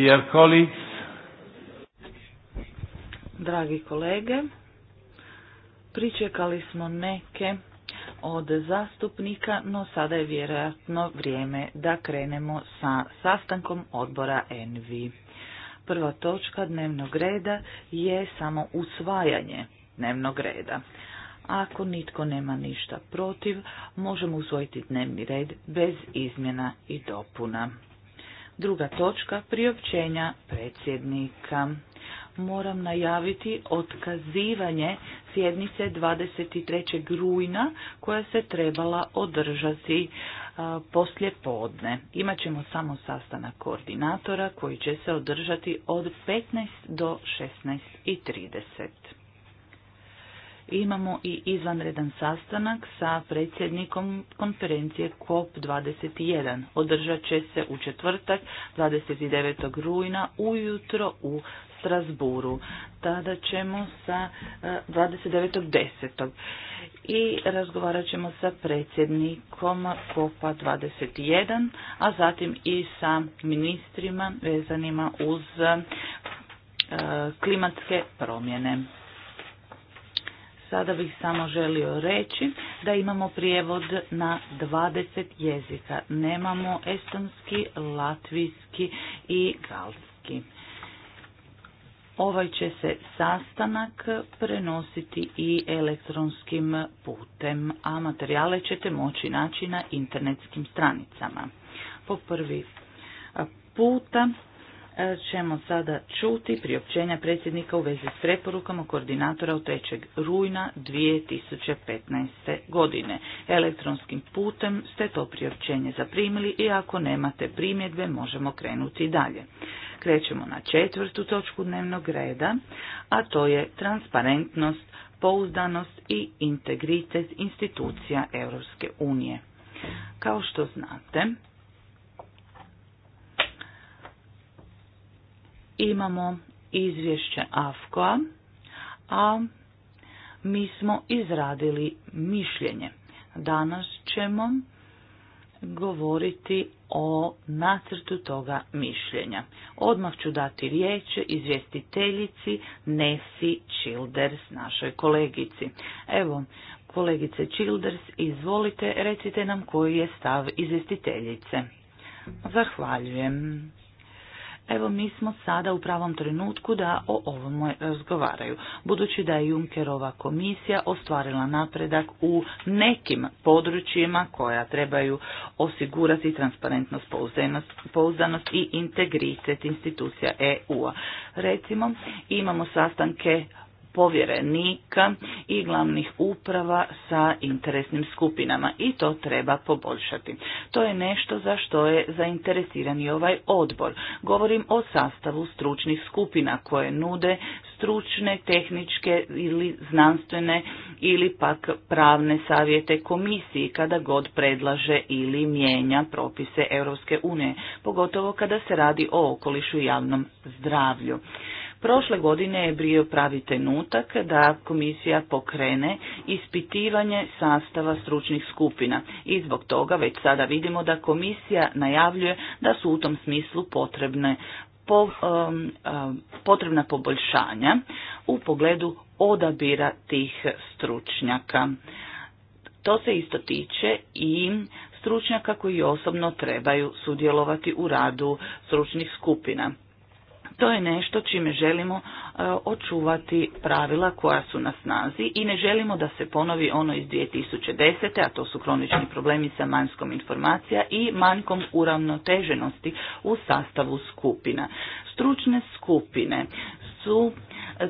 Dear colleagues. Dragi kolege, pričekali smo neke od zastupnika, no sada je vjerojatno vrijeme da krenemo sa sastankom odbora ENVI. Prva točka dnevnog reda je samo usvajanje dnevnog reda. Ako nitko nema ništa protiv, možemo usvojiti dnevni red bez izmjena i dopuna. Druga točka, priopćenja predsjednika. Moram najaviti otkazivanje sjednice 23. rujna koja se trebala održati poslje podne. Imaćemo samo sastanak koordinatora koji će se održati od 15 do 16.30 imamo i izvanredan sastanak sa predsjednikom konferencije COP21. Održat će se u četvrtak 29. rujna ujutro u Strasburu. Tada ćemo sa 29.10. Eh, I razgovarat ćemo sa predsjednikom cop 21, a zatim i sa ministrima vezanima uz eh, klimatske promjene. Sada bih samo želio reći da imamo prijevod na 20 jezika. Nemamo estonski, latvijski i galski. Ovaj će se sastanak prenositi i elektronskim putem, a materijale ćete moći naći na internetskim stranicama. Po prvi puta E, ćemo sada čuti priopćenja predsjednika u vezi s preporukama koordinatora od 3. rujna 2015. godine. Elektronskim putem ste to priopćenje zaprimili i ako nemate primjedbe možemo krenuti dalje. Krećemo na četvrtu točku dnevnog reda, a to je transparentnost, pouzdanost i integritet institucija Europske unije. Kao što znate, imamo izvješće AFKOA, a mi smo izradili mišljenje. Danas ćemo govoriti o nacrtu toga mišljenja. Odmah ću dati riječ izvjestiteljici Nesi Childers, našoj kolegici. Evo, kolegice Childers, izvolite, recite nam koji je stav izvjestiteljice. Zahvaljujem evo mi smo sada u pravom trenutku da o ovom razgovaraju. Budući da je Junckerova komisija ostvarila napredak u nekim područjima koja trebaju osigurati transparentnost, pouzdanost, i integritet institucija EU-a. Recimo, imamo sastanke povjerenika i glavnih uprava sa interesnim skupinama i to treba poboljšati. To je nešto za što je zainteresiran i ovaj odbor. Govorim o sastavu stručnih skupina koje nude stručne, tehničke ili znanstvene ili pak pravne savjete komisiji kada god predlaže ili mijenja propise Europske unije, pogotovo kada se radi o okolišu i javnom zdravlju. Prošle godine je bio pravi tenutak da komisija pokrene ispitivanje sastava stručnih skupina i zbog toga već sada vidimo da komisija najavljuje da su u tom smislu potrebne um, um, potrebna poboljšanja u pogledu odabira tih stručnjaka. To se isto tiče i stručnjaka koji osobno trebaju sudjelovati u radu stručnih skupina. To je nešto čime želimo e, očuvati pravila koja su na snazi i ne želimo da se ponovi ono iz 2010. a to su kronični problemi sa manjskom informacija i manjkom uravnoteženosti u sastavu skupina. Stručne skupine su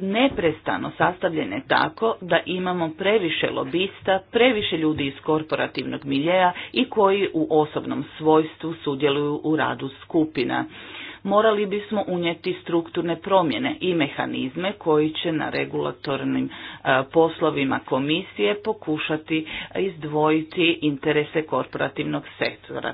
neprestano sastavljene tako da imamo previše lobista, previše ljudi iz korporativnog miljeja i koji u osobnom svojstvu sudjeluju u radu skupina morali bismo unijeti strukturne promjene i mehanizme koji će na regulatornim e, poslovima komisije pokušati izdvojiti interese korporativnog sektora.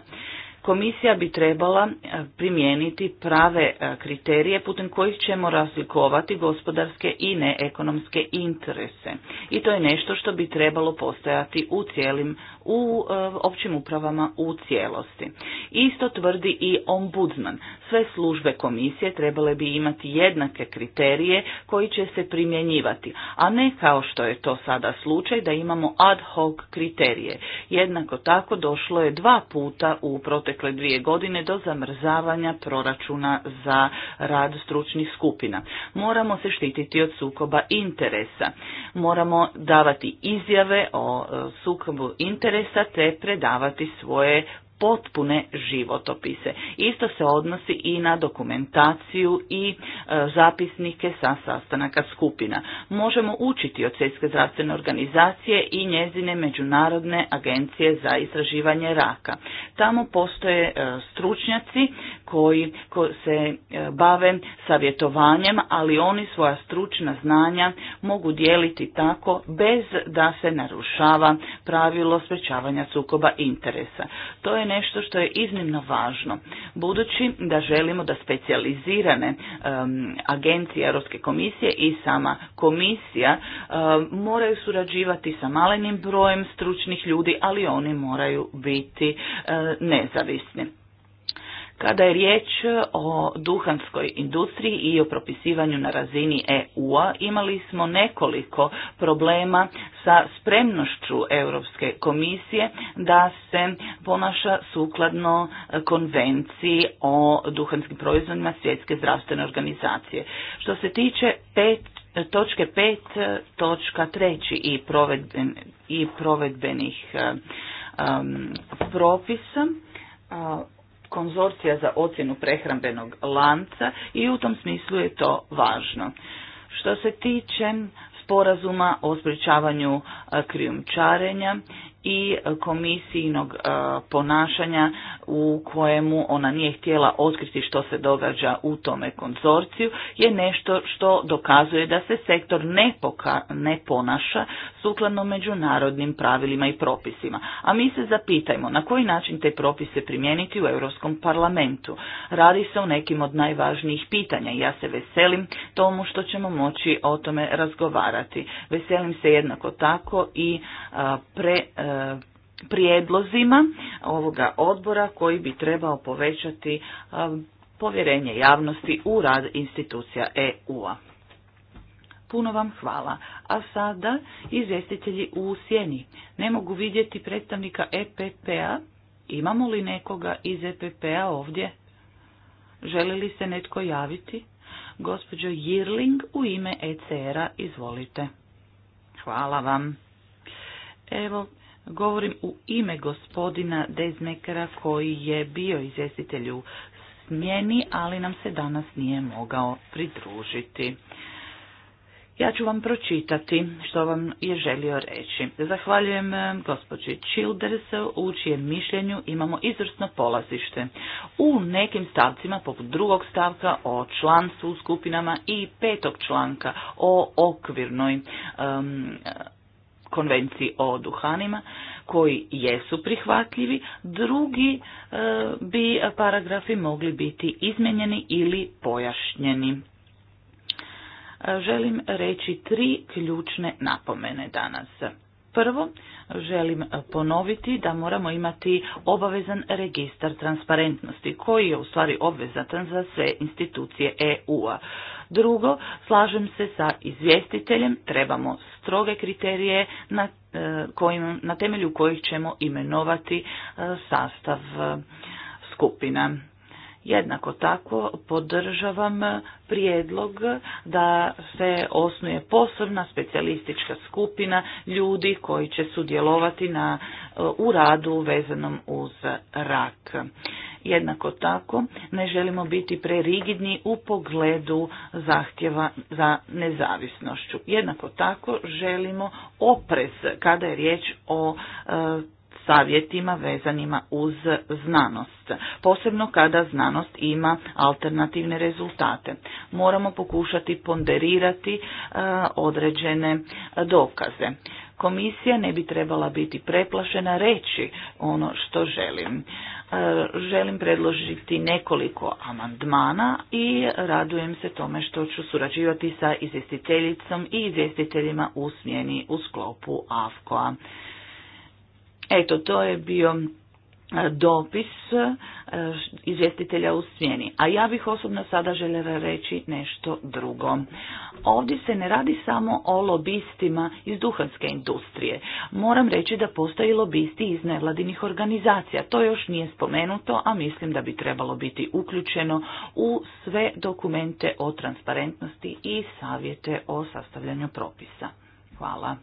Komisija bi trebala e, primijeniti prave e, kriterije putem kojih ćemo razlikovati gospodarske i neekonomske interese. I to je nešto što bi trebalo postojati u cijelim, u e, općim upravama u cijelosti. Isto tvrdi i ombudsman. Sve službe komisije trebale bi imati jednake kriterije koji će se primjenjivati, a ne kao što je to sada slučaj da imamo ad hoc kriterije. Jednako tako došlo je dva puta u protekciju protekle dvije godine do zamrzavanja proračuna za rad stručnih skupina. Moramo se štititi od sukoba interesa. Moramo davati izjave o e, sukobu interesa te predavati svoje potpune životopise. Isto se odnosi i na dokumentaciju i e, zapisnike sa sastanaka skupina. Možemo učiti od Svjetske zdravstvene organizacije i njezine Međunarodne agencije za istraživanje raka. Tamo postoje e, stručnjaci koji se e, bave savjetovanjem, ali oni svoja stručna znanja mogu dijeliti tako bez da se narušava pravilo sprečavanja sukoba interesa. To je nešto što je iznimno važno. Budući da želimo da specijalizirane agencije Europske komisije i sama komisija moraju surađivati sa malenim brojem stručnih ljudi, ali oni moraju biti nezavisni. Kada je riječ o duhanskoj industriji i o propisivanju na razini EU-a, imali smo nekoliko problema sa spremnošću Europske komisije da se ponaša sukladno konvenciji o duhanskim proizvodima Svjetske zdravstvene organizacije. Što se tiče pet točke 5, točka 3 i, i provedbenih um, propisa, konzorcija za ocjenu prehrambenog lanca i u tom smislu je to važno. Što se tiče sporazuma o sprječavanju krijumčarenja i komisijinog e, ponašanja u kojemu ona nije htjela otkriti što se događa u tome konzorciju je nešto što dokazuje da se sektor ne, ne ponaša sukladno međunarodnim pravilima i propisima. A mi se zapitajmo na koji način te propise primijeniti u Europskom parlamentu. Radi se o nekim od najvažnijih pitanja i ja se veselim tomu što ćemo moći o tome razgovarati. Veselim se jednako tako i e, pre e, prijedlozima ovoga odbora koji bi trebao povećati e, povjerenje javnosti u rad institucija EU-a. Puno vam hvala. A sada izvjestitelji u sjeni. Ne mogu vidjeti predstavnika EPP-a. Imamo li nekoga iz EPP-a ovdje? Želi li se netko javiti? Gospođo Jirling u ime ECR-a, izvolite. Hvala vam. Evo, Govorim u ime gospodina Dezmekera koji je bio izvjestitelj u smjeni, ali nam se danas nije mogao pridružiti. Ja ću vam pročitati što vam je želio reći. Zahvaljujem eh, gospođi Childers u čijem mišljenju imamo izvrsno polazište. U nekim stavcima, poput drugog stavka o članstvu u skupinama i petog članka o okvirnoj konvenciji o duhanima koji jesu prihvatljivi, drugi e, bi paragrafi mogli biti izmijenjeni ili pojašnjeni. E, želim reći tri ključne napomene danas. Prvo, želim ponoviti da moramo imati obavezan registar transparentnosti koji je u stvari obvezatan za sve institucije EU-a. Drugo, slažem se sa izvjestiteljem, trebamo stroge kriterije na, e, kojim, na temelju kojih ćemo imenovati e, sastav e, skupina. Jednako tako podržavam prijedlog da se osnuje posebna specijalistička skupina ljudi koji će sudjelovati na, u radu vezanom uz rak. Jednako tako ne želimo biti prerigidni u pogledu zahtjeva za nezavisnošću. Jednako tako želimo oprez kada je riječ o e, savjetima vezanima uz znanost, posebno kada znanost ima alternativne rezultate. Moramo pokušati ponderirati e, određene dokaze. Komisija ne bi trebala biti preplašena reći ono što želim. E, želim predložiti nekoliko amandmana i radujem se tome što ću surađivati sa izvjestiteljicom i izvjestiteljima u smjeni u sklopu AFKOA. Eto, to je bio e, dopis e, izvjestitelja u smjeni. A ja bih osobno sada željela reći nešto drugo. Ovdje se ne radi samo o lobistima iz duhanske industrije. Moram reći da postoji lobisti iz nevladinih organizacija. To još nije spomenuto, a mislim da bi trebalo biti uključeno u sve dokumente o transparentnosti i savjete o sastavljanju propisa. Hvala.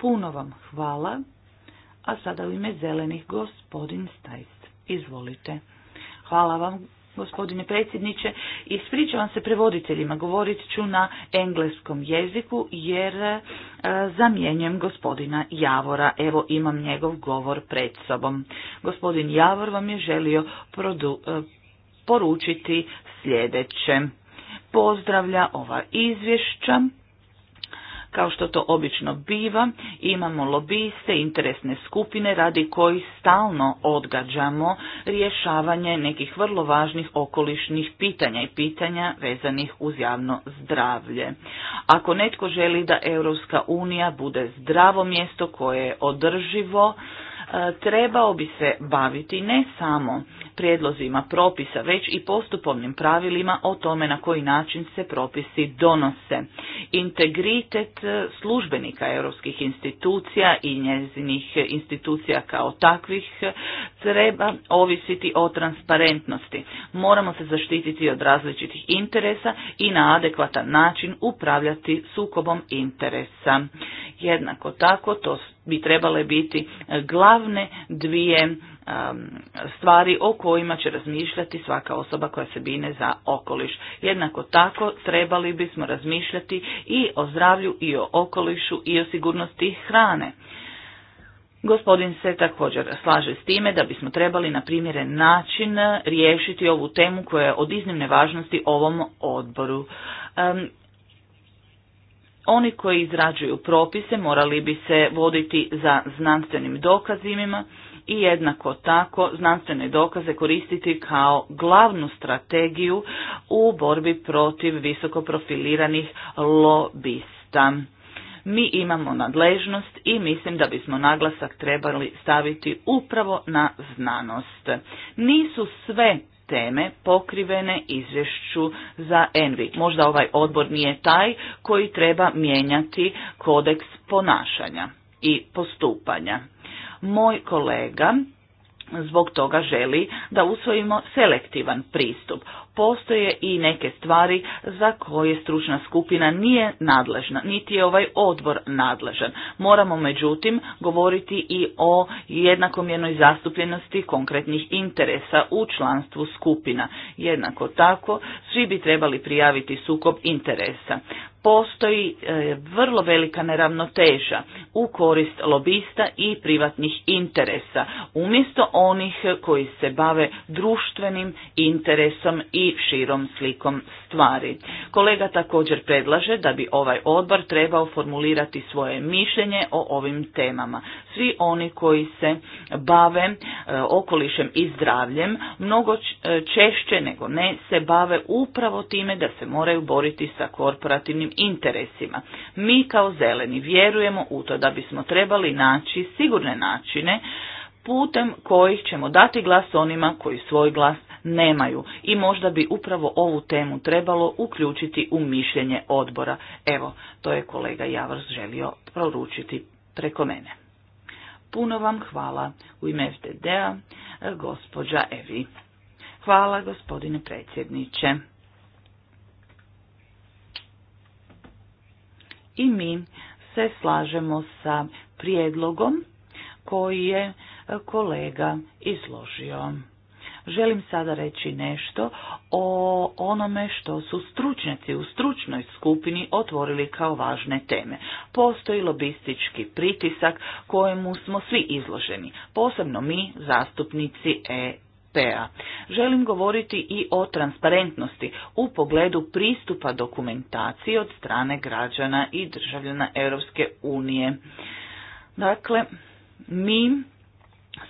Puno vam hvala. A sada u ime zelenih gospodin Stajs. Izvolite. Hvala vam gospodine predsjedniče. Ispričavam se prevoditeljima, govorit ću na engleskom jeziku jer e, gospodina Javora. Evo imam njegov govor pred sobom. Gospodin Javor vam je želio e, poručiti sljedeće. Pozdravlja ova izvješća kao što to obično biva, imamo lobiste, interesne skupine radi koji stalno odgađamo rješavanje nekih vrlo važnih okolišnih pitanja i pitanja vezanih uz javno zdravlje. Ako netko želi da Europska unija bude zdravo mjesto koje je održivo, e, trebao bi se baviti ne samo prijedlozima propisa, već i postupovnim pravilima o tome na koji način se propisi donose. Integritet e, službenika europskih institucija i njezinih institucija kao takvih e, treba ovisiti o transparentnosti. Moramo se zaštititi od različitih interesa i na adekvatan način upravljati sukobom interesa. Jednako tako to bi trebale biti glavne dvije Um, stvari o kojima će razmišljati svaka osoba koja se bine za okoliš. Jednako tako trebali bismo razmišljati i o zdravlju i o okolišu i o sigurnosti hrane. Gospodin se također slaže s time da bismo trebali na primjeren način riješiti ovu temu koja je od iznimne važnosti ovom odboru. Um, oni koji izrađuju propise morali bi se voditi za znanstvenim dokazima, i jednako tako znanstvene dokaze koristiti kao glavnu strategiju u borbi protiv visoko profiliranih lobista. Mi imamo nadležnost i mislim da bismo naglasak trebali staviti upravo na znanost. Nisu sve teme pokrivene izvješću za Envi. Možda ovaj odbor nije taj koji treba mijenjati kodeks ponašanja i postupanja. Moj kolega zbog toga želi da usvojimo selektivan pristup. Postoje i neke stvari za koje stručna skupina nije nadležna, niti je ovaj odbor nadležan. Moramo međutim govoriti i o jednakomjernoj zastupljenosti konkretnih interesa u članstvu skupina. Jednako tako, svi bi trebali prijaviti sukob interesa postoji e, vrlo velika neravnoteža u korist lobista i privatnih interesa, umjesto onih koji se bave društvenim interesom i širom slikom stvari. Kolega također predlaže da bi ovaj odbor trebao formulirati svoje mišljenje o ovim temama. Svi oni koji se bave e, okolišem i zdravljem mnogo e, češće nego ne se bave upravo time da se moraju boriti sa korporativnim interesima. Mi kao zeleni vjerujemo u to da bismo trebali naći sigurne načine putem kojih ćemo dati glas onima koji svoj glas nemaju i možda bi upravo ovu temu trebalo uključiti u mišljenje odbora. Evo, to je kolega Javrs želio proručiti preko mene. Puno vam hvala u ime FDD-a, gospođa Evi. Hvala gospodine predsjedniče. i mi se slažemo sa prijedlogom koji je e, kolega izložio. Želim sada reći nešto o onome što su stručnjaci u stručnoj skupini otvorili kao važne teme. Postoji lobistički pritisak kojemu smo svi izloženi, posebno mi, zastupnici Želim govoriti i o transparentnosti u pogledu pristupa dokumentaciji od strane građana i državljana Europske unije. Dakle, mi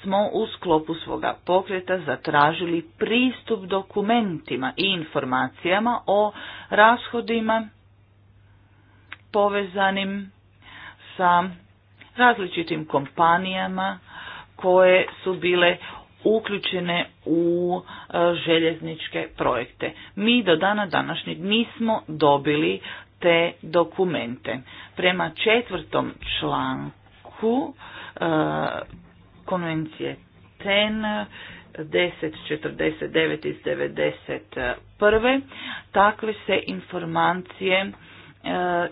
smo u sklopu svoga pokreta zatražili pristup dokumentima i informacijama o rashodima povezanim sa različitim kompanijama koje su bile uključene u e, željezničke projekte. Mi do dana današnjeg nismo dobili te dokumente. Prema četvrtom članku e, konvencije TEN 1049 iz 91. Takve se informacije e,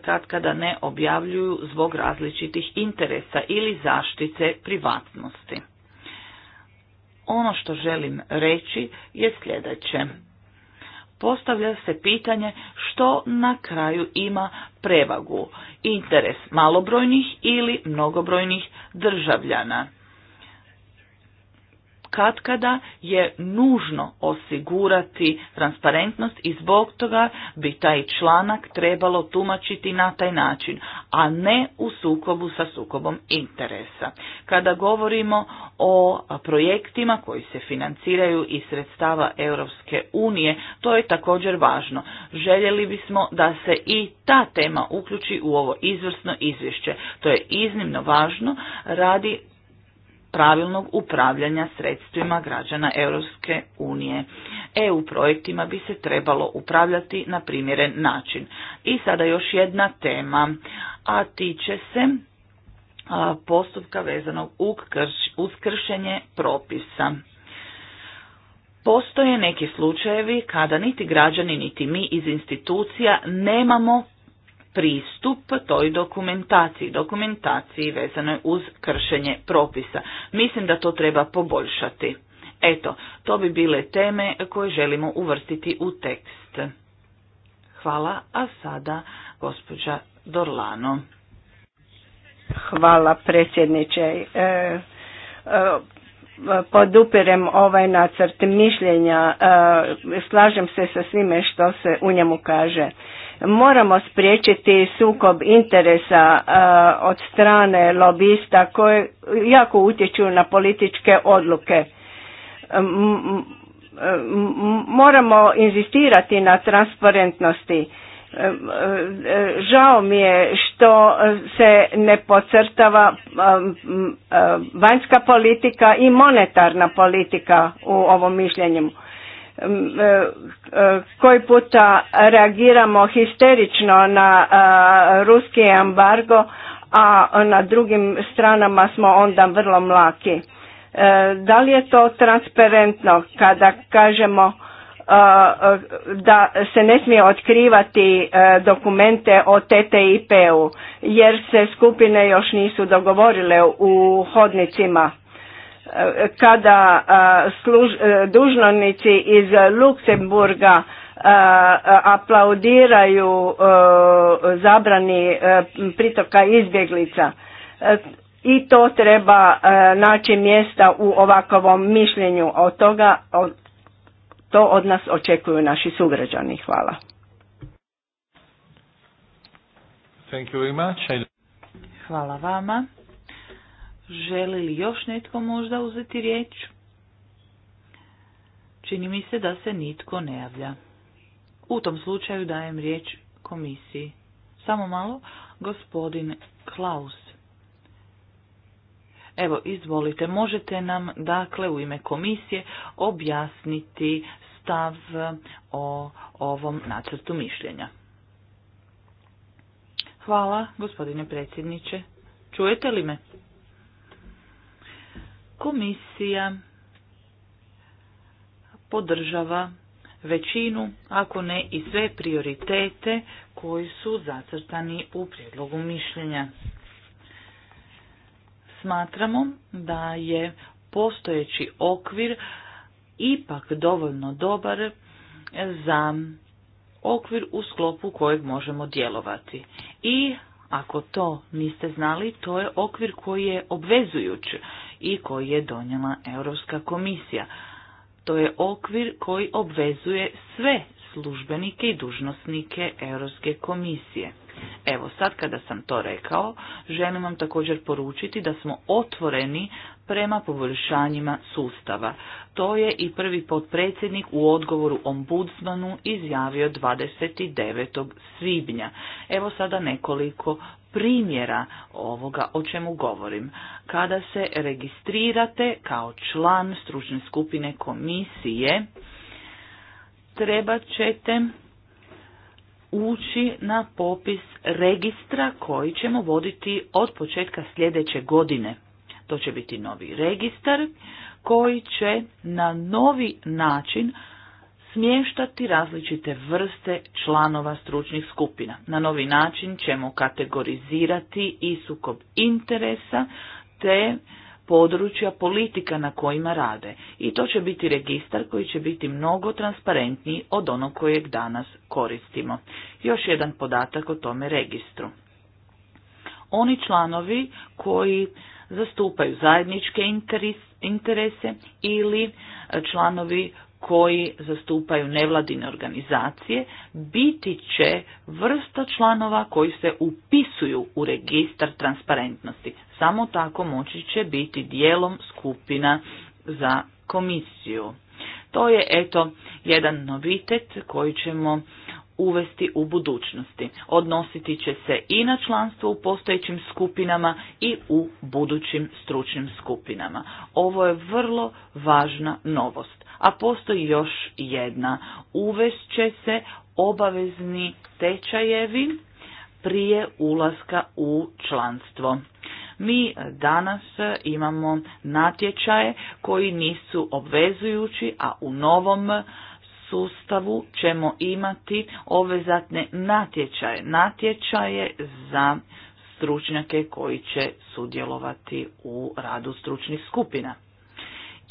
kad kada ne objavljuju zbog različitih interesa ili zaštite privatnosti ono što želim reći je sljedeće. Postavlja se pitanje što na kraju ima prevagu, interes malobrojnih ili mnogobrojnih državljana kada je nužno osigurati transparentnost i zbog toga bi taj članak trebalo tumačiti na taj način, a ne u sukobu sa sukobom interesa. Kada govorimo o projektima koji se financiraju iz sredstava Europske unije, to je također važno. Željeli bismo da se i ta tema uključi u ovo izvrsno izvješće. To je iznimno važno radi pravilnog upravljanja sredstvima građana Europske unije. EU projektima bi se trebalo upravljati na primjeren način. I sada još jedna tema, a tiče se postupka vezanog uz kršenje propisa. Postoje neki slučajevi kada niti građani niti mi iz institucija nemamo pristup toj dokumentaciji, dokumentaciji vezanoj uz kršenje propisa. Mislim da to treba poboljšati. Eto, to bi bile teme koje želimo uvrstiti u tekst. Hvala, a sada gospođa Dorlano. Hvala predsjedniče. E, e podupirem ovaj nacrt mišljenja, e, slažem se sa svime što se u njemu kaže. Moramo spriječiti sukob interesa e, od strane lobista koje jako utječu na političke odluke. E, e, moramo inzistirati na transparentnosti. Žao mi je što se ne pocrtava vanjska politika i monetarna politika u ovom mišljenju. E, e, koji puta reagiramo histerično na e, ruski embargo, a na drugim stranama smo onda vrlo mlaki. Da li je to transparentno kada kažemo da se ne smije otkrivati dokumente o TTIP-u jer se skupine još nisu dogovorile u hodnicima kada e, dužnosnici iz Luksemburga aplaudiraju e, zabrani e, pritoka izbjeglica. I to treba naći mjesta u ovakvom mišljenju. o toga to od nas očekuju naši sugrađani. Hvala. Thank you very much. Hvala vama. Želi li još netko možda uzeti riječ? Čini mi se da se nitko ne javlja. U tom slučaju dajem riječ komisiji. Samo malo, gospodin Klaus. Evo, izvolite, možete nam dakle u ime komisije objasniti stav o ovom nacrtu mišljenja. Hvala, gospodine predsjedniče. Čujete li me? Komisija podržava većinu, ako ne i sve prioritete koji su zacrtani u prijedlogu mišljenja. Smatramo da je postojeći okvir ipak dovoljno dobar za okvir u sklopu kojeg možemo djelovati. I ako to niste znali, to je okvir koji je obvezujući i koji je donijela Europska komisija. To je okvir koji obvezuje sve službenike i dužnosnike Europske komisije. Evo sad kada sam to rekao, želim vam također poručiti da smo otvoreni prema poboljšanjima sustava. To je i prvi potpredsjednik u odgovoru ombudsmanu izjavio 29. svibnja. Evo sada nekoliko primjera ovoga o čemu govorim. Kada se registrirate kao član stručne skupine komisije, treba ćete ući na popis registra koji ćemo voditi od početka sljedeće godine. To će biti novi registar koji će na novi način smještati različite vrste članova stručnih skupina. Na novi način ćemo kategorizirati i sukob interesa te područja politika na kojima rade i to će biti registar koji će biti mnogo transparentniji od onog kojeg danas koristimo. Još jedan podatak o tome registru. Oni članovi koji zastupaju zajedničke interese ili članovi koji zastupaju nevladine organizacije biti će vrsta članova koji se upisuju u registar transparentnosti. Samo tako moći će biti dijelom skupina za komisiju. To je eto jedan novitet koji ćemo uvesti u budućnosti. Odnositi će se i na članstvo u postojećim skupinama i u budućim stručnim skupinama. Ovo je vrlo važna novost a postoji još jedna. Uvest će se obavezni tečajevi prije ulaska u članstvo. Mi danas imamo natječaje koji nisu obvezujući, a u novom sustavu ćemo imati obvezatne natječaje. Natječaje za stručnjake koji će sudjelovati u radu stručnih skupina.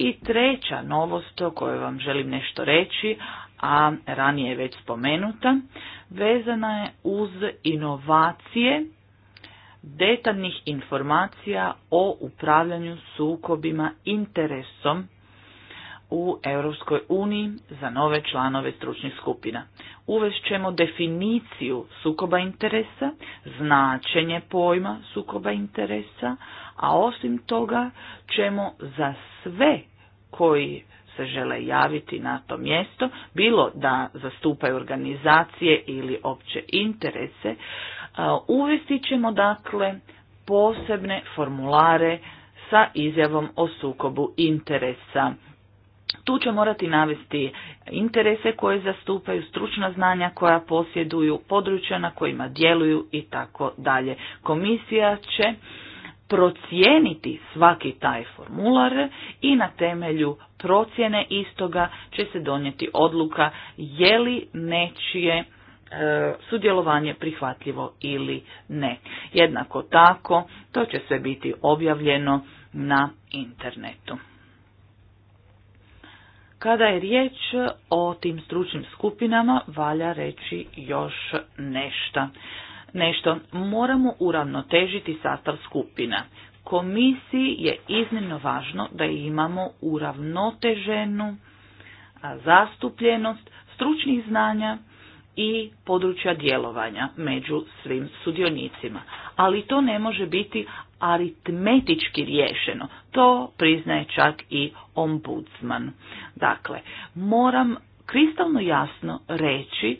I treća novost o kojoj vam želim nešto reći, a ranije je već spomenuta, vezana je uz inovacije detaljnih informacija o upravljanju sukobima interesom u Europskoj uniji za nove članove stručnih skupina. ćemo definiciju sukoba interesa, značenje pojma sukoba interesa, a osim toga ćemo za sve koji se žele javiti na to mjesto, bilo da zastupaju organizacije ili opće interese, e, uvesti ćemo dakle posebne formulare sa izjavom o sukobu interesa. Tu će morati navesti interese koje zastupaju, stručna znanja koja posjeduju, područja na kojima djeluju i tako dalje. Komisija će procijeniti svaki taj formular i na temelju procjene istoga će se donijeti odluka je li nečije e, sudjelovanje prihvatljivo ili ne. Jednako tako, to će sve biti objavljeno na internetu. Kada je riječ o tim stručnim skupinama, valja reći još nešto nešto. Moramo uravnotežiti sastav skupina. Komisiji je iznimno važno da imamo uravnoteženu zastupljenost stručnih znanja i područja djelovanja među svim sudionicima. Ali to ne može biti aritmetički riješeno. To priznaje čak i ombudsman. Dakle, moram kristalno jasno reći,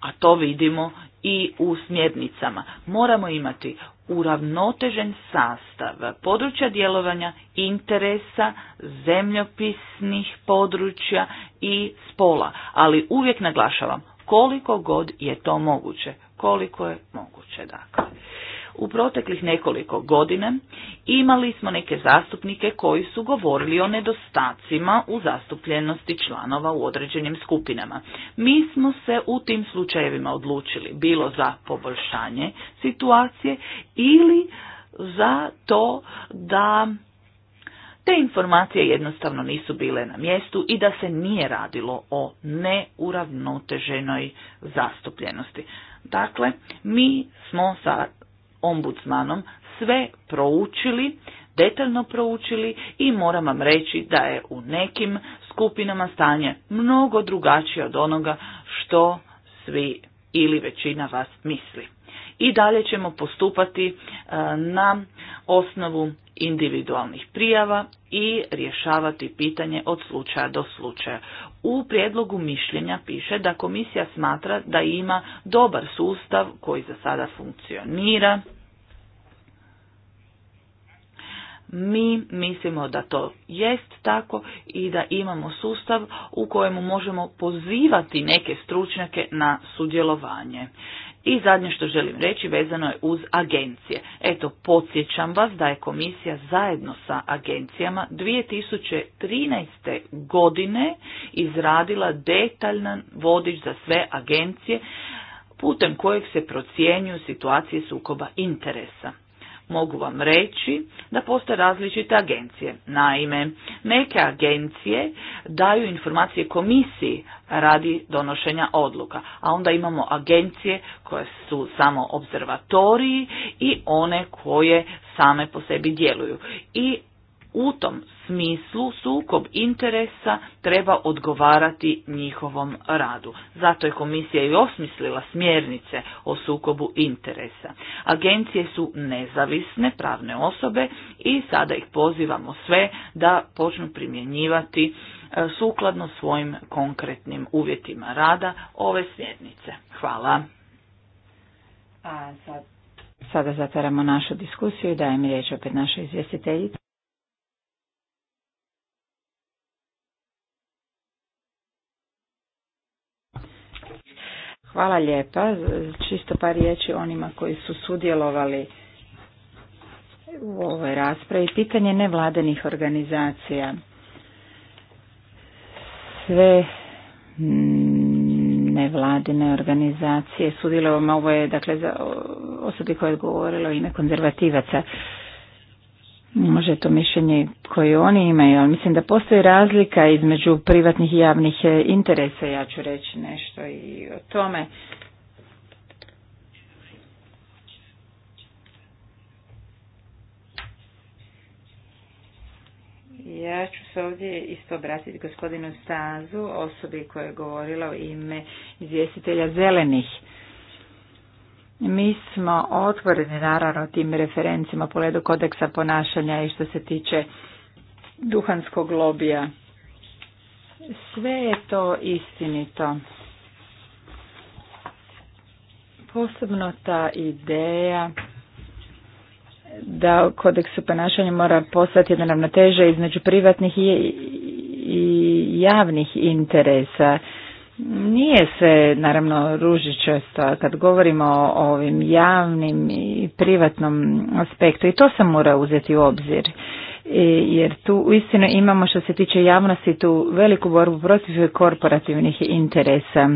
a to vidimo i u smjernicama. Moramo imati uravnotežen sastav područja djelovanja, interesa, zemljopisnih područja i spola. Ali uvijek naglašavam koliko god je to moguće. Koliko je moguće, dakle. U proteklih nekoliko godina imali smo neke zastupnike koji su govorili o nedostacima u zastupljenosti članova u određenim skupinama. Mi smo se u tim slučajevima odlučili bilo za poboljšanje situacije ili za to da te informacije jednostavno nisu bile na mjestu i da se nije radilo o neuravnoteženoj zastupljenosti. Dakle, mi smo sa ombudsmanom sve proučili, detaljno proučili i moram vam reći da je u nekim skupinama stanje mnogo drugačije od onoga što svi ili većina vas misli. I dalje ćemo postupati e, na osnovu individualnih prijava i rješavati pitanje od slučaja do slučaja. U prijedlogu mišljenja piše da komisija smatra da ima dobar sustav koji za sada funkcionira. Mi mislimo da to jest tako i da imamo sustav u kojemu možemo pozivati neke stručnjake na sudjelovanje. I zadnje što želim reći vezano je uz agencije. Eto, podsjećam vas da je komisija zajedno sa agencijama 2013. godine izradila detaljan vodič za sve agencije putem kojeg se procijenju situacije sukoba interesa mogu vam reći da postoje različite agencije. Naime, neke agencije daju informacije komisiji radi donošenja odluka, a onda imamo agencije koje su samo observatoriji i one koje same po sebi djeluju. I u tom smislu sukob interesa treba odgovarati njihovom radu. Zato je komisija i osmislila smjernice o sukobu interesa. Agencije su nezavisne pravne osobe i sada ih pozivamo sve da počnu primjenjivati e, sukladno svojim konkretnim uvjetima rada ove smjernice. Hvala. Sada zatvaramo našu diskusiju i dajem riječ opet našoj izvjestiteljici. Hvala lijepa. Čisto par riječi onima koji su sudjelovali u ovoj raspravi. Pitanje nevladenih organizacija. Sve nevladine organizacije sudjelovama, ovo je dakle za osobi koje je govorila i ime konzervativaca. Može to mišljenje koje oni imaju, ali mislim da postoji razlika između privatnih i javnih e, interesa. Ja ću reći nešto i o tome. Ja ću se ovdje isto obratiti gospodinu Stazu, osobi koja je govorila u ime izvjestitelja zelenih. Mi smo otvoreni naravno tim referencima po pogledu kodeksa ponašanja i što se tiče duhanskog lobija. Sve je to istinito. Posebno ta ideja da kodeks ponašanja mora postati jedna ravnoteža između privatnih i, i javnih interesa nije se naravno ruži često kad govorimo o ovim javnim i privatnom aspektu i to se mora uzeti u obzir. E, jer tu uistinu imamo što se tiče javnosti tu veliku borbu protiv korporativnih interesa.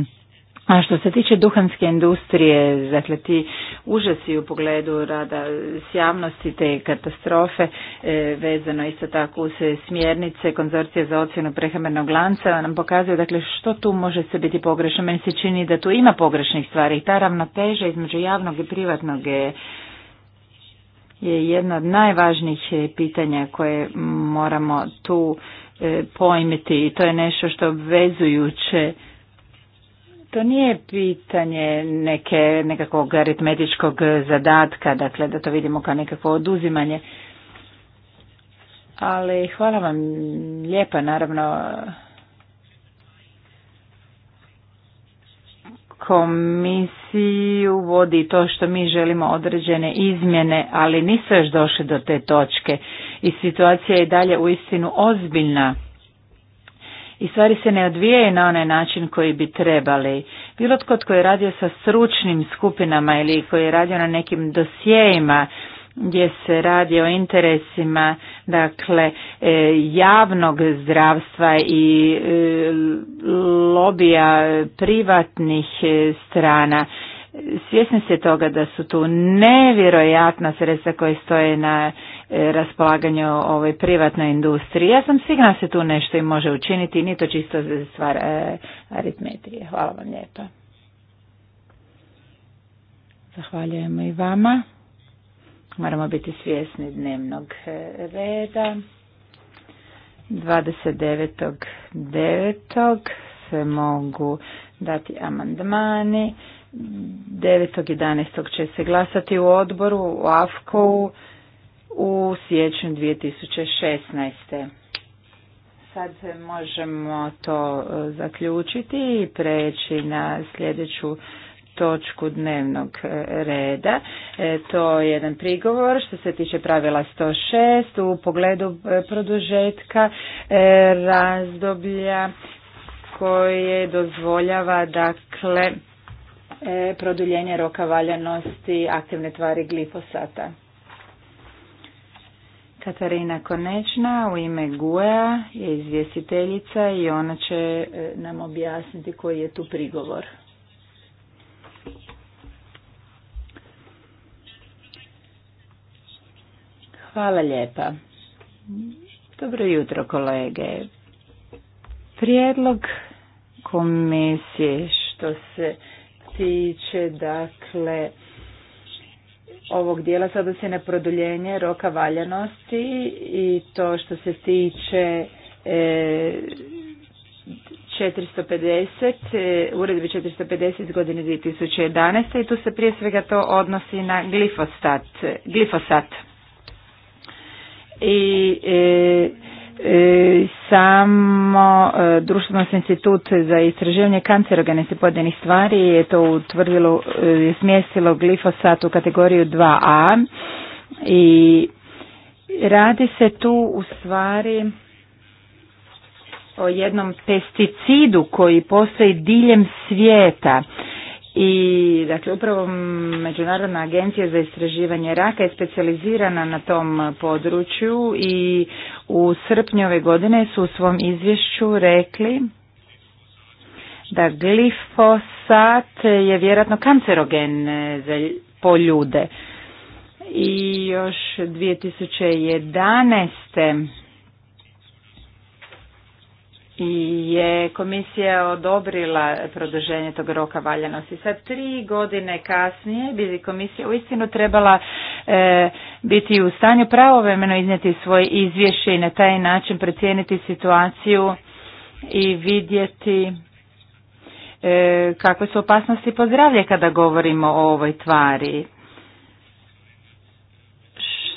A što se tiče duhanske industrije, dakle ti užasi u pogledu rada s javnosti te katastrofe, e, vezano isto tako se smjernice konzorcije za ocjenu prehrambenog lanca, nam pokazuje dakle što tu može se biti pogrešno. Meni se čini da tu ima pogrešnih stvari i ta ravnoteža između javnog i privatnog je je jedno od najvažnijih pitanja koje moramo tu e, pojmiti i to je nešto što obvezujuće to nije pitanje neke, nekakvog aritmetičkog zadatka, dakle da to vidimo kao nekakvo oduzimanje. Ali hvala vam lijepa, naravno, komisiju vodi to što mi želimo određene izmjene, ali nisu još došli do te točke i situacija je dalje u istinu ozbiljna i stvari se ne odvijaju na onaj način koji bi trebali. Bilo tko tko je radio sa stručnim skupinama ili koji je radio na nekim dosjejima gdje se radi o interesima dakle e, javnog zdravstva i e, lobija privatnih e, strana svjesni se toga da su tu nevjerojatna sredstva koja stoje na E, raspolaganju ovoj privatnoj industriji. Ja sam sigurna se tu nešto i može učiniti, nije to čisto stvar e, aritmetije. Hvala vam lijepa. Zahvaljujemo i vama. Moramo biti svjesni dnevnog e, reda. 29.9. se mogu dati amandmani. 9.11. će se glasati u odboru, u AFKO-u u siječnju 2016. Sad možemo to e, zaključiti i preći na sljedeću točku dnevnog e, reda. E, to je jedan prigovor što se tiče pravila 106 u pogledu produžetka razdoblja koje dozvoljava dakle produljenje roka valjanosti aktivne tvari glifosata. Katarina Konečna u ime GUEA je izvjestiteljica i ona će e, nam objasniti koji je tu prigovor. Hvala lijepa. Dobro jutro kolege. Prijedlog komisije što se tiče dakle ovog dijela se odnosi na produljenje roka valjanosti i to što se tiče e, 450, uredbi 450 godine 2011. i tu se prije svega to odnosi na glifosat. glifosat. I e, E, samo e, društveno institut za istraživanje se pojedinih stvari je to utvrdilo, e, je smjestilo glifosat u kategoriju 2a i radi se tu u stvari o jednom pesticidu koji postoji diljem svijeta i dakle upravo Međunarodna agencija za istraživanje raka je specijalizirana na tom području i u srpnju ove godine su u svom izvješću rekli da glifosat je vjerojatno kancerogen e, za, po ljude. I još 2011 i je komisija odobrila produženje tog roka valjanosti. Sad tri godine kasnije bi komisija uistinu trebala e, biti u stanju pravovremeno iznijeti svoje izvješće i na taj način precijeniti situaciju i vidjeti e, kakve su opasnosti pozdravlje kada govorimo o ovoj tvari.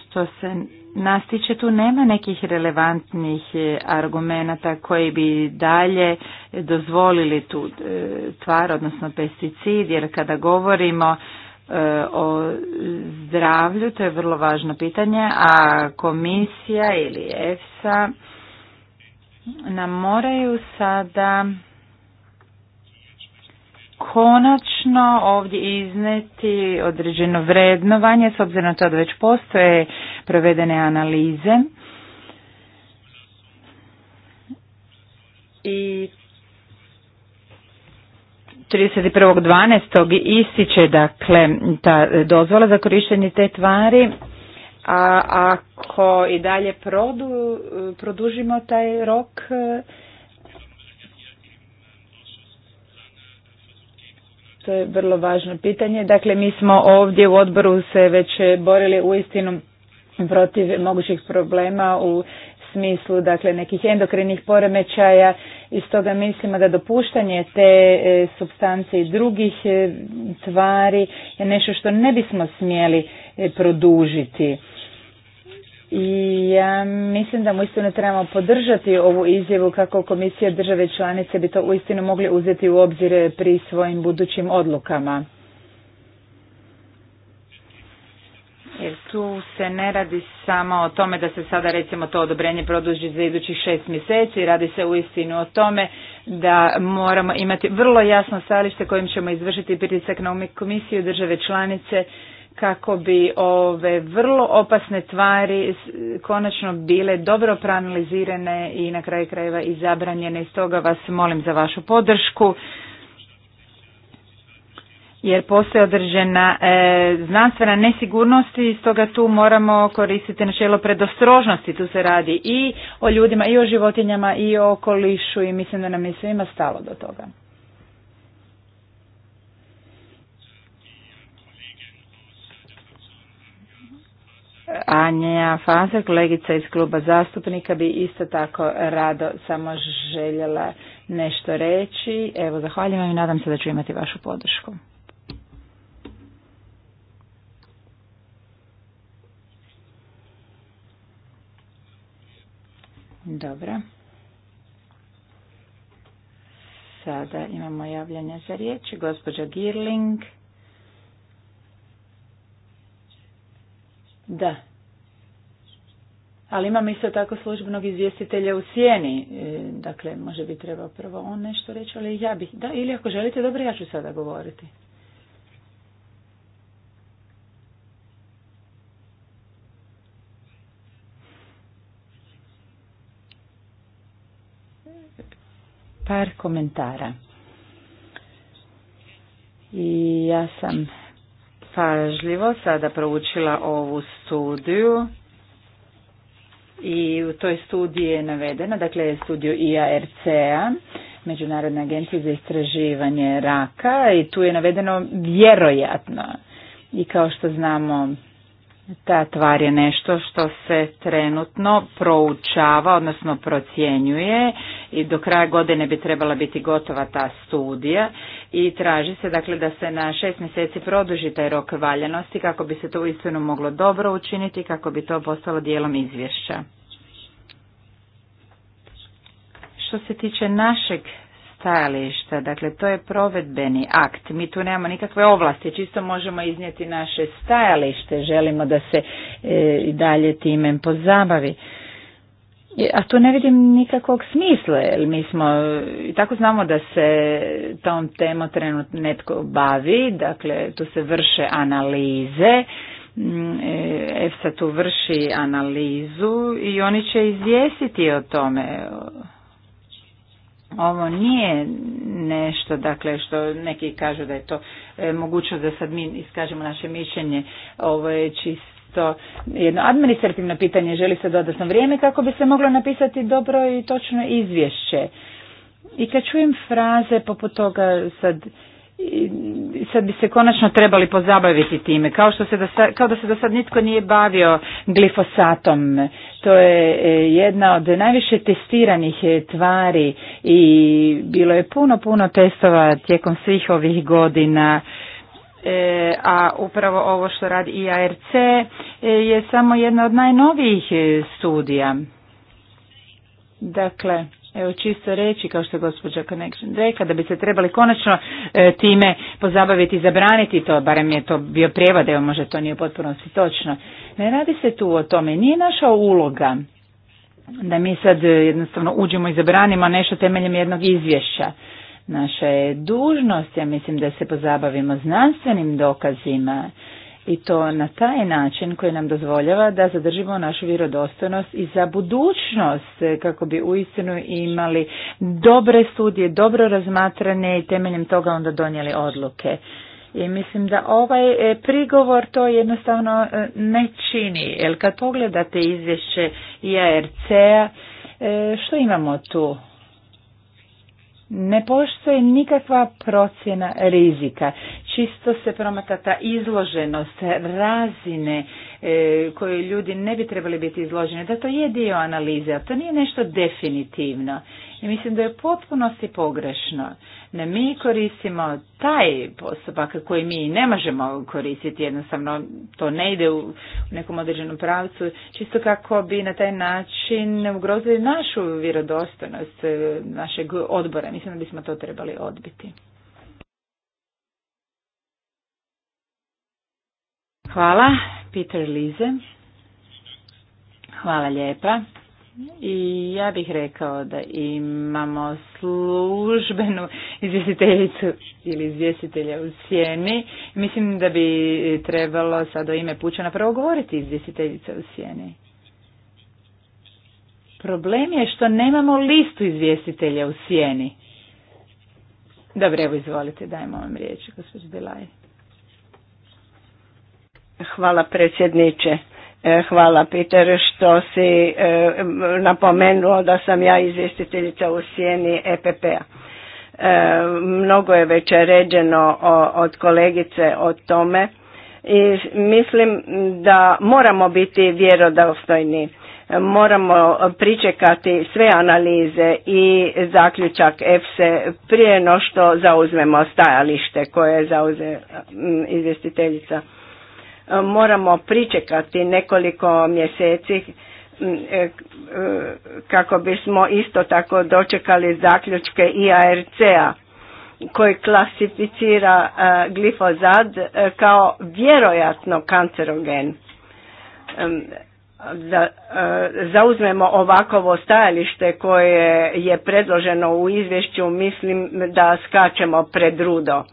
Što se nastiče tu nema nekih relevantnih e, argumenata koji bi dalje dozvolili tu e, tvar, odnosno pesticid, jer kada govorimo e, o zdravlju, to je vrlo važno pitanje, a komisija ili EFSA nam moraju sada konačno ovdje izneti određeno vrednovanje, s obzirom na to da već postoje provedene analize. I 31.12. ističe dakle ta dozvola za korištenje te tvari, a ako i dalje produ, produžimo taj rok, To je vrlo važno pitanje. Dakle, mi smo ovdje u odboru se već borili u istinu protiv mogućih problema u smislu dakle nekih endokrinih poremećaja i stoga mislimo da dopuštanje te e, substance i drugih e, tvari je nešto što ne bismo smjeli e, produžiti. I ja mislim da mu istinu trebamo podržati ovu izjavu kako komisija države članice bi to uistinu mogli uzeti u obzir pri svojim budućim odlukama. Jer tu se ne radi samo o tome da se sada recimo to odobrenje produži za idućih šest mjeseci, radi se uistinu o tome da moramo imati vrlo jasno stajalište kojim ćemo izvršiti pritisak na komisiju države članice kako bi ove vrlo opasne tvari konačno bile dobro proanalizirane i na kraju krajeva i zabranjene. I stoga vas molim za vašu podršku jer postoje određena e, znanstvena nesigurnost i stoga tu moramo koristiti načelo predostrožnosti, tu se radi i o ljudima i o životinjama i o okolišu i mislim da nam je svima stalo do toga. Anja Fazer, kolegica iz kluba zastupnika, bi isto tako rado samo željela nešto reći. Evo, zahvaljujem i nadam se da ću imati vašu podršku. Dobro. Sada imamo javljanje za riječ. Gospođa Girling. Da. Ali imam isto tako službenog izvjestitelja u sjeni. E, dakle, može bi trebao prvo on nešto reći, ali ja bih. Da, ili ako želite, dobro, ja ću sada govoriti. Par komentara. I ja sam pažljivo sada proučila ovu studiju i u toj studiji je navedena, dakle je studiju IARC-a, Međunarodne agencije za istraživanje raka i tu je navedeno vjerojatno. I kao što znamo, ta tvar je nešto što se trenutno proučava, odnosno procjenjuje i do kraja godine bi trebala biti gotova ta studija i traži se dakle da se na šest mjeseci produži taj rok valjanosti kako bi se to uistinu moglo dobro učiniti kako bi to postalo dijelom izvješća. Što se tiče našeg stajališta, dakle to je provedbeni akt, mi tu nemamo nikakve ovlasti, čisto možemo iznijeti naše stajalište, želimo da se e, i dalje time pozabavi a tu ne vidim nikakvog smisla, jer mi smo, i tako znamo da se tom temom trenutno netko bavi, dakle tu se vrše analize, mm, e, EFSA tu vrši analizu i oni će izvijestiti o tome. Ovo nije nešto, dakle, što neki kažu da je to e, mogućnost da sad mi iskažemo naše mišljenje, ovo je čist to jedno administrativno pitanje, želi se dodatno vrijeme kako bi se moglo napisati dobro i točno izvješće. I kad čujem fraze poput toga sad, sad bi se konačno trebali pozabaviti time, kao, što se da, kao da se do sad nitko nije bavio glifosatom. To je e, jedna od najviše testiranih e, tvari i bilo je puno, puno testova tijekom svih ovih godina E, a upravo ovo što radi IARC e, je samo jedna od najnovijih e, studija. Dakle, evo čisto reći, kao što je gospođa Connection rekla, da bi se trebali konačno time pozabaviti i zabraniti to, barem je to bio prijevod, evo možda to nije potpuno potpunosti točno. Ne radi se tu o tome, nije naša uloga da mi sad jednostavno uđemo i zabranimo nešto temeljem jednog izvješća. Naša je dužnost, ja mislim da se pozabavimo znanstvenim dokazima i to na taj način koji nam dozvoljava da zadržimo našu vjerodostojnost i za budućnost kako bi uistinu imali dobre studije, dobro razmatrane i temeljem toga onda donijeli odluke. I mislim da ovaj e, prigovor to jednostavno e, ne čini, jer kad pogledate izvješće IARC-a, e, što imamo tu? Ne postoji nikakva procjena rizika čisto se promata ta izloženost razine e, ljudi ne bi trebali biti izloženi, da to je dio analize, a to nije nešto definitivno. I mislim da je potpunosti pogrešno. Ne mi koristimo taj postupak koji mi ne možemo koristiti, jednostavno to ne ide u nekom određenom pravcu, čisto kako bi na taj način ugrozili našu vjerodostojnost e, našeg odbora. Mislim da bismo to trebali odbiti. Hvala, Peter Lize. Hvala lijepa. I ja bih rekao da imamo službenu izvjestiteljicu ili izvjestitelja u sjeni. Mislim da bi trebalo sad o ime Pučana prvo govoriti izvjestiteljica u sjeni. Problem je što nemamo listu izvjestitelja u sjeni. Dobro, evo izvolite, dajmo vam riječ, gospođo Bilaj. Hvala predsjedniče. E, hvala Peter što si e, napomenuo da sam ja izvjestiteljica u sjeni EPP-a. E, mnogo je već ređeno od kolegice o tome i mislim da moramo biti vjerodostojni. Moramo pričekati sve analize i zaključak EFSE prije no što zauzmemo stajalište koje je zauze izvjestiteljica moramo pričekati nekoliko mjeseci e, e, kako bismo isto tako dočekali zaključke IARC-a koji klasificira e, glifozad kao vjerojatno kancerogen. Da zauzmemo ovakovo stajalište koje je predloženo u izvješću, mislim da skačemo pred rudo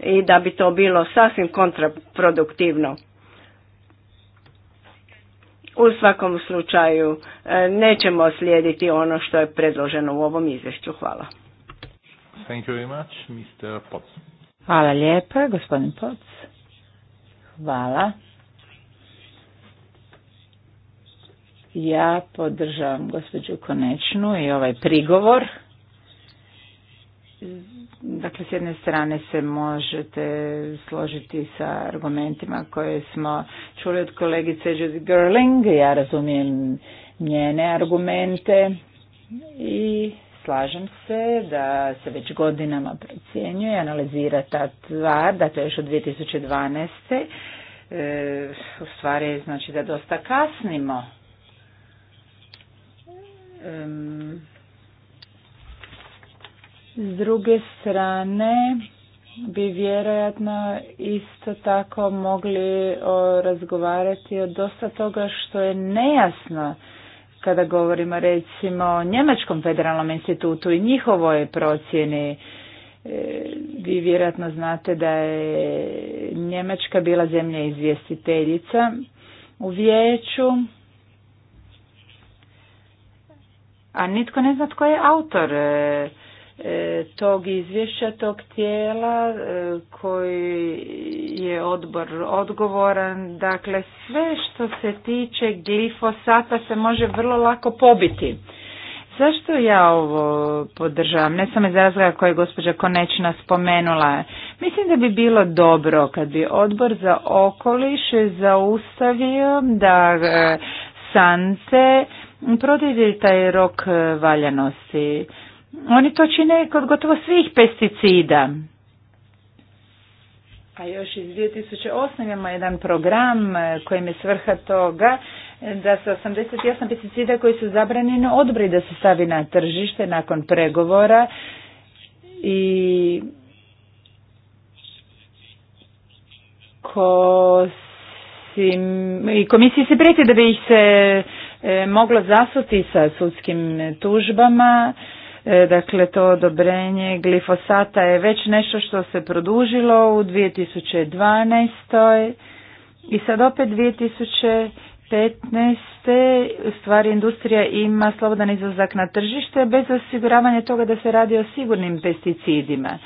i da bi to bilo sasvim kontraproduktivno. U svakom slučaju e, nećemo slijediti ono što je predloženo u ovom izvješću. Hvala. Thank you very much, Mr. Potts. Hvala lijepa, gospodin Potts. Hvala. Ja podržavam gospođu Konečnu i ovaj prigovor. Dakle, s jedne strane se možete složiti sa argumentima koje smo čuli od kolegice Judith Gerling. Ja razumijem njene argumente i slažem se da se već godinama procjenjuje i analizira ta tvar, je još od 2012. E, u stvari znači da dosta kasnimo. S druge strane bi vjerojatno isto tako mogli razgovarati o dosta toga što je nejasno kada govorimo recimo o Njemačkom federalnom institutu i njihovoj procjeni. E, vi vjerojatno znate da je Njemačka bila zemlja izvjestiteljica u vijeću, a nitko ne zna tko je autor e, E, tog izvješća tog tijela e, koji je odbor odgovoran. Dakle, sve što se tiče glifosata se može vrlo lako pobiti. Zašto ja ovo podržavam? Ne samo iz razloga koje je gospođa Konečna spomenula. Mislim da bi bilo dobro kad bi odbor za okoliš zaustavio da e, sance prodjeli taj rok valjanosti. Oni to čine kod gotovo svih pesticida. A pa još iz 2008. imamo jedan program e, kojim je svrha toga e, da se 88 pesticida koji su zabranjeni odbri da se stavi na tržište nakon pregovora i ko i komisiji se prijeti da bi ih se e, moglo zasuti sa sudskim tužbama E, dakle, to odobrenje glifosata je već nešto što se produžilo u 2012. I sad opet 2015. U stvari industrija ima slobodan izlazak na tržište bez osiguravanja toga da se radi o sigurnim pesticidima.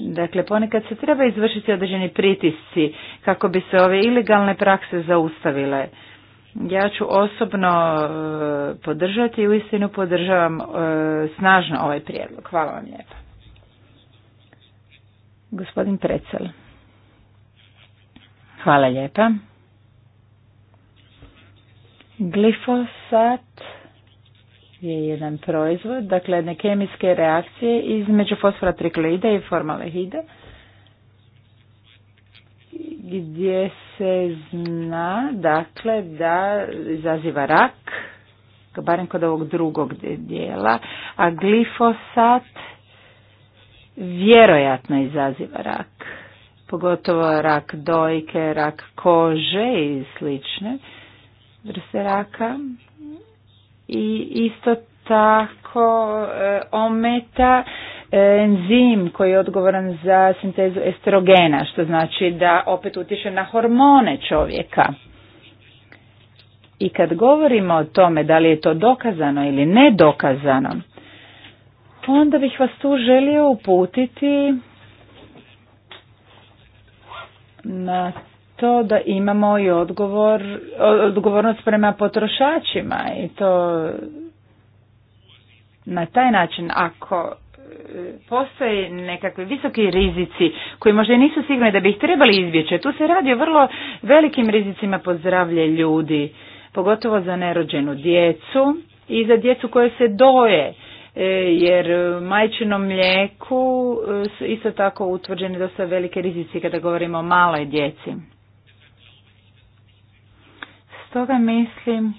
Dakle, ponekad se treba izvršiti određeni pritisci kako bi se ove ilegalne prakse zaustavile. Ja ću osobno e, podržati i uistinu podržavam e, snažno ovaj prijedlog. Hvala vam lijepa. Gospodin Precel. Hvala lijepa. Glifosat je jedan proizvod, dakle jedne kemijske reakcije između fosfora triklida i formalehida gdje se zna dakle da izaziva rak, barem kod ovog drugog dijela, a glifosat vjerojatno izaziva rak, pogotovo rak dojke, rak kože i slične vrste raka. I isto tako e, ometa enzim koji je odgovoran za sintezu estrogena, što znači da opet utiše na hormone čovjeka. I kad govorimo o tome da li je to dokazano ili nedokazano, onda bih vas tu želio uputiti na to da imamo i odgovor, odgovornost prema potrošačima i to na taj način ako postoje nekakvi visoki rizici koji možda nisu sigurni da bi ih trebali izbjeći. Tu se radi o vrlo velikim rizicima po zdravlje ljudi, pogotovo za nerođenu djecu i za djecu koje se doje e, jer majčinom mlijeku e, su isto tako utvrđeni dosta velike rizici kada govorimo o maloj djeci. Stoga mislim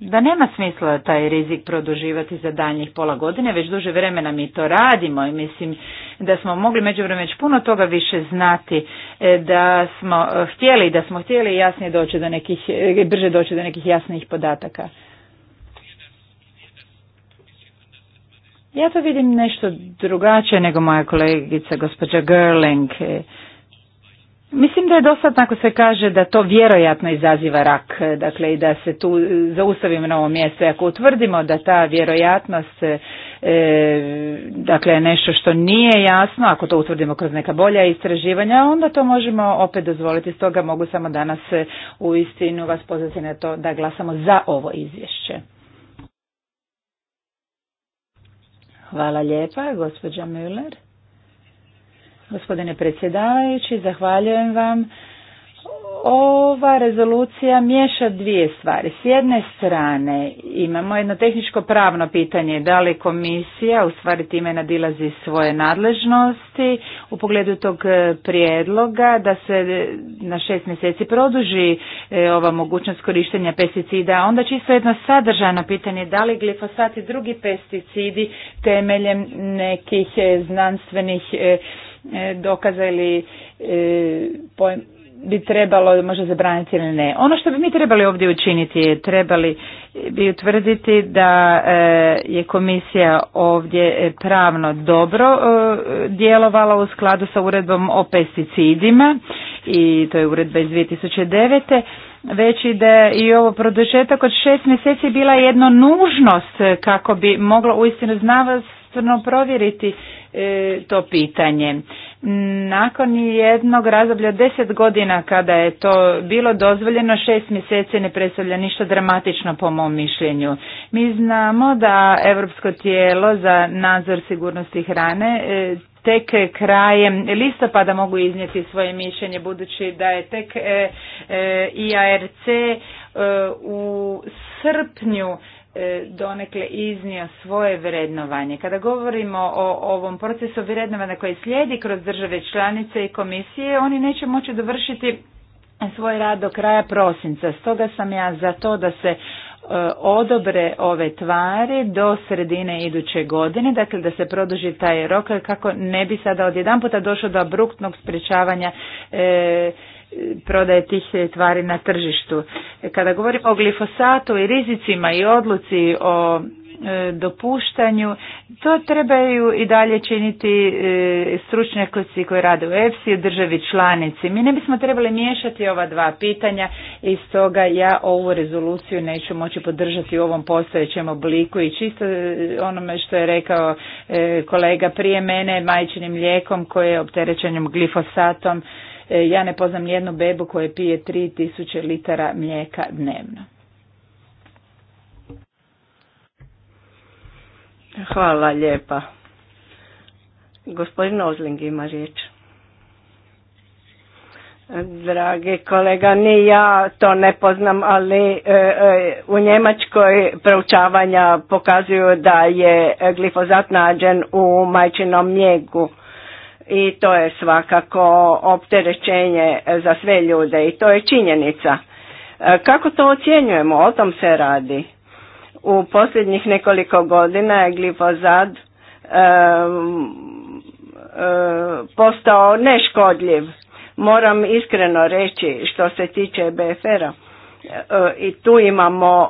da nema smisla taj rizik produživati za daljnjih pola godine, već duže vremena mi to radimo i mislim da smo mogli međuvremenu već puno toga više znati, e, da smo e, htjeli, da smo htjeli jasnije doći do nekih, e, brže doći do nekih jasnijih podataka. Ja to vidim nešto drugačije nego moja kolegica gospođa Gerling. Mislim da je dosad ako se kaže da to vjerojatno izaziva rak, e, dakle i da se tu e, zaustavimo na ovo mjesto. Ako utvrdimo da ta vjerojatnost e, e dakle nešto što nije jasno, ako to utvrdimo kroz neka bolja istraživanja, onda to možemo opet dozvoliti. Stoga mogu samo danas u istinu vas pozvati na to da glasamo za ovo izvješće. Hvala lijepa, gospođa Müller. Gospodine predsjedavajući, zahvaljujem vam. Ova rezolucija miješa dvije stvari. S jedne strane imamo jedno tehničko pravno pitanje da li komisija u stvari time nadilazi svoje nadležnosti u pogledu tog e, prijedloga da se e, na šest mjeseci produži e, ova mogućnost korištenja pesticida. Onda čisto jedno sadržajno pitanje da li glifosat i drugi pesticidi temeljem nekih znanstvenih E, dokaza ili e, bi trebalo možda zabraniti ili ne. Ono što bi mi trebali ovdje učiniti je trebali bi utvrditi da e, je komisija ovdje pravno dobro djelovala u skladu sa uredbom o pesticidima i to je uredba iz 2009 već i da je i ovo produžetak od šest mjeseci bila jedna nužnost kako bi moglo uistinu znavostno provjeriti E, to pitanje. Nakon jednog razdoblja deset godina kada je to bilo dozvoljeno, šest mjeseci ne predstavlja ništa dramatično po mom mišljenju. Mi znamo da Europsko tijelo za nadzor sigurnosti hrane e, tek krajem listopada mogu iznijeti svoje mišljenje budući da je tek e, IARC u srpnju E, donekle iznio svoje vrednovanje. Kada govorimo o ovom procesu vrednovanja koji slijedi kroz države članice i komisije, oni neće moći dovršiti svoj rad do kraja prosinca. Stoga sam ja za to da se e, odobre ove tvari do sredine iduće godine, dakle da se produži taj rok kako ne bi sada odjedanputa došlo do abruptnog sprječavanja e, prodaje tih tvari na tržištu. E, kada govorimo o glifosatu i rizicima i odluci o e, dopuštanju, to trebaju i dalje činiti e, stručnjakoci koji rade u EFSI i državi članici. Mi ne bismo trebali miješati ova dva pitanja i stoga ja ovu rezoluciju neću moći podržati u ovom postojećem obliku i čisto onome što je rekao kolega prije mene majčinim mlijekom koje je opterećenjem glifosatom E, ja ne poznam jednu bebu koja pije 3000 litara mlijeka dnevno. Hvala lijepa. Gospodin Ozling ima riječ. Dragi kolega, ni ja to ne poznam, ali e, e, u Njemačkoj proučavanja pokazuju da je glifozat nađen u majčinom mlijegu i to je svakako opterećenje za sve ljude i to je činjenica. E, kako to ocjenjujemo? O tom se radi. U posljednjih nekoliko godina je glifozad e, e, postao neškodljiv. Moram iskreno reći što se tiče BFR-a e, i tu imamo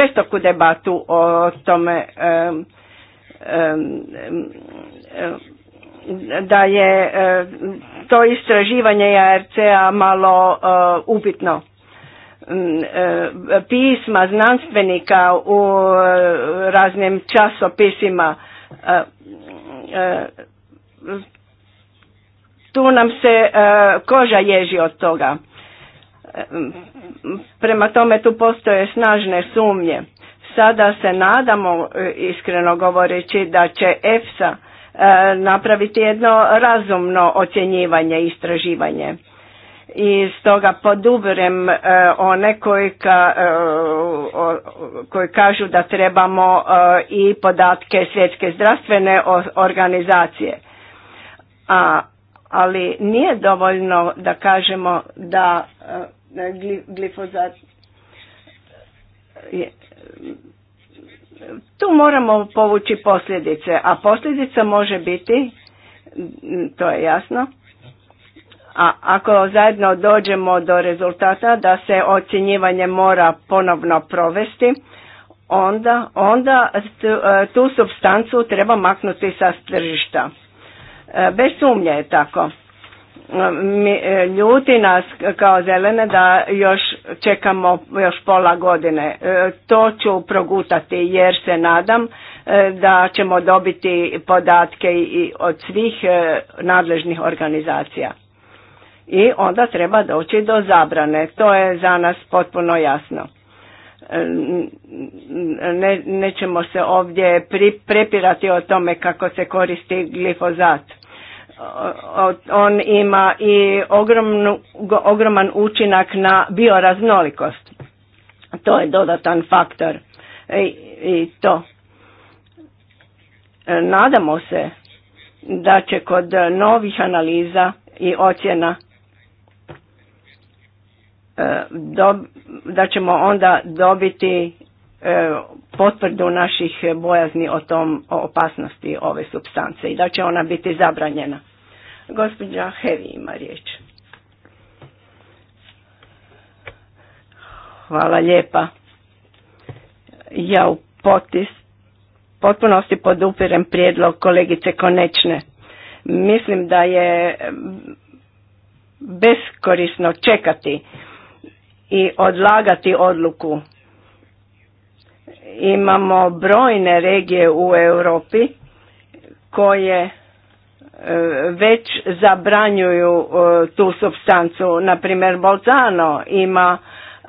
žestoku debatu o tome e, da je e, to istraživanje ARC-a malo e, upitno. Mm, e, pisma znanstvenika u raznim časopisima tu nam se koža ježi od toga. Prema tome tu postoje snažne sumnje. Sada se nadamo, iskreno govoreći, da će EFSA E, napraviti jedno razumno ocjenjivanje i istraživanje. I stoga podubirem e, one koji, ka, e, kažu da trebamo i podatke svjetske zdravstvene organizacije. A, ali nije dovoljno da kažemo da glifozat je tu moramo povući posljedice, a posljedica može biti, to je jasno, a ako zajedno dođemo do rezultata da se ocjenjivanje mora ponovno provesti, onda, onda e, tu substancu treba maknuti sa tržišta. E, bez sumnje je tako. E, ljuti nas kao zelene da još čekamo još pola godine. E, to ću progutati jer se nadam e, da ćemo dobiti podatke i od svih nadležnih organizacija. I onda treba doći do zabrane. To je za nas potpuno jasno. Ne, nećemo se ovdje prepirati o tome kako se koristi glifozat on ima i ogromnu, ogroman učinak na bioraznolikost. To je dodatan faktor i, to. Nadamo se da će kod novih analiza i ocjena e, da ćemo onda dobiti e, potvrdu naših bojazni o tom o opasnosti ove substance i da će ona biti zabranjena. Gospođa Hevi ima riječ. Hvala lijepa. Ja u potis, potpunosti podupirem prijedlog kolegice Konečne. Mislim da je beskorisno čekati i odlagati odluku. Imamo brojne regije u Europi koje već zabranjuju e, tu substancu. Naprimjer, Bolzano ima e,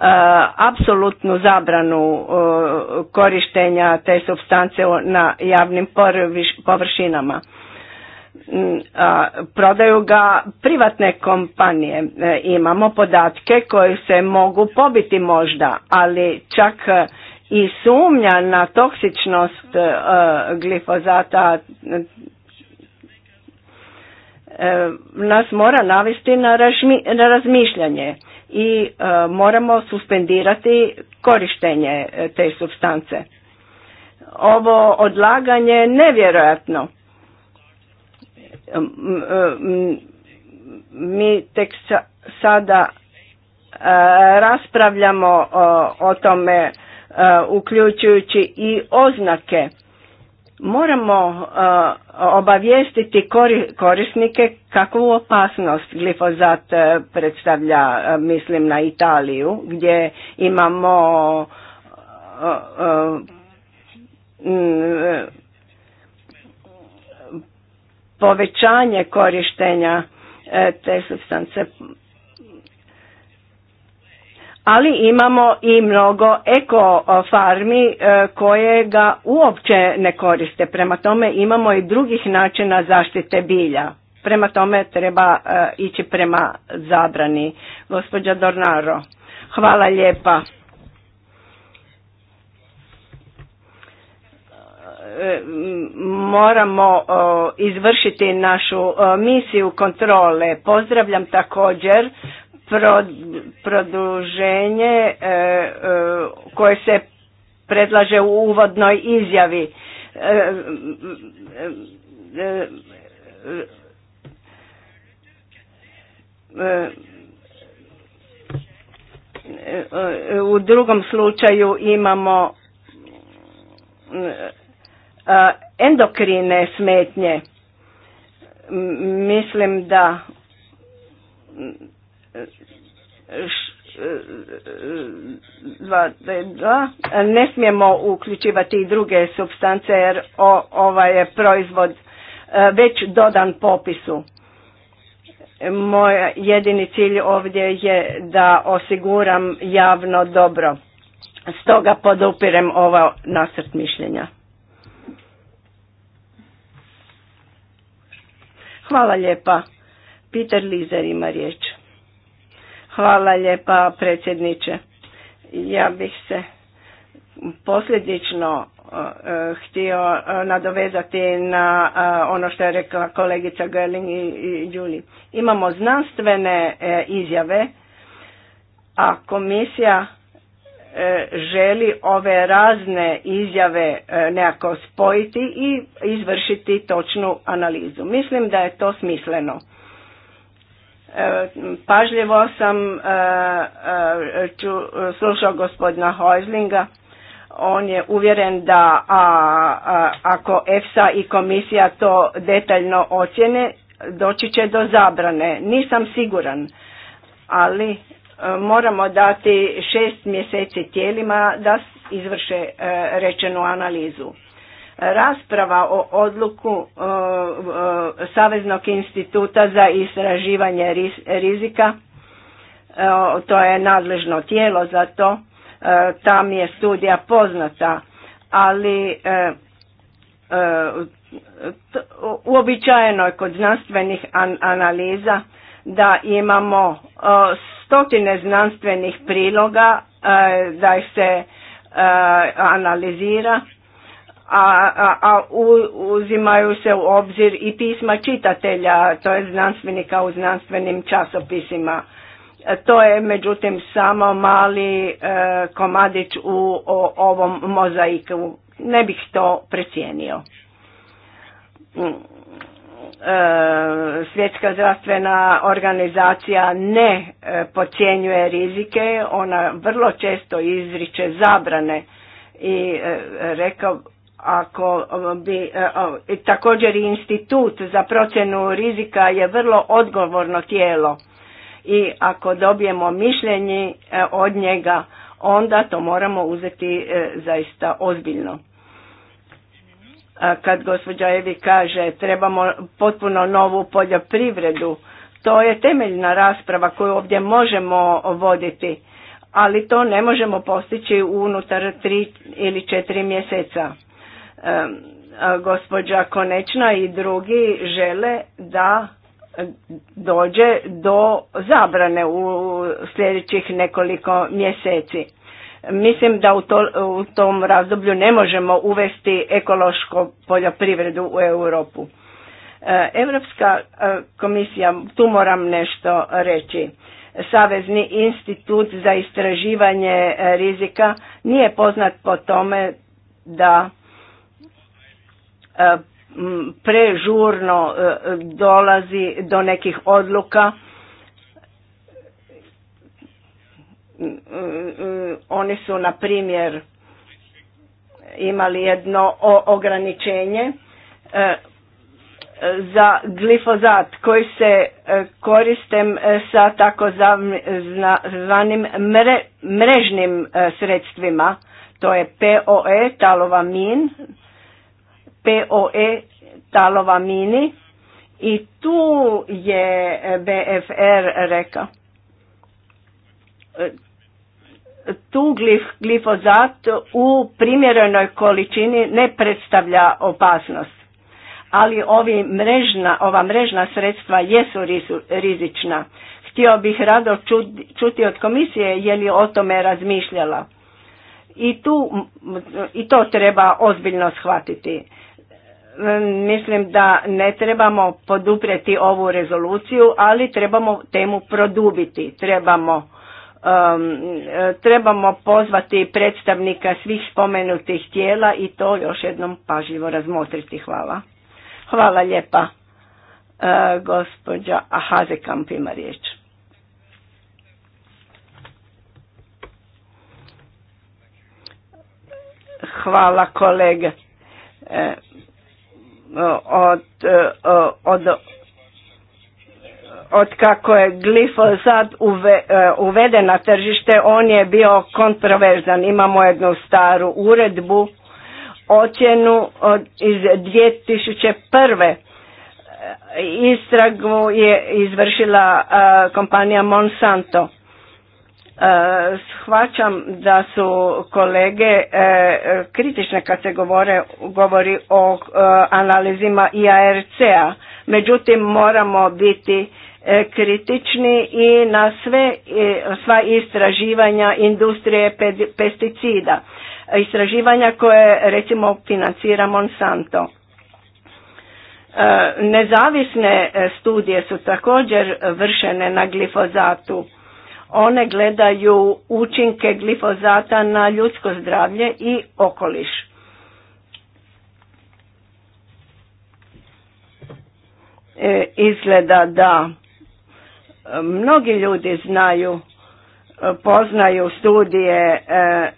apsolutnu zabranu e, korištenja te substance na javnim površinama. Mm, prodaju ga privatne kompanije. Imamo podatke koji se mogu pobiti možda, ali čak i sumnja na toksičnost glifozata E, nas mora navesti na, razmišljanje i e, moramo suspendirati korištenje e, te substance. Ovo odlaganje je nevjerojatno. Mi tek sada raspravljamo o tome uključujući i oznake Moramo uh, obavijestiti korisnike kakvu opasnost glifozat uh, predstavlja, uh, mislim na Italiju gdje imamo mm, povećanje korištenja te substance ali imamo i mnogo eko farmi e, koje ga uopće ne koriste. Prema tome imamo i drugih načina zaštite bilja. Prema tome treba e, ići prema zabrani. Gospođa Dornaro, hvala lijepa. E, moramo izvršiti našu misiju kontrole. Pozdravljam također produženje e, e, koje se predlaže u uvodnoj izjavi e, u drugom slučaju imamo endokrine smetnje. Mislim da ne smijemo uključivati i druge substance jer ovaj je proizvod e, već dodan popisu. Moj jedini cilj ovdje je da osiguram javno dobro. Stoga podupirem ovo nasrt mišljenja. Hvala lijepa. Peter Lizer ima riječ. Hvala lijepa predsjedniče. Ja bih se posljedično e, htio e, nadovezati na e, ono što je rekla kolegica Gerling i juli. Imamo znanstvene izjave, a komisija želi ove razne izjave nekako spojiti i izvršiti točnu analizu. Mislim da je to smisleno. Pažljivo sam e, e, slušao gospodina Hojzlinga. On je uvjeren da ako EFSA i komisija to detaljno ocjene, doći će do zabrane. Nisam siguran, ali e, moramo dati šest mjeseci tijelima da izvrše rečenu analizu. Rasprava o odluku e, e, Saveznog instituta za istraživanje rizika, e, to je nadležno tijelo za to, tam je studija poznata, ali uobičajeno je kod znanstvenih analiza da imamo stotine znanstvenih priloga, da ih se analizira a, a, uzimaju se u obzir i pisma čitatelja, to je znanstvenika u znanstvenim časopisima. E, to je međutim samo mali e, komadić u ovom mozaiku. Ne bih to precijenio. Mm, e, svjetska zdravstvena organizacija ne e, pocijenjuje rizike, ona vrlo često izriče zabrane i rekao ako um, bi e, također i institut za procjenu rizika je vrlo odgovorno tijelo i ako dobijemo mišljenje e, od njega onda to moramo uzeti e, zaista ozbiljno. Kad gospođa Evi kaže trebamo potpuno novu poljoprivredu, to je temeljna rasprava koju ovdje možemo voditi, ali to ne možemo postići unutar tri ili četiri mjeseca gospođa Konečna i drugi žele da dođe do zabrane u sljedećih nekoliko mjeseci. Mislim da u, u tom razdoblju ne možemo uvesti ekološku poljoprivredu u Europu. E, Europska e, komisija, tu moram nešto reći. Savezni institut za istraživanje rizika nije poznat po tome da E, prežurno e, dolazi do nekih odluka oni su na primjer imali jedno ograničenje e, za glifozat koji se koriste sa takozvanim mrežnim sredstvima. To je POE, talovamin, POE talova mini i tu je BFR rekao e, tu glif, glifozat u primjerenoj količini ne predstavlja opasnost. Ali ovi mrežna, ova mrežna sredstva jesu rizična. Htio bih rado čuti od komisije je li o tome razmišljala. I, tu, I to treba ozbiljno shvatiti. Mm, mislim da ne trebamo poduprijeti ovu rezoluciju, ali trebamo temu produbiti, trebamo um, trebamo pozvati predstavnika svih spomenutih tijela i to još jednom pažljivo razmotriti. Hvala. Hvala lijepa. Uh, gospođa kamp ima riječ. Hvala kolege. Uh, od, od, od kako je glifosat uve, uveden na tržište, on je bio kontroverzan. Imamo jednu staru uredbu, ocjenu od, iz 2001. Istragu je izvršila kompanija Monsanto E, shvaćam da su kolege e, kritične kad se govori o e, analizima IARC-a, međutim moramo biti kritični i na sve, sva istraživanja industrije pesticida, istraživanja koje recimo financira Monsanto. Nezavisne studije su također vršene na glifozatu one gledaju učinke glifozata na ljudsko zdravlje i okoliš. E, izgleda da e, mnogi ljudi znaju, e, poznaju studije e,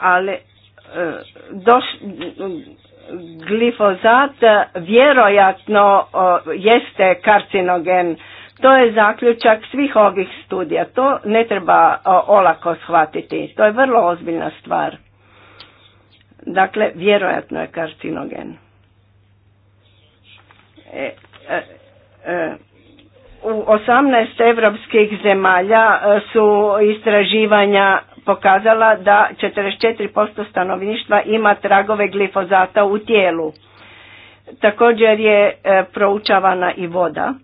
ali glifozat vjerojatno jeste karcinogen. To je zaključak svih ovih studija. To ne treba olako shvatiti. To je vrlo ozbiljna stvar. Dakle, vjerojatno je karcinogen. E, e, e u 18 evropskih zemalja e, su istraživanja pokazala da 44% stanovništva ima tragove glifozata u tijelu. Također je e, proučavana i voda.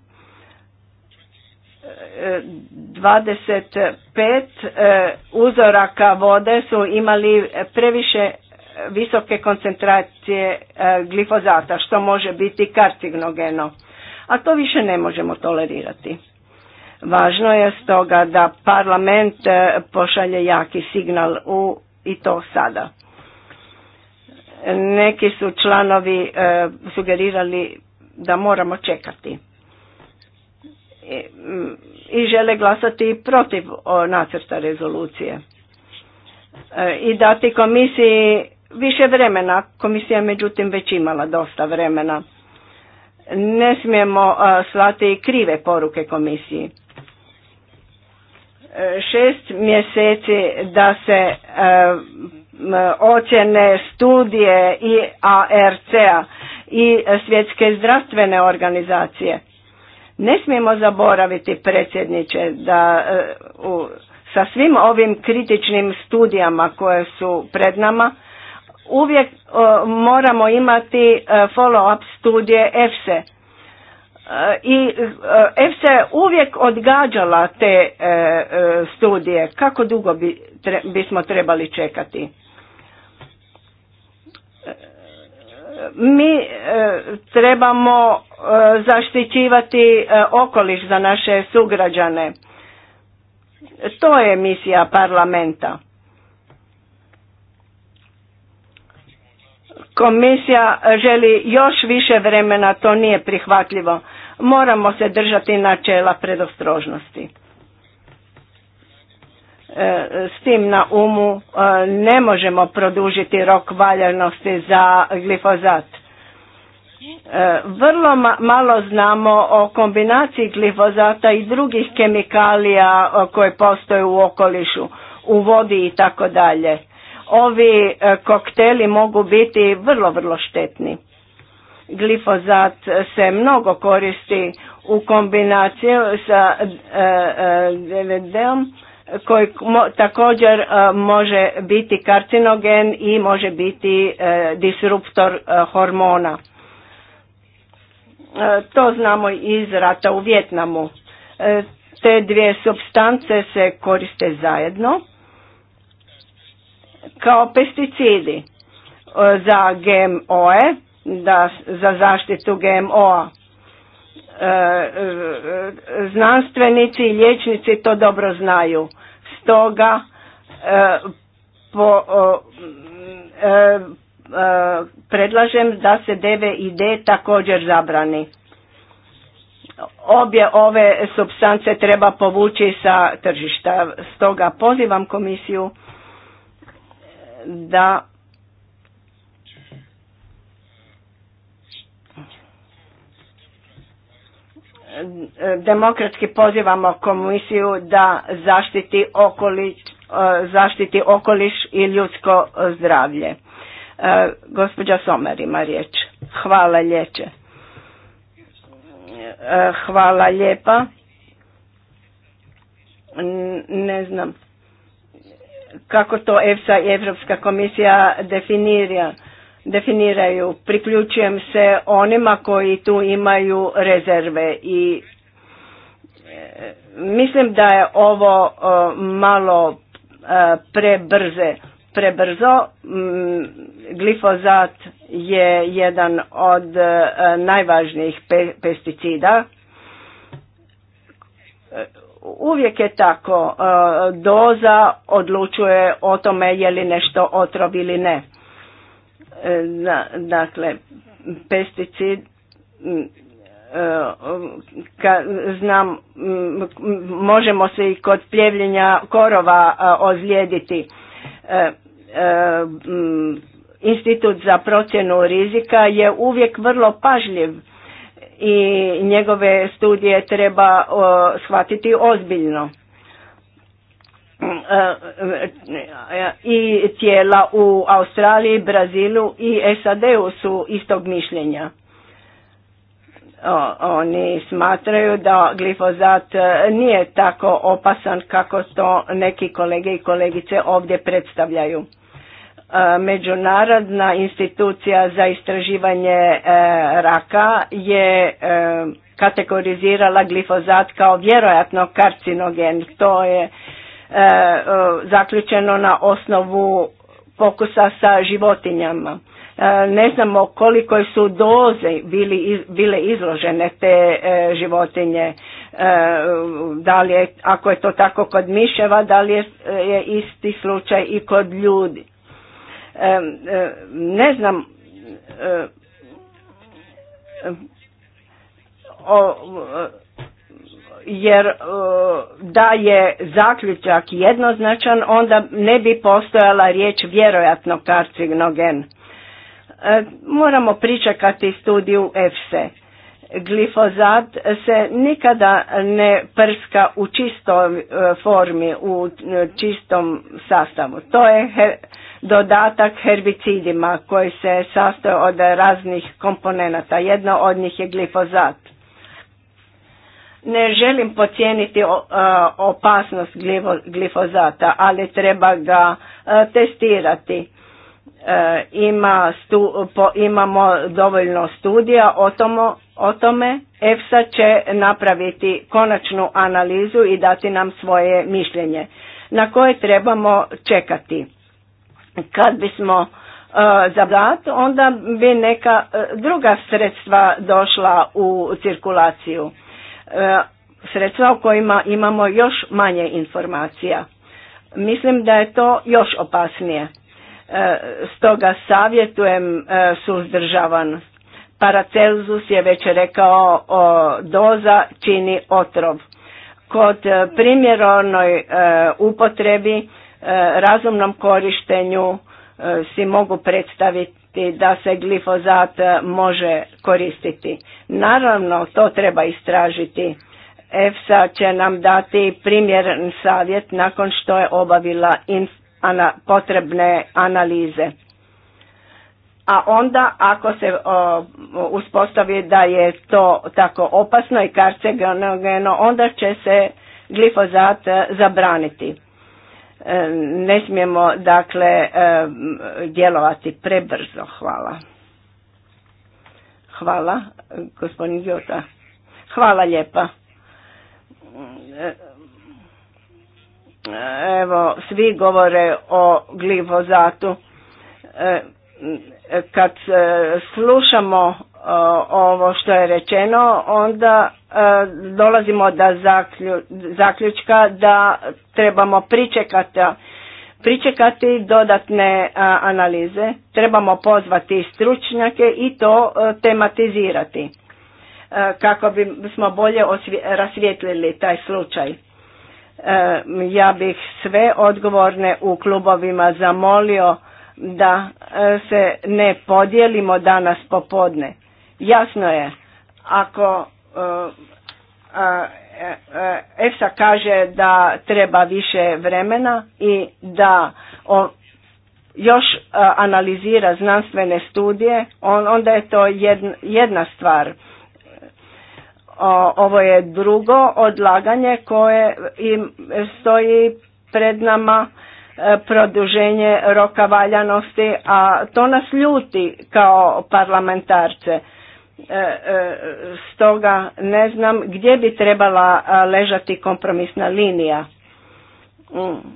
25 e, e, uzoraka vode su imali previše visoke koncentracije glifozata, što može biti karcinogeno. A to više ne možemo tolerirati. Važno je stoga da parlament e, pošalje jaki signal u, i to sada. Neki su članovi e, sugerirali da moramo čekati i, mm, žele glasati protiv nacrta rezolucije e, i dati komisiji više vremena. Komisija međutim već imala dosta vremena. Ne smijemo slati krive poruke komisiji šest mjeseci da se e, ocjene studije i ARC-a i svjetske zdravstvene organizacije. Ne smijemo zaboraviti predsjedniče da e, sa svim ovim kritičnim studijama koje su pred nama uvijek e, moramo imati follow up studije EFSE i EFSA je uvijek odgađala te e, e, studije. Kako dugo bi, tre, bismo trebali čekati? E, mi trebamo zaštićivati okoliš za naše sugrađane. To je misija parlamenta. Komisija želi još više vremena, to nije prihvatljivo moramo se držati načela predostrožnosti. E, s tim na umu e, ne možemo produžiti rok valjanosti za glifozat. E, vrlo malo znamo o kombinaciji glifozata i drugih kemikalija koje postoje u okolišu, u vodi i tako dalje. Ovi kokteli mogu biti vrlo, vrlo štetni glifozat se mnogo koristi u kombinaciji sa DVD-om e, e, koji također e, može biti karcinogen i može biti disruptor hormona. To znamo iz rata u Vjetnamu. Te dvije substance se koriste zajedno kao pesticidi za GMOE da, za zaštitu GMO-a. E, e, znanstvenici i liječnici to dobro znaju. Stoga e, po, predlažem da se deve i D također zabrani. Obje ove substance treba povući sa tržišta. Stoga pozivam komisiju da demokratski pozivamo komisiju da zaštiti okoliš, e, zaštiti okoliš i ljudsko zdravlje. E, gospođa Somer ima riječ. Hvala lječe. E, hvala lijepa. Ne znam kako to EFSA i Evropska komisija definira definiraju. Priključujem se onima koji tu imaju rezerve i e, mislim da je ovo e, malo e, prebrze. Prebrzo, mm, glifozat je jedan od najvažnijih pesticida. Uvijek je tako, doza odlučuje o tome je li nešto otrov ili ne E, dakle pesticid e, znam možemo se i kod pljevljenja korova e, ozlijediti institut za procjenu rizika je uvijek vrlo pažljiv i njegove studije treba shvatiti ozbiljno Mm, e, e, e, i tijela u Australiji, Brazilu i SAD-u su istog mišljenja. Oni smatraju da glifozat nije tako opasan kako to neki kolege i kolegice ovdje predstavljaju. Međunarodna institucija za istraživanje raka je kategorizirala glifozat kao vjerojatno karcinogen. To je E, e, zaključeno na osnovu pokusa sa životinjama. E, ne znamo koliko su doze bili, bile izložene te životinje. Da li je, ako je to tako kod miševa, da li je, je isti slučaj i kod ljudi. Ne znam o, jer e, da je zaključak jednoznačan onda ne bi postojala riječ vjerojatno karcinogen. E, moramo pričekati studiju EFSE. Glifozat se nikada ne prska u čistoj e, formi, u čistom sastavu. To je dodatak herbicidima koji se sastoje od raznih komponenata. Jedno od njih je glifozat ne želim pocijeniti e, opasnost glifozata, ali treba ga e, testirati. E, ima po, imamo dovoljno studija o, tomo, o tome. EFSA će napraviti konačnu analizu i dati nam svoje mišljenje na koje trebamo čekati. Kad bismo za onda bi neka druga sredstva došla u cirkulaciju. E, sredstva o kojima imamo još manje informacija. Mislim da je to još opasnije. E, stoga savjetujem e, suzdržavan. Paracelsus je već rekao doza čini otrov. Kod primjeronoj upotrebi, razumnom korištenju si mogu predstaviti da se glifozat e, može koristiti. Naravno, to treba istražiti. EFSA će nam dati primjeren savjet nakon što je obavila potrebne analize. A onda ako se uspostavi da je to tako opasno i karcinogeno, onda će se glifozat e, zabraniti. Ne smijemo dakle e, djelovati prebrzo. Hvala. Hvala, gospodin Jota. Hvala lijepa. Evo, svi govore o glifozatu. E, kad e, slušamo ovo što je rečeno, onda e, dolazimo do zaključka da trebamo pričekati, pričekati dodatne e, analize, trebamo pozvati stručnjake i to e, tematizirati kako bismo bolje rasvijetlili taj slučaj. Ja bih sve odgovorne u klubovima zamolio da se ne podijelimo danas popodne Jasno je, ako e, e, e, EFSA kaže da treba više vremena i da on još analizira znanstvene studije, onda je to jedna, stvar. ovo je drugo odlaganje koje stoji pred nama produženje roka valjanosti, a to nas ljuti kao parlamentarce. E, e, stoga ne znam gdje bi trebala ležati kompromisna linija. Mm.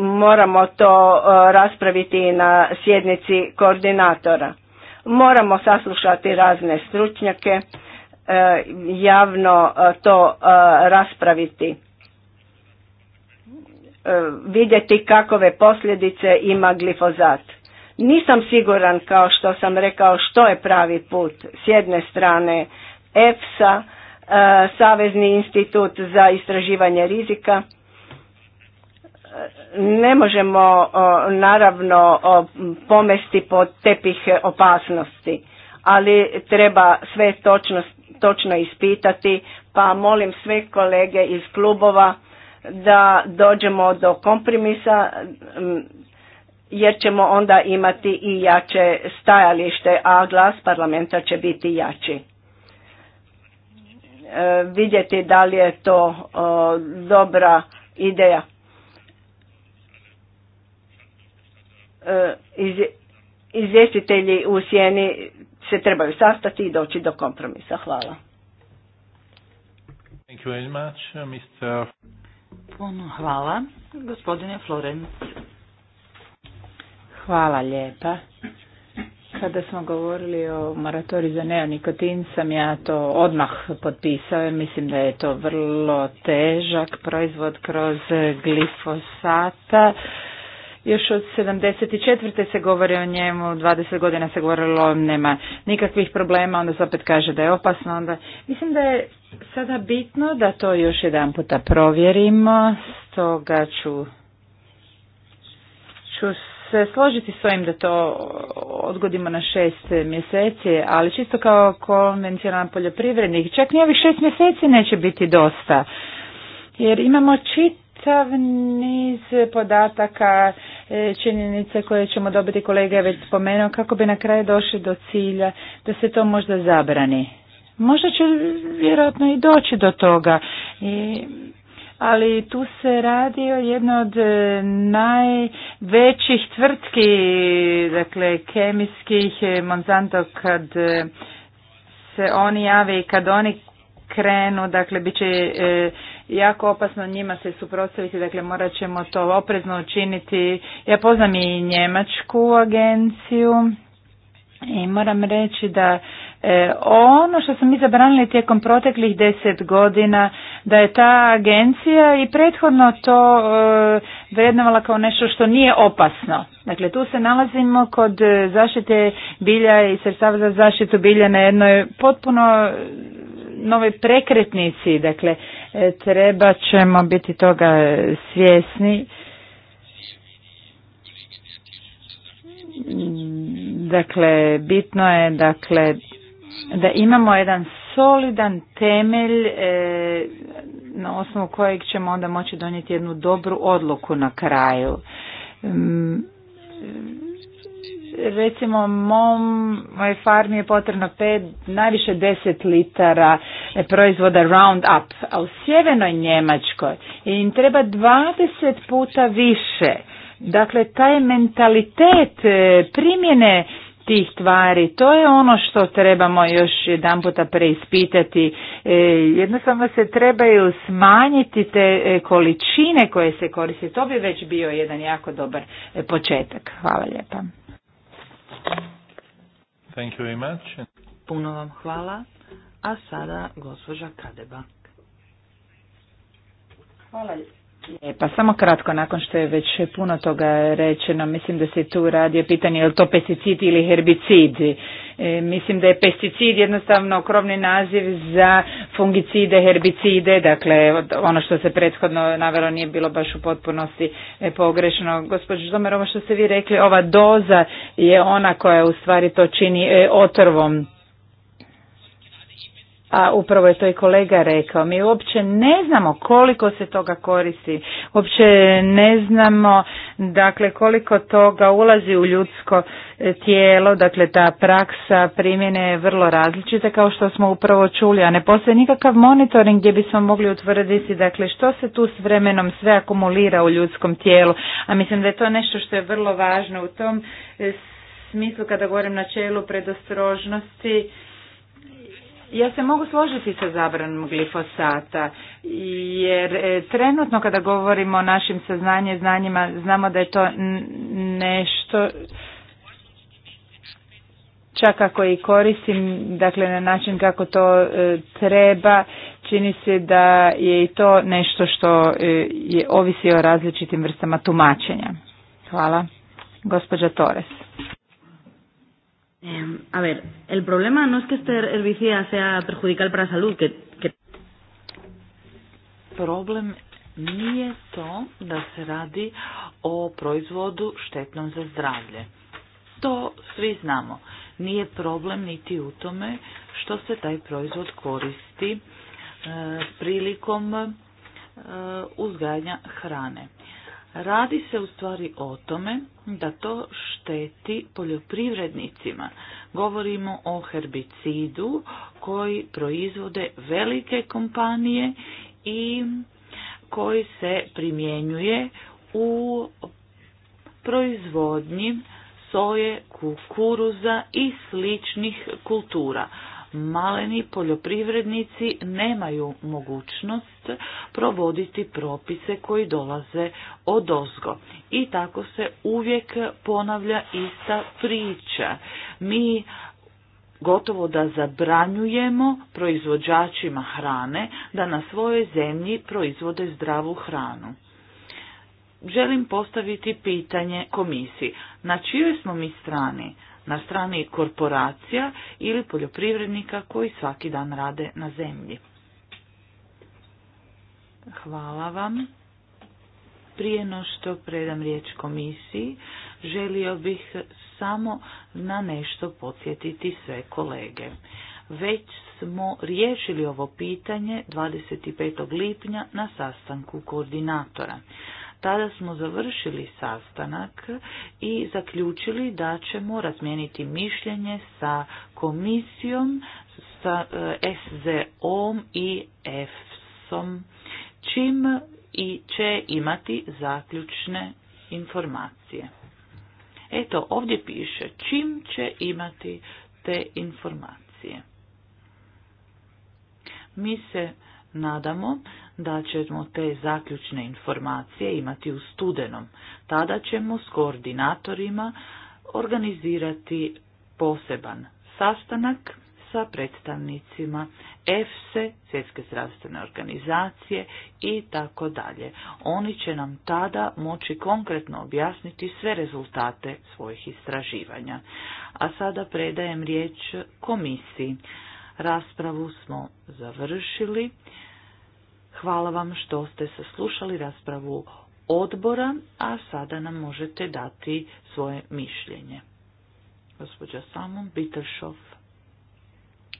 Moramo to e, raspraviti na sjednici koordinatora. Moramo saslušati razne stručnjake, javno to raspraviti. Vidjeti kakove posljedice ima glifozat nisam siguran, kao što sam rekao, što je pravi put. S jedne strane EFSA, e, Savezni institut za istraživanje rizika. E, ne možemo naravno pomesti pod tepih opasnosti, ali treba sve točno, točno ispitati, pa molim sve kolege iz klubova da dođemo do kompromisa jer ćemo onda imati i jače stajalište, a glas parlamenta će biti jači. E, vidjeti da li je to e, dobra ideja. E, izvjestitelji u sjeni se trebaju sastati i doći do kompromisa. Hvala. hvala, gospodine Florenc. Hvala lijepa. Kada smo govorili o moratoriju za neonikotin sam ja to odmah potpisao mislim da je to vrlo težak proizvod kroz glifosata. Još od 74. se govori o njemu, 20 godina se govorilo, o nema nikakvih problema, onda se opet kaže da je opasno. Onda... Mislim da je sada bitno da to još jedan puta provjerimo, stoga ću, ću se složiti s ovim da to odgodimo na šest mjeseci, ali čisto kao konvencionalan poljoprivrednik, čak ni ovih šest mjeseci neće biti dosta. Jer imamo čitav niz podataka, e, činjenice koje ćemo dobiti, kolega je već spomenuo, kako bi na kraju došli do cilja da se to možda zabrani. Možda će vjerojatno i doći do toga. I ali tu se radi o jednoj od e, najvećih tvrtki, dakle kemijskih, e, Monsanto kad e, se oni jave i kad oni krenu, dakle bit će jako opasno njima se suprotstaviti, dakle morat ćemo to oprezno učiniti. Ja poznam i njemačku agenciju i moram reći da E, ono što smo mi zabranili tijekom proteklih deset godina da je ta agencija i prethodno to e, vrednovala kao nešto što nije opasno. Dakle, tu se nalazimo kod e, zaštite bilja i sredstava za zaštitu bilja na jednoj potpuno nove prekretnici. Dakle, treba ćemo biti toga svjesni. Dakle, bitno je dakle da imamo jedan solidan temelj e, na osnovu kojeg ćemo onda moći donijeti jednu dobru odluku na kraju. Mm, recimo mom moj farmi je potrebno pet, najviše 10 litara e, proizvoda Roundup, a u sjevernoj Njemačkoj im treba 20 puta više. Dakle, taj mentalitet e, primjene tih tvari. To je ono što trebamo još jedan puta preispitati. E, jednostavno se trebaju smanjiti te e, količine koje se koriste. To bi već bio jedan jako dobar e, početak. Hvala lijepa. Thank you very much. Puno vam hvala. A sada gospođa Kadeba. Hvala lijepa. Pa samo kratko, nakon što je već puno toga rečeno, mislim da se tu radi o pitanju je li to pesticid ili herbicid. E, mislim da je pesticid jednostavno okrovni naziv za fungicide, herbicide, dakle ono što se prethodno navelo nije bilo baš u potpunosti e, pogrešno. Gospođo Zomer, ovo što ste vi rekli, ova doza je ona koja u stvari to čini e, otrvom a upravo je to i kolega rekao, mi uopće ne znamo koliko se toga koristi, uopće ne znamo dakle koliko toga ulazi u ljudsko e, tijelo, dakle ta praksa primjene je vrlo različita kao što smo upravo čuli, a ne postoji nikakav monitoring gdje bismo mogli utvrditi dakle što se tu s vremenom sve akumulira u ljudskom tijelu, a mislim da je to nešto što je vrlo važno u tom e, smislu kada govorim načelu predostrožnosti ja se mogu složiti sa zabranom glifosata, jer e, trenutno kada govorimo o našim saznanje znanjima, znamo da je to nešto čak ako i koristim, dakle na način kako to e, treba, čini se da je i to nešto što e, je ovisi o različitim vrstama tumačenja. Hvala. Gospođa Torres. Eh, a ver, el problema no es que este herbicida sea perjudicial para salud, que, que... Problem nije to da se radi o proizvodu štetnom za zdravlje. To svi znamo. Nije problem niti u tome što se taj proizvod koristi e, prilikom e, uzgajanja hrane. Radi se u stvari o tome da to šteti poljoprivrednicima. Govorimo o herbicidu koji proizvode velike kompanije i koji se primjenjuje u proizvodnji soje, kukuruza i sličnih kultura maleni poljoprivrednici nemaju mogućnost provoditi propise koji dolaze od ozgo. I tako se uvijek ponavlja ista priča. Mi gotovo da zabranjujemo proizvođačima hrane da na svojoj zemlji proizvode zdravu hranu. Želim postaviti pitanje komisiji. Na čijoj smo mi strani? na strani korporacija ili poljoprivrednika koji svaki dan rade na zemlji. Hvala vam. Prije no što predam riječ komisiji, želio bih samo na nešto podsjetiti sve kolege. Već smo riješili ovo pitanje 25. lipnja na sastanku koordinatora. Tada smo završili sastanak i zaključili da ćemo razmijeniti mišljenje sa komisijom, sa e, SZO-om i efs čim i će imati zaključne informacije. Eto, ovdje piše čim će imati te informacije. Mi se nadamo da ćemo te zaključne informacije imati u studenom. Tada ćemo s koordinatorima organizirati poseban sastanak sa predstavnicima EFSE, Svjetske zdravstvene organizacije i tako dalje. Oni će nam tada moći konkretno objasniti sve rezultate svojih istraživanja. A sada predajem riječ komisiji. Raspravu smo završili. Hvala vam što ste saslušali raspravu odbora, a sada nam možete dati svoje mišljenje. Gospođa Samon Bitteršov.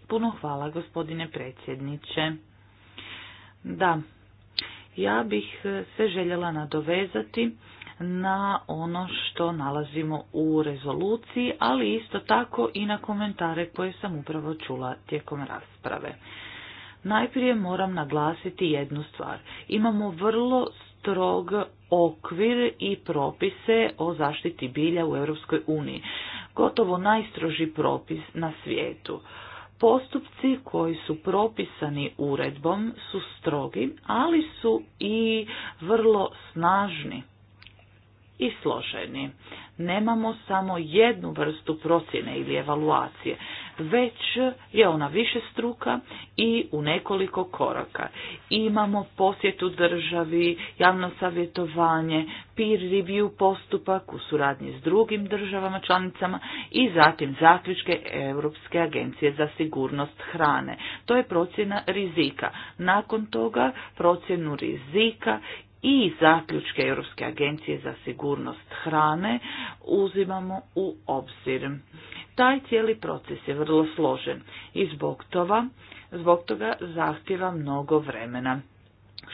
Puno hvala gospodine predsjedniče. Da, ja bih se željela nadovezati na ono što nalazimo u rezoluciji, ali isto tako i na komentare koje sam upravo čula tijekom rasprave. Najprije moram naglasiti jednu stvar. Imamo vrlo strog okvir i propise o zaštiti bilja u Europskoj uniji. Gotovo najstroži propis na svijetu. Postupci koji su propisani uredbom su strogi, ali su i vrlo snažni i složeni. Nemamo samo jednu vrstu procjene ili evaluacije već je ona više struka i u nekoliko koraka. Imamo posjet u državi, javno savjetovanje, peer review postupak u suradnji s drugim državama članicama i zatim zaključke Europske agencije za sigurnost hrane. To je procjena rizika. Nakon toga procjenu rizika i zaključke Europske agencije za sigurnost hrane uzimamo u obzir. Taj cijeli proces je vrlo složen i zbog toga, zbog toga zahtjeva mnogo vremena.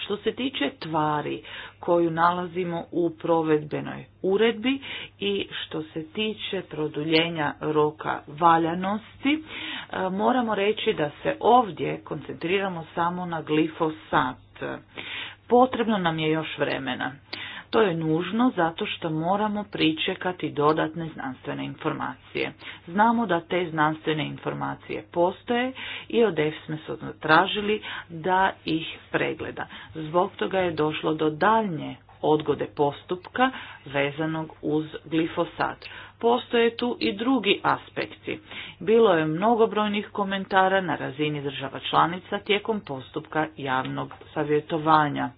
Što se tiče tvari koju nalazimo u provedbenoj uredbi i što se tiče produljenja roka valjanosti, e, moramo reći da se ovdje koncentriramo samo na glifosat. Potrebno nam je još vremena. To je nužno zato što moramo pričekati dodatne znanstvene informacije. Znamo da te znanstvene informacije postoje i od EFSME su tražili da ih pregleda. Zbog toga je došlo do daljnje odgode postupka vezanog uz glifosat. Postoje tu i drugi aspekti. Bilo je mnogobrojnih komentara na razini država članica tijekom postupka javnog savjetovanja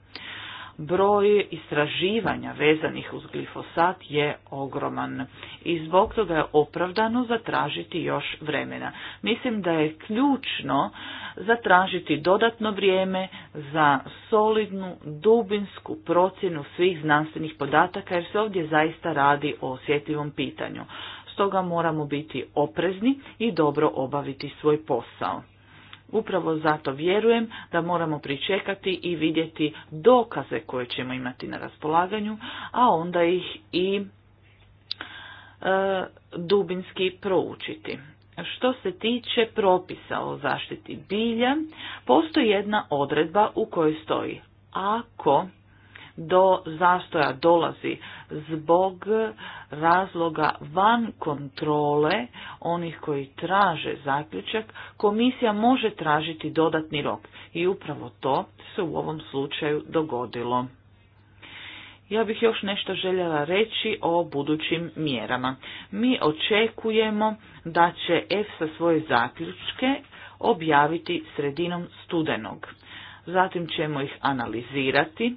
broj istraživanja vezanih uz glifosat je ogroman i zbog toga je opravdano zatražiti još vremena. Mislim da je ključno zatražiti dodatno vrijeme za solidnu, dubinsku procjenu svih znanstvenih podataka jer se ovdje zaista radi o osjetljivom pitanju. Stoga moramo biti oprezni i dobro obaviti svoj posao. Upravo zato vjerujem da moramo pričekati i vidjeti dokaze koje ćemo imati na raspolaganju, a onda ih i e, dubinski proučiti. Što se tiče propisa o zaštiti bilja, postoji jedna odredba u kojoj stoji ako do zastoja dolazi zbog razloga van kontrole onih koji traže zaključak, komisija može tražiti dodatni rok i upravo to se u ovom slučaju dogodilo. Ja bih još nešto željela reći o budućim mjerama. Mi očekujemo da će EFSA svoje zaključke objaviti sredinom studenog. Zatim ćemo ih analizirati,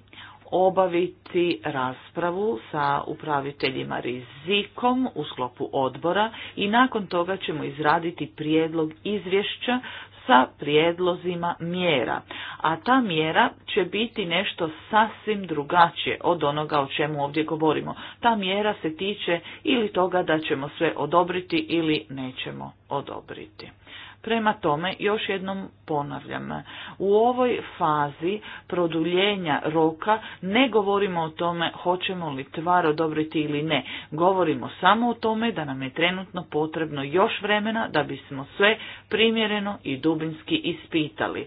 obaviti raspravu sa upraviteljima rizikom u sklopu odbora i nakon toga ćemo izraditi prijedlog izvješća sa prijedlozima mjera. A ta mjera će biti nešto sasvim drugačije od onoga o čemu ovdje govorimo. Ta mjera se tiče ili toga da ćemo sve odobriti ili nećemo odobriti. Prema tome, još jednom ponavljam, u ovoj fazi produljenja roka ne govorimo o tome hoćemo li tvar odobriti ili ne. Govorimo samo o tome da nam je trenutno potrebno još vremena da bismo sve primjereno i dubinski ispitali.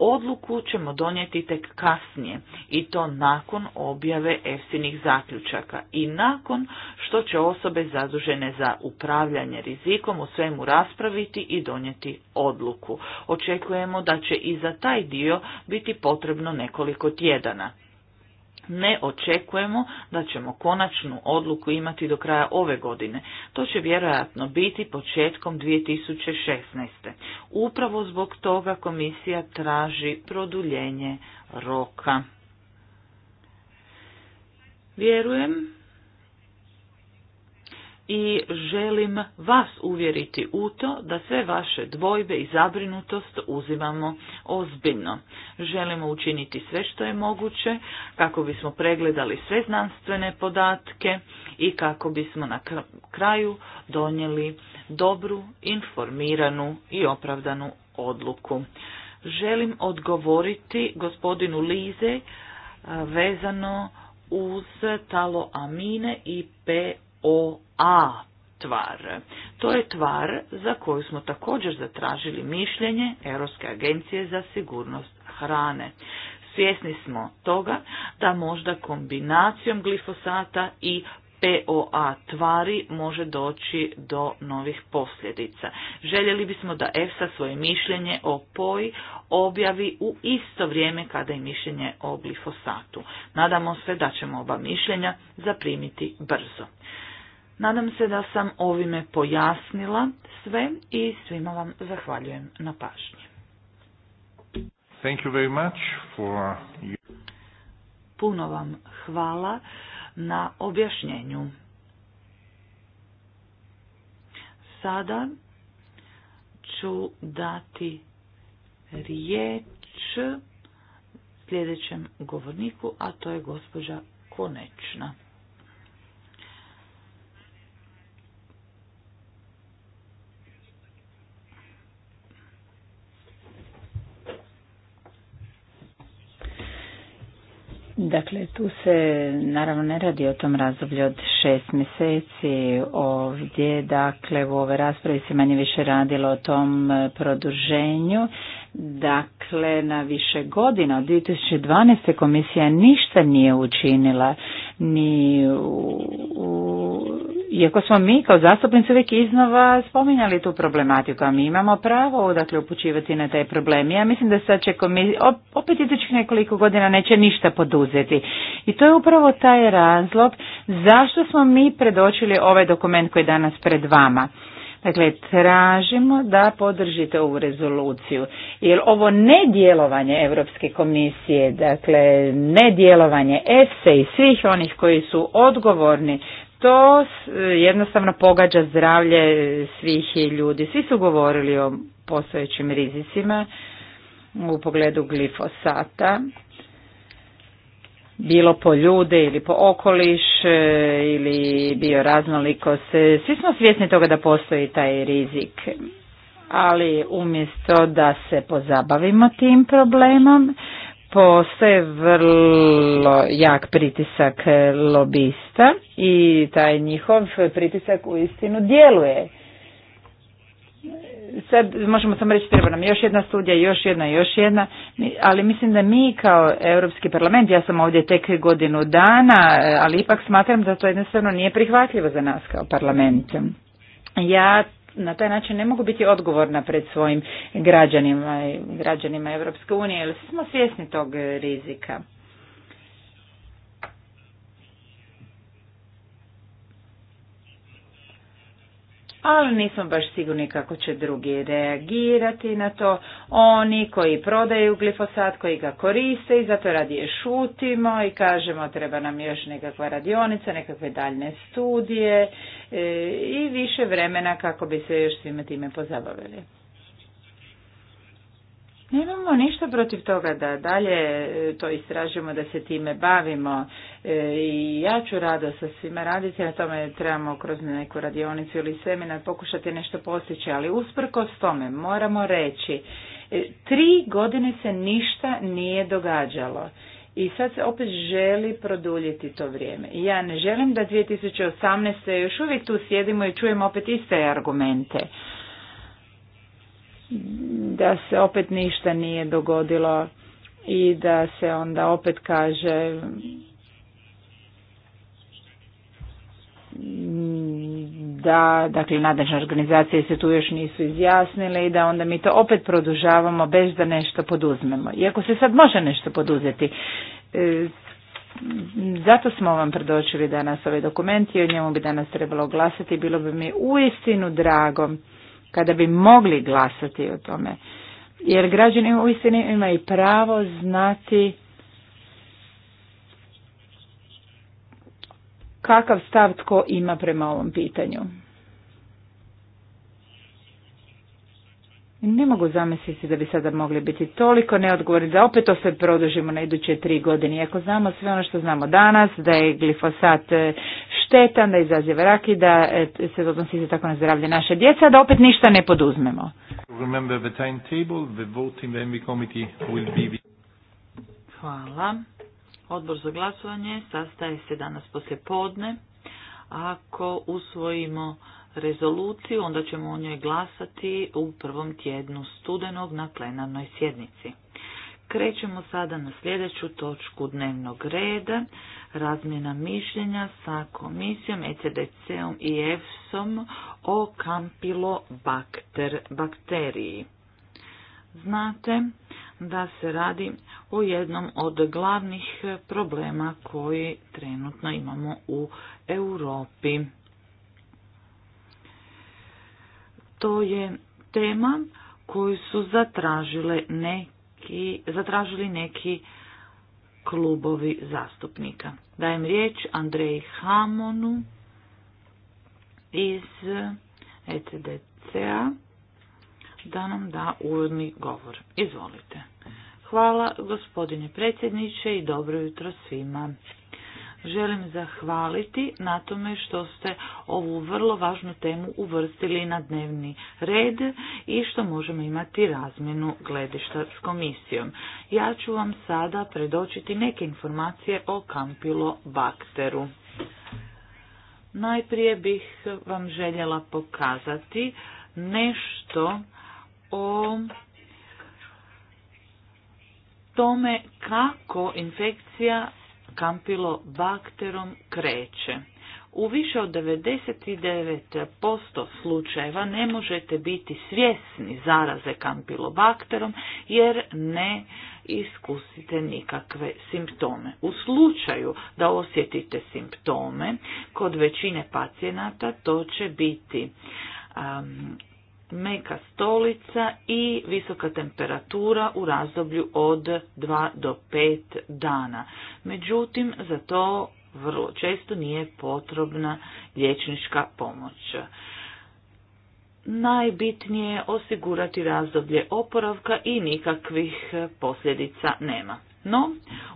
Odluku ćemo donijeti tek kasnije i to nakon objave EFSINih zaključaka i nakon što će osobe zadužene za upravljanje rizikom u svemu raspraviti i donijeti odluku. Očekujemo da će i za taj dio biti potrebno nekoliko tjedana ne očekujemo da ćemo konačnu odluku imati do kraja ove godine. To će vjerojatno biti početkom 2016. Upravo zbog toga komisija traži produljenje roka. Vjerujem i želim vas uvjeriti u to da sve vaše dvojbe i zabrinutost uzimamo ozbiljno. Želimo učiniti sve što je moguće kako bismo pregledali sve znanstvene podatke i kako bismo na kraju donijeli dobru, informiranu i opravdanu odluku. Želim odgovoriti gospodinu Lize vezano uz taloamine i P a tvar. To je tvar za koju smo također zatražili mišljenje Europske agencije za sigurnost hrane. Svjesni smo toga da možda kombinacijom glifosata i POA tvari može doći do novih posljedica. Željeli bismo da EFSA svoje mišljenje o POI objavi u isto vrijeme kada i mišljenje o glifosatu. Nadamo se da ćemo oba mišljenja zaprimiti brzo. Nadam se da sam ovime pojasnila sve i svima vam zahvaljujem na pažnji. Puno vam hvala na objašnjenju. Sada ću dati riječ sljedećem govorniku, a to je gospođa Konečna. Dakle, tu se naravno ne radi o tom razdoblju od šest mjeseci ovdje, dakle u ove raspravi se manje više radilo o tom e, produženju. Dakle, na više godina od 2012. komisija ništa nije učinila ni u iako smo mi kao zastupnici uvijek iznova spominjali tu problematiku, a mi imamo pravo dakle upućivati na taj problem. Ja mislim da sad će komisija, opet idućih nekoliko godina neće ništa poduzeti. I to je upravo taj razlog zašto smo mi predočili ovaj dokument koji je danas pred vama. Dakle, tražimo da podržite ovu rezoluciju, jer ovo nedjelovanje Europske komisije, dakle, nedjelovanje ESE i svih onih koji su odgovorni to jednostavno pogađa zdravlje svih ljudi. Svi su govorili o postojećim rizicima u pogledu glifosata, bilo po ljude ili po okoliš e, ili bio se. Svi smo svjesni toga da postoji taj rizik, ali umjesto da se pozabavimo tim problemom, postoje vrlo jak pritisak lobista i taj njihov pritisak u istinu djeluje. Sad možemo samo reći treba nam još jedna studija, još jedna, još jedna, ali mislim da mi kao Europski parlament, ja sam ovdje tek godinu dana, ali ipak smatram da to jednostavno nije prihvatljivo za nas kao parlament. Ja na taj način ne mogu biti odgovorna pred svojim građanima i građanima Europske unije, jer smo svjesni tog rizika. ali nismo baš sigurni kako će drugi reagirati na to. Oni koji prodaju glifosat, koji ga koriste i zato radije šutimo i kažemo treba nam još nekakva radionica, nekakve daljne studije e, i više vremena kako bi se još svime time pozabavili. Nemamo ništa protiv toga da dalje e, to istražimo, da se time bavimo e, i ja ću rado sa svima raditi, na tome trebamo kroz neku radionicu ili seminar pokušati nešto postići, ali usprkos tome moramo reći, e, tri godine se ništa nije događalo. I sad se opet želi produljiti to vrijeme. Ja ne želim da 2018. još uvijek tu sjedimo i čujemo opet iste argumente da se opet ništa nije dogodilo i da se onda opet kaže da dakle nadležne organizacije se tu još nisu izjasnile i da onda mi to opet produžavamo bez da nešto poduzmemo. Iako se sad može nešto poduzeti. E, zato smo vam predočili danas ovaj dokument i o njemu bi danas trebalo glasati. Bilo bi mi uistinu drago kada bi mogli glasati o tome. Jer građani u istini imaju pravo znati kakav stav tko ima prema ovom pitanju. Ne mogu zamisliti da bi sada mogli biti toliko neodgovorni da opet to sve produžimo na iduće tri godine. Iako znamo sve ono što znamo danas, da je glifosat e, štetan, da izaziva rak i da e, se odnosi za tako na zdravlje naše djeca, da opet ništa ne poduzmemo. Hvala. Odbor za glasovanje sastaje se danas poslje podne. Ako usvojimo rezoluciju, onda ćemo o njoj glasati u prvom tjednu studenog na plenarnoj sjednici. Krećemo sada na sljedeću točku dnevnog reda, razmjena mišljenja sa komisijom, ECDC-om i EFSom o kampilobakter bakteriji. Znate da se radi o jednom od glavnih problema koji trenutno imamo u Europi. To je tema koju su zatražile neki, zatražili neki klubovi zastupnika. Dajem riječ Andreji Hamonu iz ECDC-a da nam da uvodni govor. Izvolite. Hvala gospodine predsjedniče i dobro jutro svima želim zahvaliti na tome što ste ovu vrlo važnu temu uvrstili na dnevni red i što možemo imati razmjenu gledišta s komisijom. Ja ću vam sada predočiti neke informacije o bakteru. Najprije bih vam željela pokazati nešto o tome kako infekcija bakterom kreće. U više od 99% slučajeva ne možete biti svjesni zaraze kampilobakterom jer ne iskusite nikakve simptome. U slučaju da osjetite simptome, kod većine pacijenata to će biti meka stolica i visoka temperatura u razdoblju od 2 do 5 dana. Međutim, za to vrlo često nije potrebna liječnička pomoć. Najbitnije je osigurati razdoblje oporavka i nikakvih posljedica nema. No,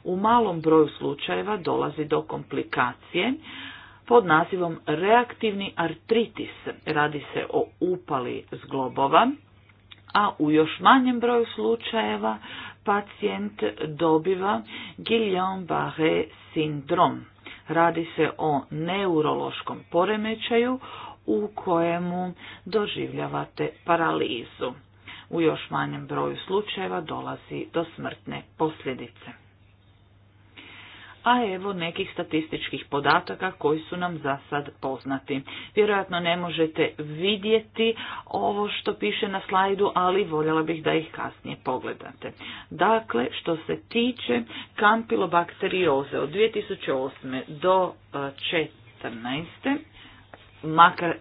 u malom broju slučajeva dolazi do komplikacije, pod nazivom reaktivni artritis. Radi se o upali zglobova, a u još manjem broju slučajeva pacijent dobiva Guillain-Barré sindrom. Radi se o neurološkom poremećaju u kojemu doživljavate paralizu. U još manjem broju slučajeva dolazi do smrtne posljedice a evo nekih statističkih podataka koji su nam za sad poznati. Vjerojatno ne možete vidjeti ovo što piše na slajdu, ali voljela bih da ih kasnije pogledate. Dakle, što se tiče kampilobakterioze od 2008. do 2014. E, makar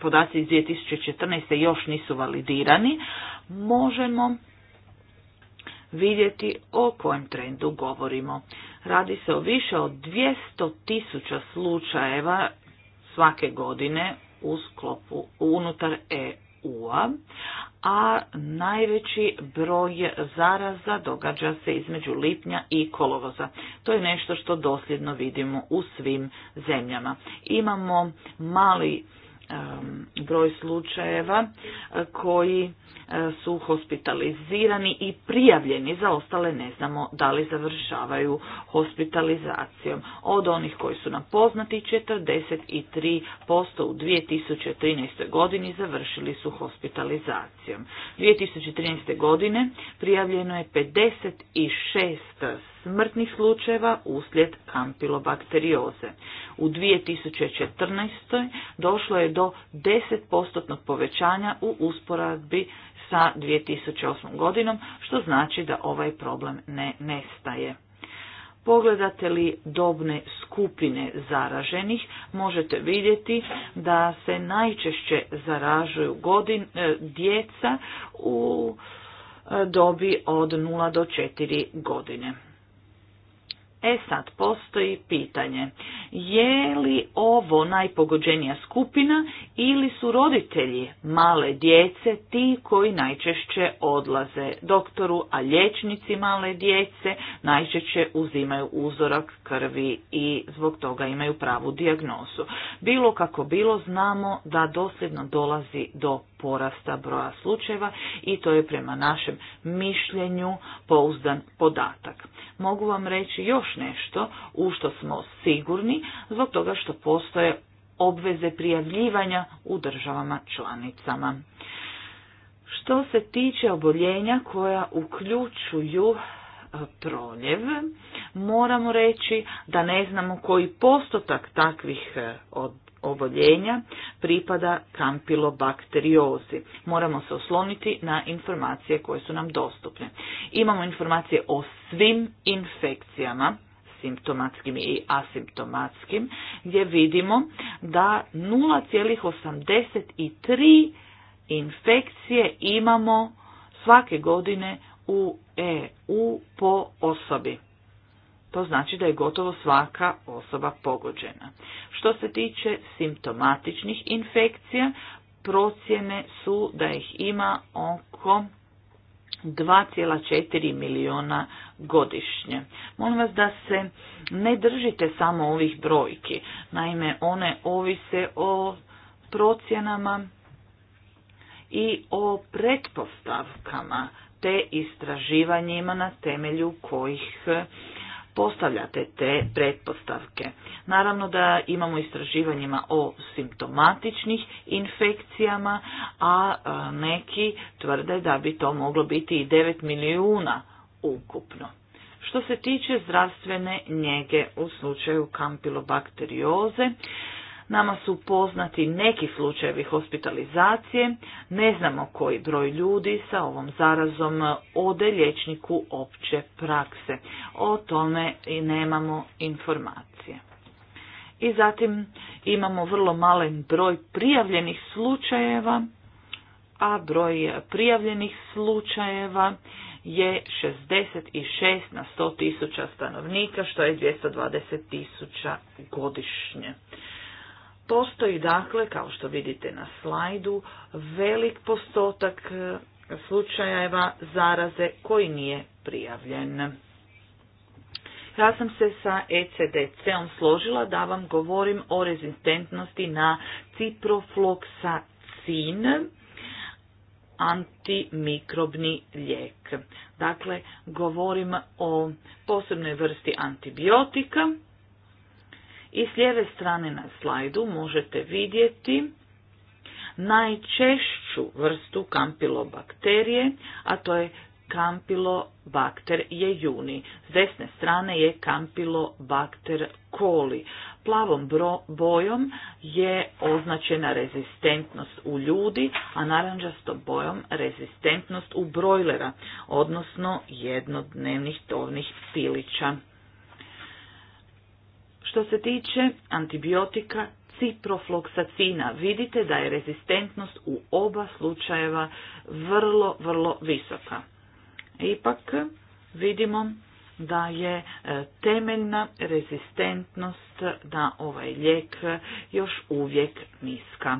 podaci iz 2014. još nisu validirani, možemo vidjeti o kojem trendu govorimo. Radi se o više od 200 tisuća slučajeva svake godine u sklopu unutar EU-a, a najveći broj zaraza događa se između lipnja i kolovoza. To je nešto što dosljedno vidimo u svim zemljama. Imamo mali Um, broj slučajeva uh, koji uh, su hospitalizirani i prijavljeni za ostale ne znamo da li završavaju hospitalizacijom. Od onih koji su nam poznati 43% u 2013. godini završili su hospitalizacijom. 2013. godine prijavljeno je 56 smrtnih slučajeva uslijed kampilobakterioze. U 2014. došlo je do 10% povećanja u usporadbi sa 2008. godinom, što znači da ovaj problem ne nestaje. Pogledate li dobne skupine zaraženih, možete vidjeti da se najčešće zaražuju godin, e, djeca u e, dobi od 0 do 4 godine. E sad, postoji pitanje, je li ovo najpogođenija skupina ili su roditelji male djece ti koji najčešće odlaze doktoru, a liječnici male djece najčešće uzimaju uzorak krvi i zbog toga imaju pravu dijagnozu. Bilo kako bilo znamo da dosljedno dolazi do porasta broja slučajeva i to je prema našem mišljenju pouzdan podatak. Mogu vam reći još nešto u što smo sigurni zbog toga što postoje obveze prijavljivanja u državama članicama. Što se tiče oboljenja koja uključuju proljev, e, moramo reći da ne znamo koji postotak takvih e, oboljenja pripada kampilobakteriozi. Moramo se osloniti na informacije koje su nam dostupne. Imamo informacije o svim infekcijama, simptomatskim i asimptomatskim, gdje vidimo da 0,83 infekcije imamo svake godine u EU po osobi. To znači da je gotovo svaka osoba pogođena. Što se tiče simptomatičnih infekcija, procjene su da ih ima oko 2,4 milijuna godišnje. Molim vas da se ne držite samo ovih brojki. Naime, one ovise o procjenama i o pretpostavkama te istraživanjima na temelju kojih postavljate te pretpostavke. Naravno da imamo istraživanjima o simptomatičnih infekcijama, a neki tvrde da bi to moglo biti i 9 milijuna ukupno. Što se tiče zdravstvene njege u slučaju kampilobakterioze, Nama su poznati neki slučajevi hospitalizacije, ne znamo koji broj ljudi sa ovom zarazom ode liječniku opće prakse. O tome i nemamo informacije. I zatim imamo vrlo malen broj prijavljenih slučajeva, a broj prijavljenih slučajeva je 66 na 100 tisuća stanovnika, što je 220 tisuća godišnje. Postoji dakle, kao što vidite na slajdu, velik postotak e, slučajeva zaraze koji nije prijavljen. Ja sam se sa ECDC-om složila da vam govorim o rezistentnosti na ciprofloksacin, antimikrobni lijek. Dakle, govorim o posebnoj vrsti antibiotika i s lijeve strane na slajdu možete vidjeti najčešću vrstu kampilobakterije, a to je kampilobakter jejuni. S desne strane je kampilobakter koli. Plavom bojom je označena rezistentnost u ljudi, a naranđastom bojom rezistentnost u brojlera, odnosno jednodnevnih tovnih pilića. Što se tiče antibiotika ciprofloksacina, vidite da je rezistentnost u oba slučajeva vrlo, vrlo visoka. Ipak vidimo da je e, temeljna rezistentnost na ovaj lijek još uvijek niska.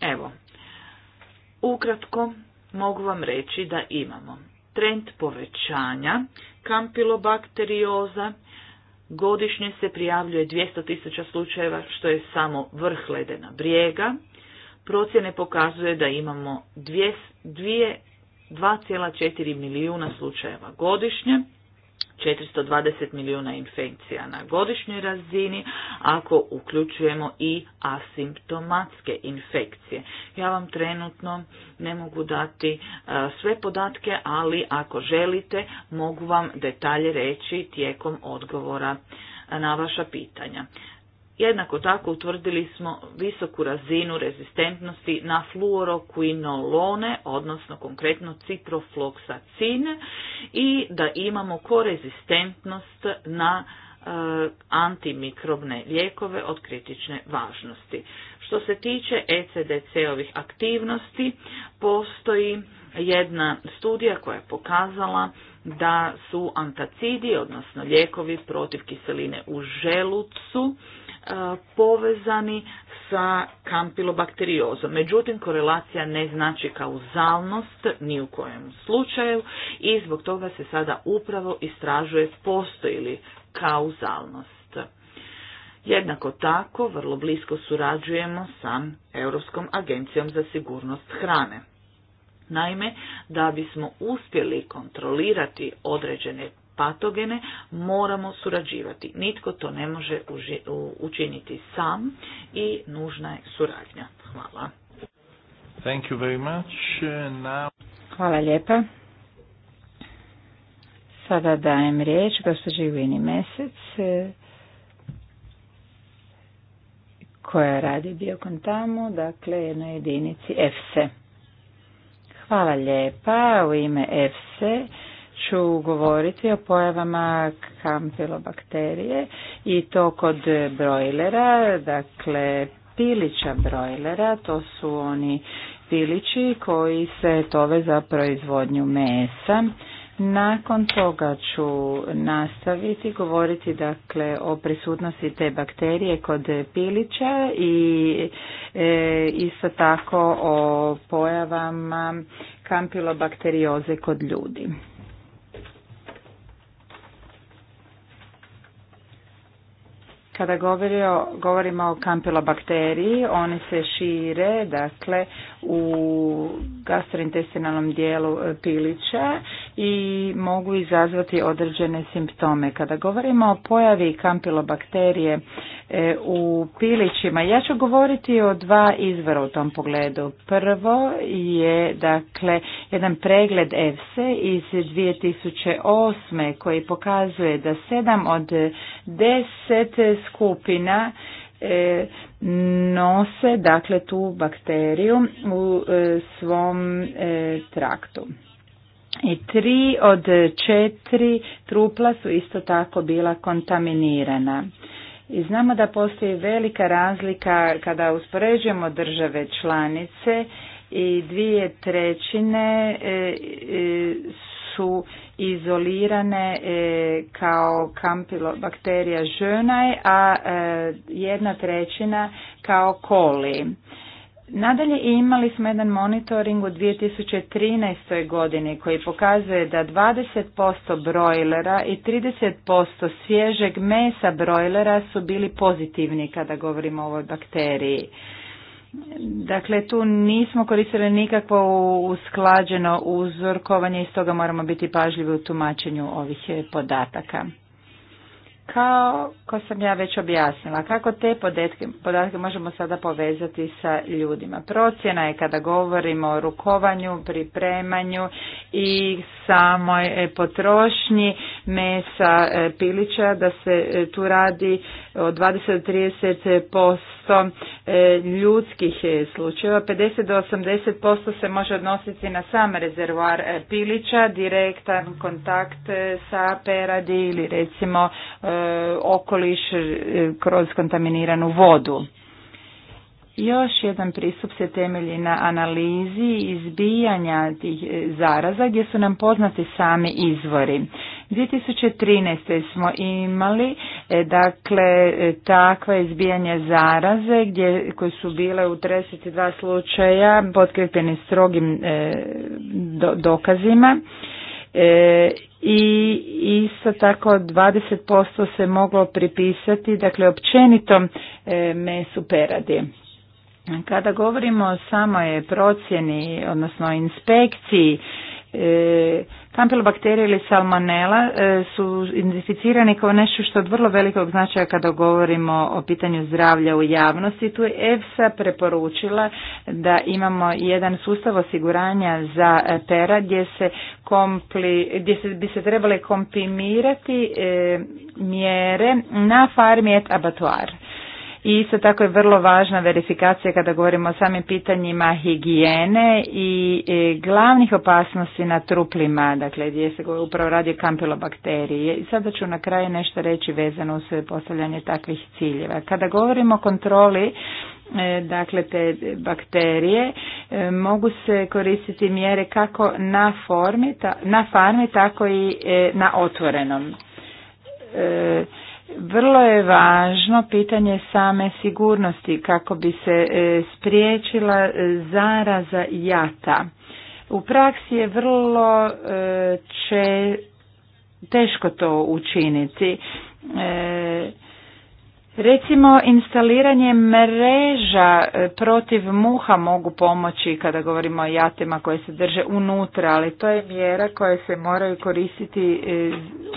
Evo, ukratko mogu vam reći da imamo trend povećanja kampilobakterioza, Godišnje se prijavljuje 200.000 tisuća slučajeva, što je samo vrh ledena brijega. Procjene pokazuje da imamo 2,4 milijuna slučajeva godišnje. 420 milijuna infekcija na godišnjoj razini, ako uključujemo i asimptomatske infekcije. Ja vam trenutno ne mogu dati e, sve podatke, ali ako želite mogu vam detalje reći tijekom odgovora na vaša pitanja. Jednako tako utvrdili smo visoku razinu rezistentnosti na fluoroquinolone, odnosno konkretno ciprofloksacin i da imamo korezistentnost na eh, antimikrobne lijekove od kritične važnosti. Što se tiče ECDC-ovih aktivnosti, postoji jedna studija koja je pokazala da su antacidi, odnosno lijekovi protiv kiseline u želucu, povezani sa kampilobakteriozom. Međutim, korelacija ne znači kauzalnost ni u kojem slučaju i zbog toga se sada upravo istražuje postoji li kauzalnost. Jednako tako vrlo blisko surađujemo sa Europskom agencijom za sigurnost hrane. Naime, da bismo uspjeli kontrolirati određene patogene, moramo surađivati. Nitko to ne može učiniti sam i nužna je suradnja. Hvala. Thank you very much. Now... Hvala lijepa. Sada dajem riječ gospođi Vini Mesec koja radi Biokontamu, dakle na jedinici EFSE. Hvala lijepa u ime Fse ću govoriti o pojavama kampilobakterije i to kod brojlera, dakle pilića brojlera, to su oni pilići koji se tove za proizvodnju mesa. Nakon toga ću nastaviti govoriti dakle o prisutnosti te bakterije kod pilića i e, isto tako o pojavama kampilobakterioze kod ljudi. Kada govorimo o kampilobakteriji, oni se šire, dakle, u gastrointestinalnom dijelu e, pilića i mogu izazvati određene simptome. Kada govorimo o pojavi kampilobakterije e, u pilićima, ja ću govoriti o dva izvora u tom pogledu. Prvo je dakle jedan pregled EFSE iz 2008. koji pokazuje da 7 od 10 skupina e, nose dakle tu bakteriju u e, svom e, traktu. I tri od četiri trupla su isto tako bila kontaminirana. I znamo da postoji velika razlika kada uspoređujemo države članice i dvije trećine e, su izolirane e, kao kampilobakterija žönaj, a e, jedna trećina kao koli. Nadalje imali smo jedan monitoring u 2013. godini koji pokazuje da 20% brojlera i 30% svježeg mesa brojlera su bili pozitivni kada govorimo o ovoj bakteriji. Dakle, tu nismo koristili nikakvo usklađeno uzorkovanje i stoga moramo biti pažljivi u tumačenju ovih eh, podataka. Kao ko sam ja već objasnila, kako te podatke, možemo sada povezati sa ljudima. Procjena je kada govorimo o rukovanju, pripremanju i samoj e, potrošnji mesa e, pilića, da se e, tu radi od 20 do 30% ljudskih slučajeva. 50 do 80% se može odnositi na sam rezervoar pilića, direktan kontakt sa peradi ili recimo E, okoliš e, kroz kontaminiranu vodu. Još jedan pristup se temelji na analizi izbijanja tih e, zaraza gdje su nam poznati sami izvori. 2013. smo imali dakle takva izbijanja zaraze gdje, koje su bile u 32 slučaja potkrepljene strogim dokazima. E, i isto tako 20% se moglo pripisati dakle općenitom e, mesu peradi. Kada govorimo o samoj procjeni, odnosno inspekciji, e, Campylobacterija ili salmonela e, su identificirani kao nešto što od vrlo velikog značaja kada govorimo o pitanju zdravlja u javnosti. Tu je EFSA preporučila da imamo jedan sustav osiguranja za e, pera gdje se, kompli, gdje se bi se trebale komprimirati e, mjere na farmi et i isto tako je vrlo važna verifikacija kada govorimo o samim pitanjima higijene i e, glavnih opasnosti na truplima, dakle gdje se upravo radi o kampilobakteriji. I sada ću na kraju nešto reći vezano uz postavljanje takvih ciljeva. Kada govorimo o kontroli e, dakle te bakterije e, mogu se koristiti mjere kako na, formi, na farmi tako i na otvorenom. Vrlo je važno pitanje same sigurnosti kako bi se e, spriječila e, zaraza jata. U praksi je vrlo će teško to učiniti. E, Recimo, instaliranje mreža e, protiv muha mogu pomoći kada govorimo o jatima koje se drže unutra, ali to je mjera koje se moraju koristiti e,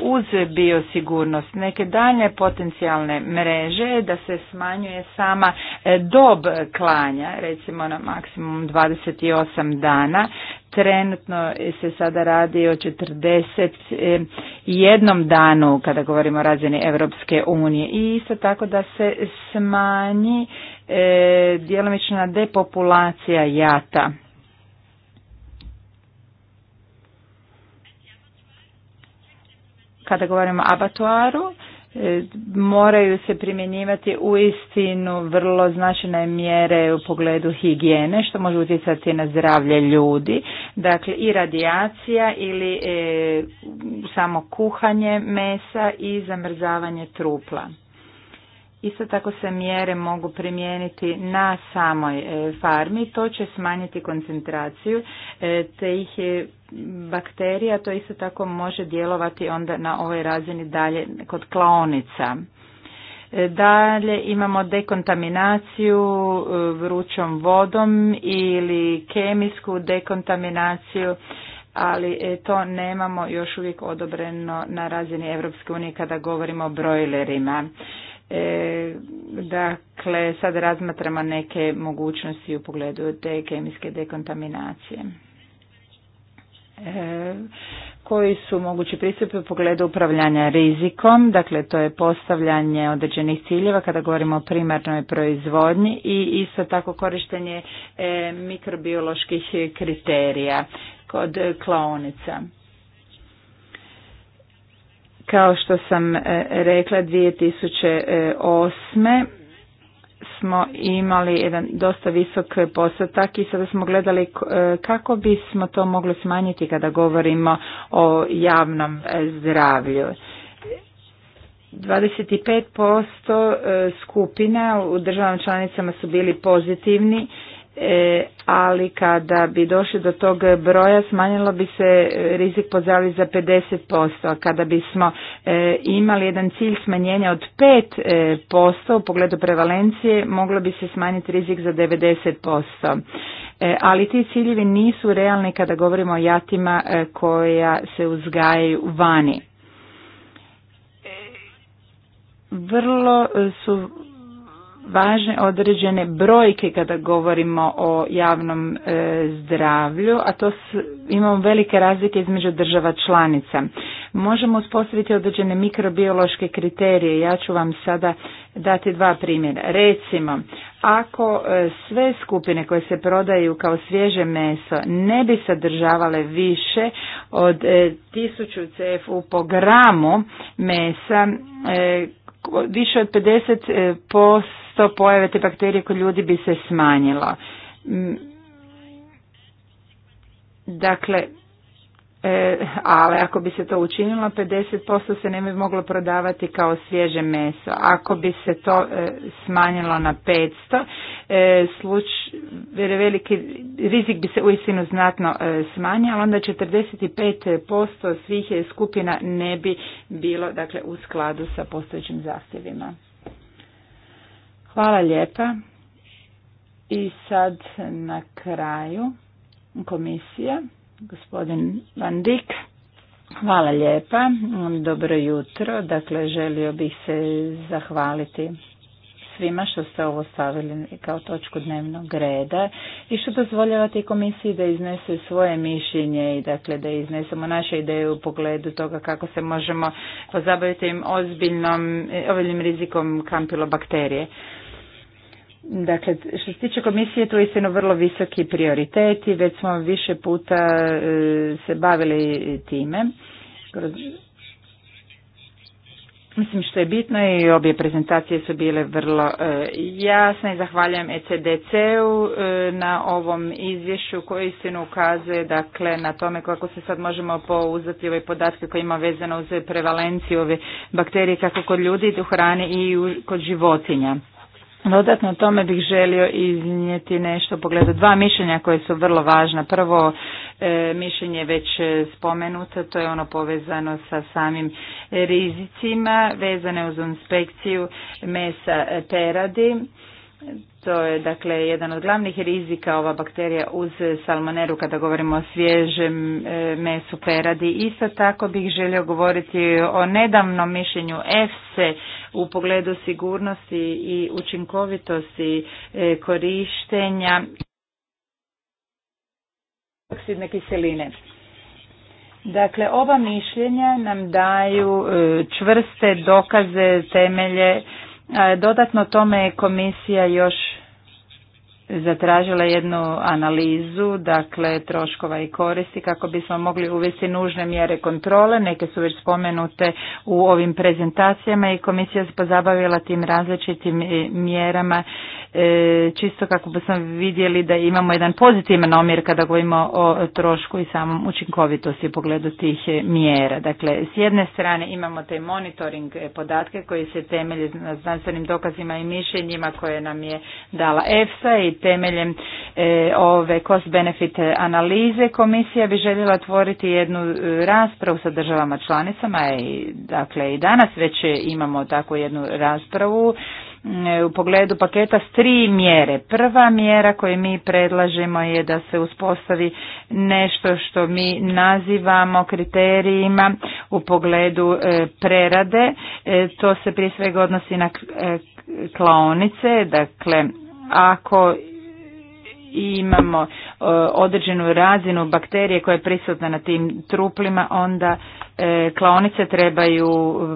uz biosigurnost. Neke dalje potencijalne mreže da se smanjuje sama e, dob klanja, recimo na maksimum 28 dana, Trenutno se sada radi o 41 danu kada govorimo o razini Europske unije i isto tako da se smanji e, djelomična depopulacija jata. Kada govorimo o abatuaru, E, moraju se primjenjivati u istinu vrlo značajne mjere u pogledu higijene što može utjecati na zdravlje ljudi. Dakle i radijacija ili e, samo kuhanje mesa i zamrzavanje trupla. Isto tako se mjere mogu primijeniti na samoj e, farmi, to će smanjiti koncentraciju e, te ih bakterija, to isto tako može djelovati onda na ovoj razini dalje kod klaonica. E, dalje imamo dekontaminaciju vrućom vodom ili kemijsku dekontaminaciju ali to nemamo još uvijek odobreno na razini EU unije kada govorimo o brojlerima. E, dakle, sad razmatramo neke mogućnosti u pogledu te kemijske dekontaminacije. E, koji su mogući pristupi u pogledu upravljanja rizikom, dakle to je postavljanje određenih ciljeva kada govorimo o primarnoj proizvodnji i isto tako korištenje e, mikrobioloških kriterija kod klaonica. Kao što sam e, rekla 2008 smo imali jedan dosta visok postotak i sada smo gledali e, kako bismo to mogli smanjiti kada govorimo o javnom e, zdravlju. 25% skupina u državnim članicama su bili pozitivni E, ali kada bi došli do tog broja smanjilo bi se e, rizik po zdravlje za 50%, a kada bismo e, imali jedan cilj smanjenja od 5% u pogledu prevalencije, moglo bi se smanjiti rizik za 90%. E, ali ti ciljevi nisu realni kada govorimo o jatima koja se uzgajaju vani. Vrlo su važne određene brojke kada govorimo o javnom e, zdravlju, a to imamo velike razlike između država članica. Možemo uspostaviti određene mikrobiološke kriterije. Ja ću vam sada dati dva primjera. Recimo, ako e, sve skupine koje se prodaju kao svježe meso ne bi sadržavale više od e, 1000 CFU po gramu mesa, e, više od 50% to pojave te bakterije kod ljudi bi se smanjilo. Mm. Dakle, e, ali ako bi se to učinilo, 50% se ne bi moglo prodavati kao svježe meso. Ako bi se to e, smanjilo na 500, e, sluč, veliki rizik bi se uistinu znatno e, smanjio, ali onda 45% svih skupina ne bi bilo dakle, u skladu sa postojećim zahtjevima. Hvala lijepa. I sad na kraju komisija, gospodin Vandik. Hvala lijepa, dobro jutro. Dakle, želio bih se zahvaliti svima što ste ovo stavili kao točku dnevnog reda i što dozvoljavate komisiji da iznese svoje mišljenje i dakle da iznesemo naše ideje u pogledu toga kako se možemo pozabaviti im ozbiljnom, ozbiljnim rizikom kampilobakterije. bakterije. Dakle, što se tiče komisije, tu je istino vrlo visoki prioriteti, već smo više puta e, se bavili time. Mislim što je bitno i obje prezentacije su bile vrlo e, jasne zahvaljujem ECDC-u e, na ovom izvješću koji istinu ukazuje dakle, na tome kako se sad možemo pouzati ove podatke koje ima vezano uz prevalenciju ove bakterije kako kod ljudi u hrani i kod životinja. Dodatno tome bih želio iznijeti nešto u dva mišljenja koje su vrlo važna. Prvo e, mišljenje već spomenuto, to je ono povezano sa samim rizicima vezane uz inspekciju mesa teradi. To je dakle jedan od glavnih rizika ova bakterija uz salmoneru kada govorimo o svježem e, mesu peradi. Isto tako bih želio govoriti o nedavnom mišljenju EFSE u pogledu sigurnosti i učinkovitosti e, korištenja oksidne kiseline. Dakle, ova mišljenja nam daju e, čvrste dokaze, temelje Dodatno tome je komisija još zatražila jednu analizu, dakle troškova i koristi kako bismo mogli uvesti nužne mjere kontrole, neke su već spomenute u ovim prezentacijama i komisija se pozabavila tim različitim e, mjerama E, čisto kako bismo vidjeli da imamo jedan pozitivan omjer kada govorimo o trošku i samom učinkovitosti u pogledu tih e, mjera. Dakle, s jedne strane imamo te monitoring e, podatke koji se temelje na znanstvenim dokazima i mišljenjima koje nam je dala EFSA i temeljem ove cost benefit analize komisija bi željela otvoriti jednu raspravu sa državama članicama i dakle i danas već imamo takvu jednu raspravu Mm, u pogledu paketa s tri mjere. Prva mjera koju mi predlažemo je da se uspostavi nešto što mi nazivamo kriterijima u pogledu e, prerade. E, to se prije svega odnosi na e, klaonice, dakle ako i imamo e, određenu razinu bakterije koja je prisutna na tim truplima, onda e, klaonice trebaju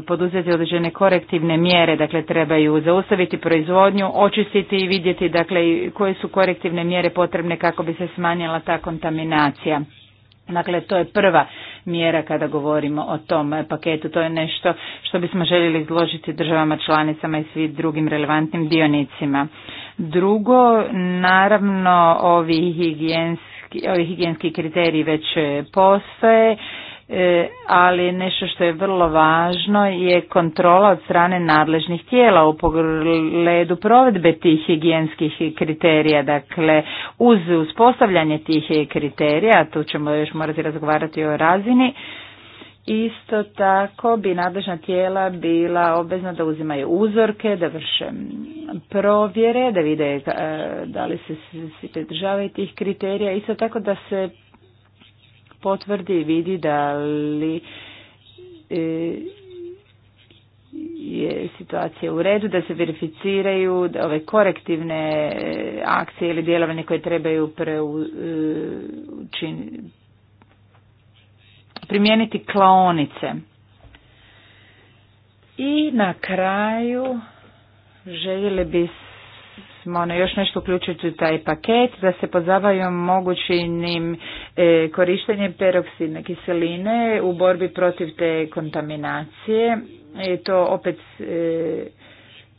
poduzeti određene korektivne mjere, dakle trebaju zaustaviti proizvodnju, očistiti i vidjeti dakle koje su korektivne mjere potrebne kako bi se smanjila ta kontaminacija. Dakle, to je prva mjera kada govorimo o tom paketu. To je nešto što bismo željeli izložiti državama članicama i svim drugim relevantnim dionicima. Drugo, naravno ovi higijenski, ovi higijenski kriteriji već postoje, e, ali nešto što je vrlo važno je kontrola od strane nadležnih tijela u pogledu provedbe tih higijenskih kriterija. Dakle, uz uspostavljanje tih kriterija, tu ćemo još morati razgovarati o razini, Isto tako bi nadležna tijela bila obvezna da uzimaju uzorke, da vrše provjere, da vide eh, da li se svi pridržavaju tih kriterija. Isto tako da se potvrdi i vidi da li eh, je situacija u redu, da se verificiraju ove korektivne eh, akcije ili djelovanje koje trebaju preučiniti primijeniti klaonice. I na kraju željeli bismo ono, još nešto uključiti u taj paket da se pozabavimo mogućim e, korištenjem peroksidne kiseline u borbi protiv te kontaminacije. I e, to opet e,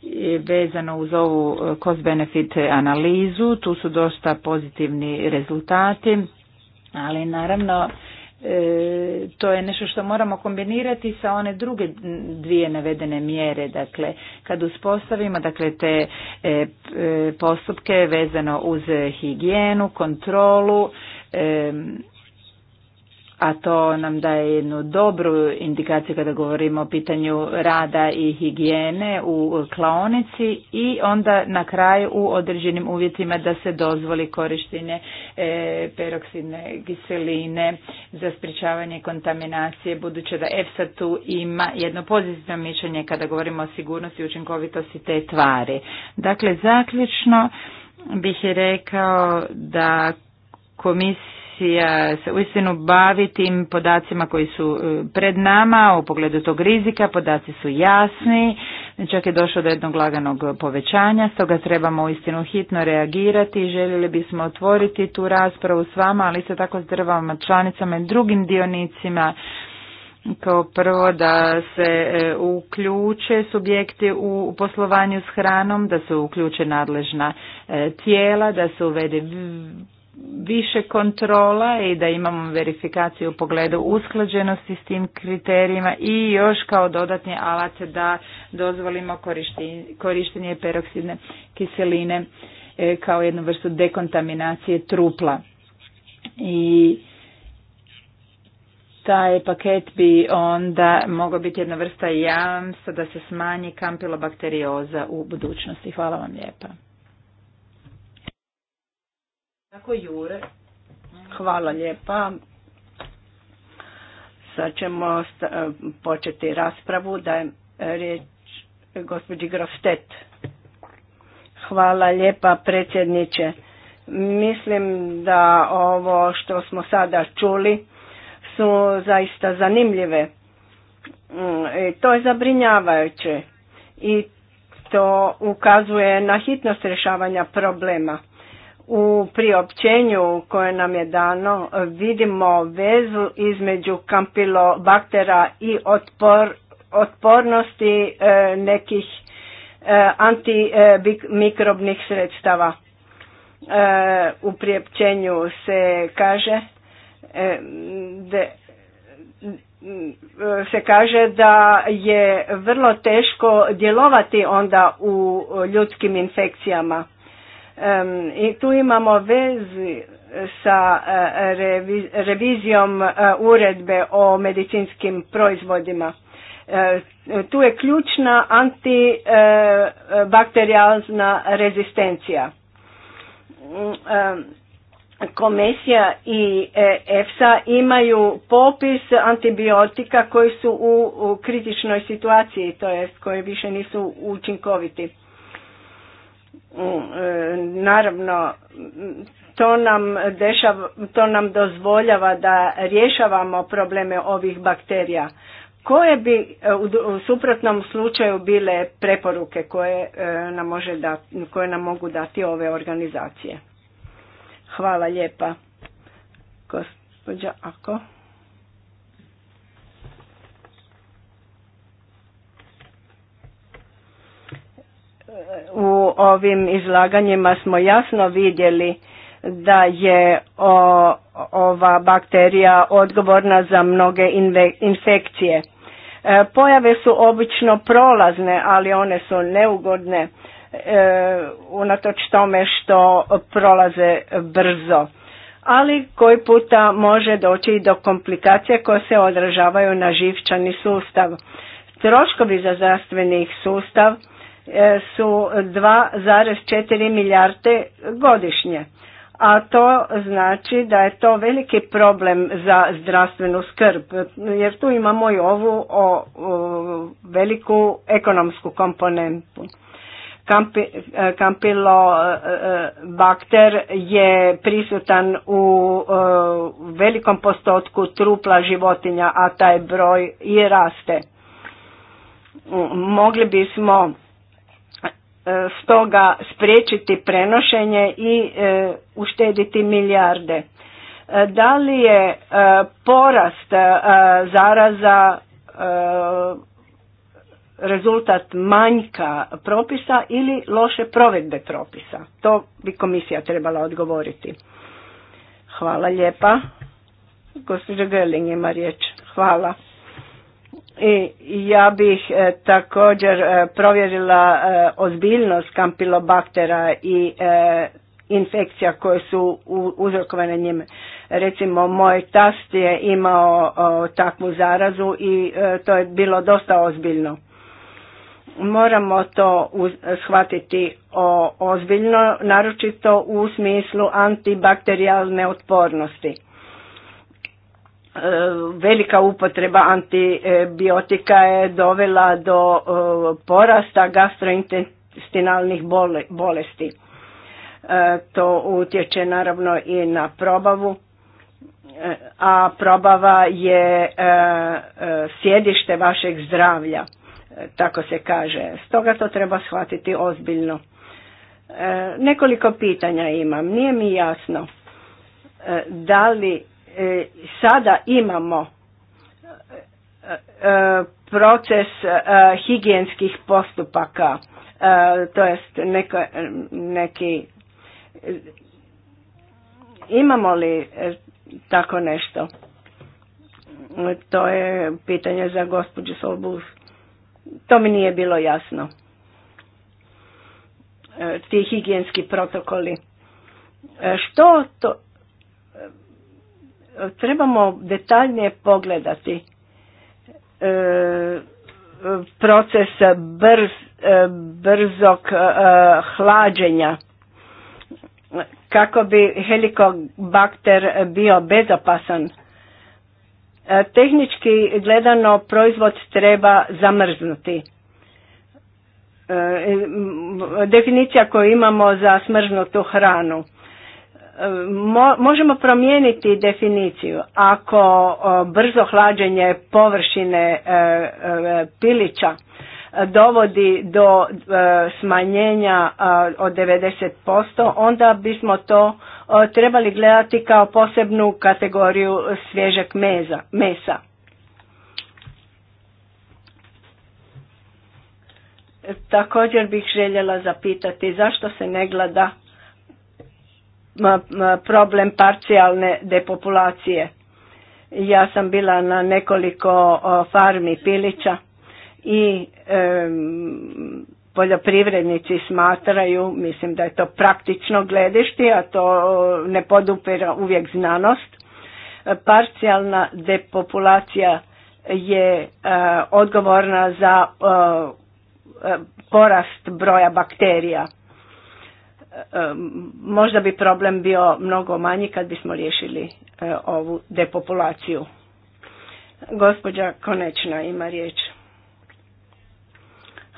je vezano uz ovu e, cost benefit analizu, tu su dosta pozitivni rezultati, ali naravno E, to je nešto što moramo kombinirati sa one druge dvije navedene mjere. Dakle, kad uspostavimo dakle, te e, e, postupke vezano uz higijenu, kontrolu, a to nam daje jednu dobru indikaciju kada govorimo o pitanju rada i higijene u klaonici i onda na kraju u određenim uvjetima da se dozvoli korištenje e, peroksidne giseline za sprječavanje kontaminacije budući da EFSA tu ima jedno pozitivno mišljenje kada govorimo o sigurnosti i učinkovitosti te tvari. Dakle, zaključno bih rekao da komisija se uistinu bavi tim podacima koji su e, pred nama u pogledu tog rizika, podaci su jasni, čak je došlo do jednog laganog povećanja, stoga trebamo uistinu hitno reagirati i željeli bismo otvoriti tu raspravu s vama, ali isto tako s članicama i drugim dionicima kao prvo da se e, uključe subjekti u poslovanju s hranom, da se uključe nadležna e, tijela, da se uvede više kontrola i da imamo verifikaciju u pogledu usklađenosti s tim kriterijima i još kao dodatni alat da dozvolimo korištenje peroksidne kiseline e, kao jednu vrstu dekontaminacije trupla. I taj paket bi onda mogao biti jedna vrsta jamstva da se smanji kampilobakterioza u budućnosti. Hvala vam lijepa. Tako Jure. Hvala lijepa. Sad ćemo e, početi raspravu. je riječ gospođi Grostet. Hvala lijepa predsjedniče. Mislim da ovo što smo sada čuli su zaista zanimljive. Mm, to je zabrinjavajuće i to ukazuje na hitnost rješavanja problema. U priopćenju koje nam je dano vidimo vezu između kampilobaktera i otpor, otpornosti e, nekih e, antimikrobnih sredstava. E, u priopćenju se kaže e, se kaže da je vrlo teško djelovati onda u ljudskim infekcijama i tu imamo vezi sa e, revizijom e, uredbe o medicinskim proizvodima. E, tu je ključna antibakterijalna rezistencija. Komisija i EFSA imaju popis antibiotika koji su u kritičnoj situaciji, to je koji više nisu učinkoviti Mm, e, naravno to nam dešav, to nam dozvoljava da rješavamo probleme ovih bakterija koje bi e, u suprotnom slučaju bile preporuke koje e, nam, može dati, koje nam mogu dati ove organizacije hvala lijepa Gospodja ako u ovim izlaganjima smo jasno vidjeli da je ova bakterija odgovorna za mnoge infekcije. E, pojave su obično prolazne, ali one su neugodne e, unatoč tome što prolaze brzo. Ali koji puta može doći i do komplikacije koje se odražavaju na živčani sustav. Troškovi za zdravstveni sustav E, su 2,4 milijarde godišnje. A to znači da je to veliki problem za zdravstvenu skrb, jer tu imamo i ovu o, veliku ekonomsku komponentu. E, kampilo e, bakter je prisutan u velikom postotku trupla životinja, a taj broj i raste. Mogli bismo E, stoga spriječiti prenošenje i e, uštediti milijarde. E, da li je porast zaraza rezultat manjka propisa ili loše provedbe propisa? To bi komisija trebala odgovoriti. Hvala lijepa. Gospođa Gerling ima riječ. Hvala. I ja bih e, također e, provjerila e, ozbiljnost kampilobaktera i infekcija koje su uzrokovane njime. Recimo, moj tast je imao takvu zarazu i to je bilo dosta ozbiljno. Moramo to shvatiti ozbiljno, naročito u smislu antibakterijalne otpornosti velika upotreba antibiotika je dovela do e, porasta gastrointestinalnih bolesti. E, to utječe naravno i na probavu, e, a probava je sjedište vašeg zdravlja, tako se kaže. Stoga to treba shvatiti ozbiljno. Nekoliko pitanja imam, nije mi jasno da li E, sada imamo e, e, proces higijenskih postupaka, to jest neki imamo li tako nešto? To je pitanje za gospođu Solbus. To mi nije bilo jasno. Ti higijenski protokoli. Što to trebamo detaljnije pogledati e, proces brz, e, brzog e, hlađenja kako bi helikobakter bio bezopasan. Tehnički gledano proizvod treba zamrznuti. Definicija koju imamo za smrznutu hranu Mo, možemo promijeniti definiciju. Ako brzo hlađenje površine e, e, pilića e, dovodi do smanjenja od 90%, onda bismo to trebali gledati kao posebnu kategoriju svježeg meza, mesa. Također bih željela zapitati zašto se ne gleda problem parcijalne depopulacije. Ja sam bila na nekoliko farmi pilića i e, poljoprivrednici smatraju, mislim da je to praktično gledište, a to ne podupira uvijek znanost. Parcijalna depopulacija je e, odgovorna za e, porast broja bakterija E, e, možda bi problem bio mnogo manji kad bismo riješili e, ovu depopulaciju. Gospođa Konečna ima riječ.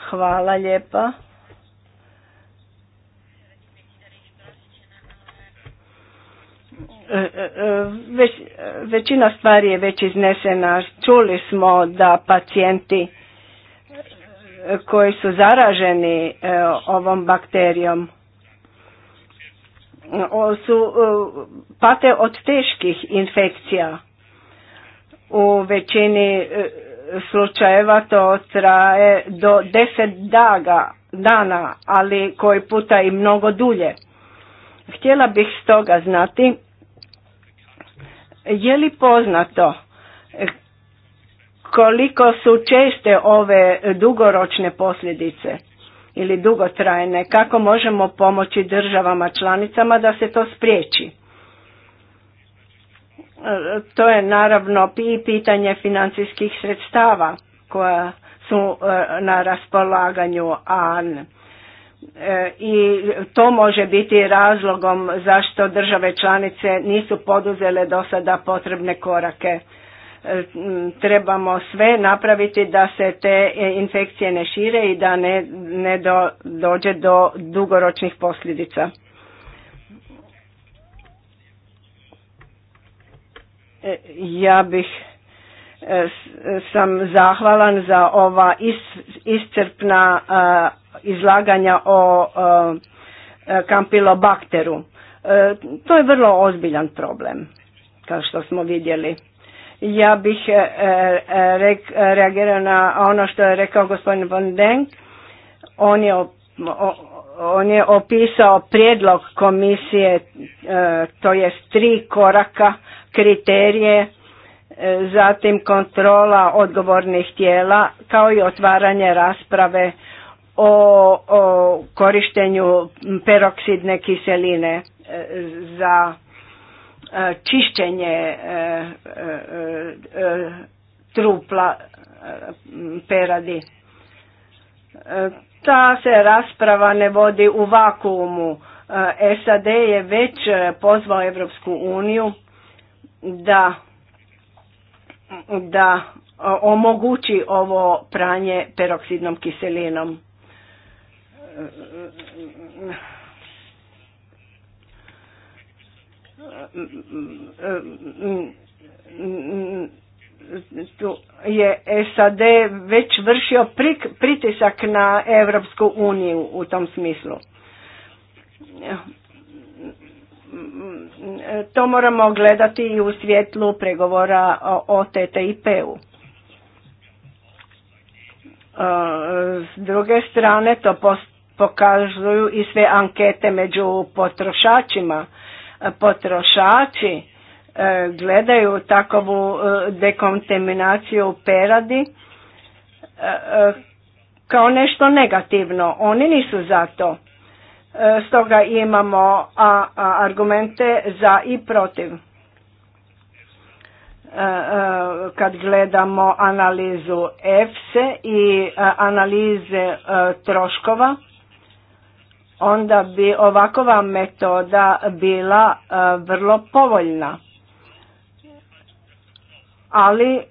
Hvala lijepa. Već, većina stvari je već iznesena. Čuli smo da pacijenti koji su zaraženi ovom bakterijom su, e, pate od teških infekcija. U većini e, slučajeva to traje do deset daga, dana, ali koji puta i mnogo dulje. Htjela bih stoga znati je li poznato e, koliko su česte ove dugoročne posljedice ili dugotrajne, kako možemo pomoći državama članicama da se to spriječi. To je naravno i pitanje financijskih sredstava koja su e, na raspolaganju, a e, i to može biti razlogom zašto države članice nisu poduzele do sada potrebne korake trebamo sve napraviti da se te infekcije ne šire i da ne, ne dođe do dugoročnih posljedica. E, ja bih e, sam zahvalan za ova iscrpna izlaganja o kampilobakteru. E, to je vrlo ozbiljan problem, kao što smo vidjeli. Ja bih e, e, e, reagirao na ono što je rekao gospodin Von Denk. On je, on je opisao prijedlog komisije, to je tri koraka, kriterije, zatim kontrola odgovornih tijela, kao i otvaranje rasprave o, o korištenju peroksidne kiseline za čišćenje e, e, e, trupla peradi. Ta se rasprava ne vodi u vakuumu. SAD je već pozvao Europsku uniju da, da omogući ovo pranje peroksidnom kiselinom tu je SAD već vršio pritisak na Europsku uniju u tom smislu. To moramo gledati i u svjetlu pregovora o TTIP-u. E, s druge strane to pokazuju i sve ankete među potrošačima Potrošači e, gledaju takovu e, dekontaminaciju peradi e, kao nešto negativno. Oni nisu za to. Stoga imamo argumente za i protiv. Kad gledamo analizu EFSE i analize troškova, onda bi ovakova metoda bila e, vrlo povoljna. Ali e,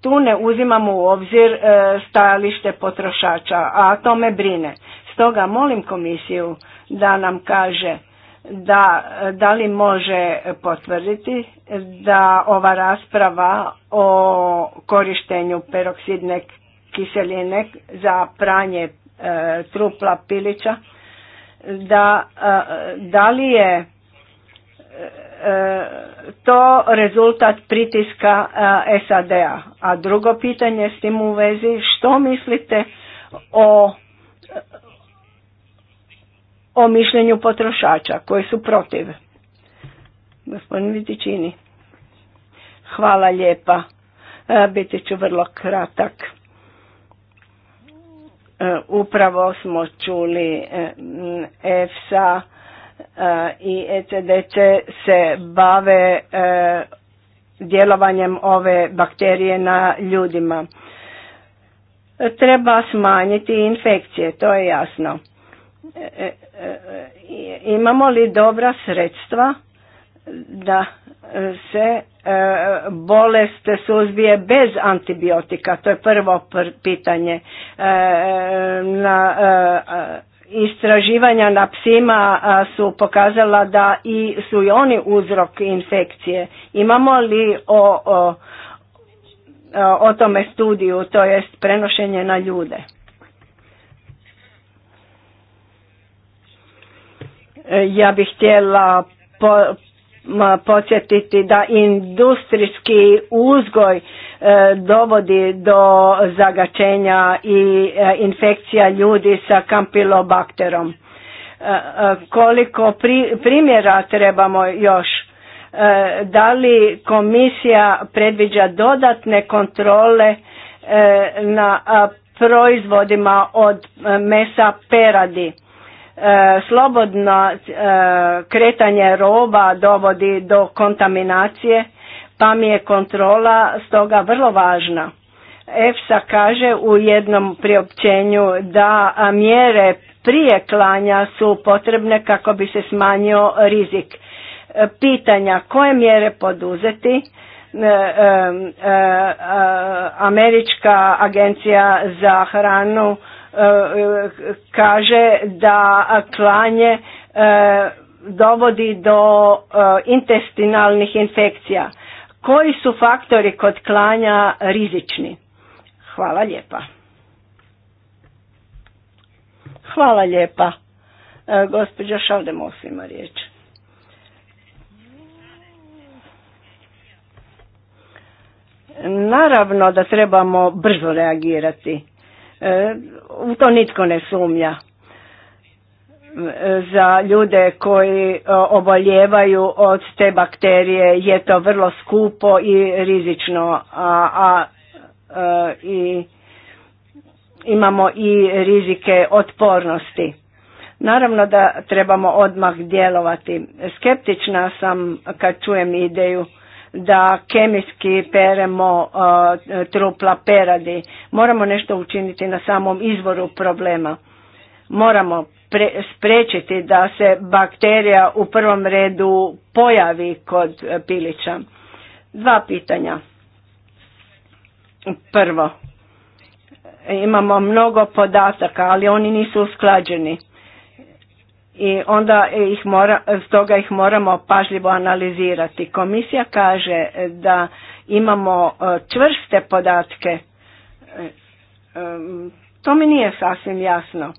tu ne uzimamo u obzir e, stajalište potrošača, a to me brine. Stoga molim komisiju da nam kaže da, da li može potvrditi da ova rasprava o korištenju peroksidne kiseline za pranje E, trupla pilića, da, e, da li je e, to rezultat pritiska SAD-a. A drugo pitanje s tim u vezi, što mislite o, o mišljenju potrošača koji su protiv? Gospodin Vitičini. Hvala lijepa. Biti ću vrlo kratak. E, upravo smo čuli e, EFSA e, i ECDC se bave djelovanjem ove bakterije na ljudima. Treba smanjiti infekcije, to je jasno. Imamo li dobra sredstva da se E, bolest suzbije bez antibiotika? To je prvo pitanje. E, na e, istraživanja na psima su pokazala da i su i oni uzrok infekcije. Imamo li o, o, tome studiju, to jest prenošenje na ljude? Ja bih htjela po, podsjetiti da industrijski uzgoj e, dovodi do zagačenja i e, infekcija ljudi sa kampilobakterom. E, koliko primjera trebamo još? Da li komisija predviđa dodatne kontrole na proizvodima od mesa peradi? E, slobodno e, kretanje roba dovodi do kontaminacije, pa mi je kontrola stoga vrlo važna. EFSA kaže u jednom priopćenju da mjere prije klanja su potrebne kako bi se smanjio rizik. E, pitanja koje mjere poduzeti, Američka agencija za hranu kaže da klanje e, dovodi do e, intestinalnih infekcija. Koji su faktori kod klanja rizični? Hvala lijepa. Hvala lijepa. E, gospođa Šaldemos ima riječ. Naravno da trebamo brzo reagirati E, u to nitko ne sumnja. E, za ljude koji e, oboljevaju od te bakterije je to vrlo skupo i rizično, a, a, a i imamo i rizike otpornosti. Naravno da trebamo odmah djelovati. Skeptična sam kad čujem ideju da kemijski peremo uh, trupla peradi. Moramo nešto učiniti na samom izvoru problema. Moramo spriječiti da se bakterija u prvom redu pojavi kod uh, pilića. Dva pitanja. Prvo, imamo mnogo podataka, ali oni nisu usklađeni i onda ih mora, stoga ih moramo pažljivo analizirati. Komisija kaže da imamo e, čvrste podatke, e, e, to mi nije sasvim jasno.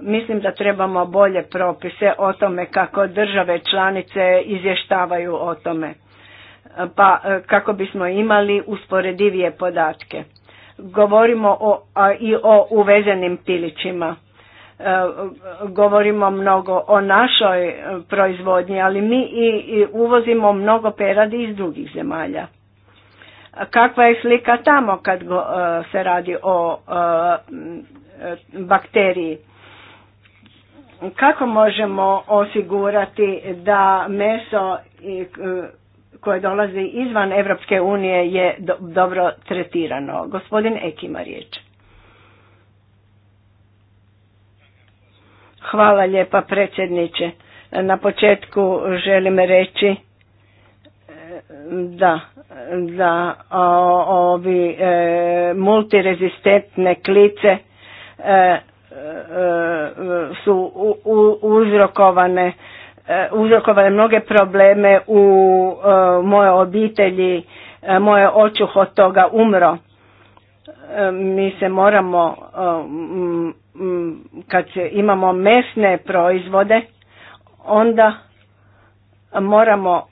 Mislim da trebamo bolje propise o tome kako države članice izvještavaju o tome, pa kako bismo imali usporedivije podatke. Govorimo o, i o uvezenim pilićima govorimo mnogo o našoj e, proizvodnji, ali mi i uvozimo mnogo peradi iz drugih zemalja. Kakva je slika tamo kad e, se radi o e, bakteriji? Kako možemo osigurati da meso koje dolazi izvan Europske unije je dobro tretirano? Gospodin Ekima riječ. Hvala lijepa predsjedniče. Na početku želim reći e, da, da ovi e, multirezistentne klice e, e su u, e, uzrokovane mnoge probleme u moje obitelji, moje očuh od toga umro. mi se moramo kad imamo mesne proizvode, onda moramo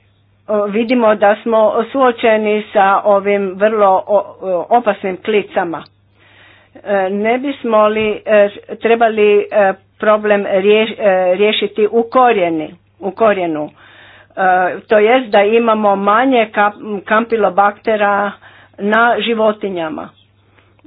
e, vidimo da smo suočeni sa ovim vrlo opasnim klicama. E, ne bismo li e, trebali problem riješiti u korijeni, u korijenu. To jest da imamo manje kampilobaktera na životinjama.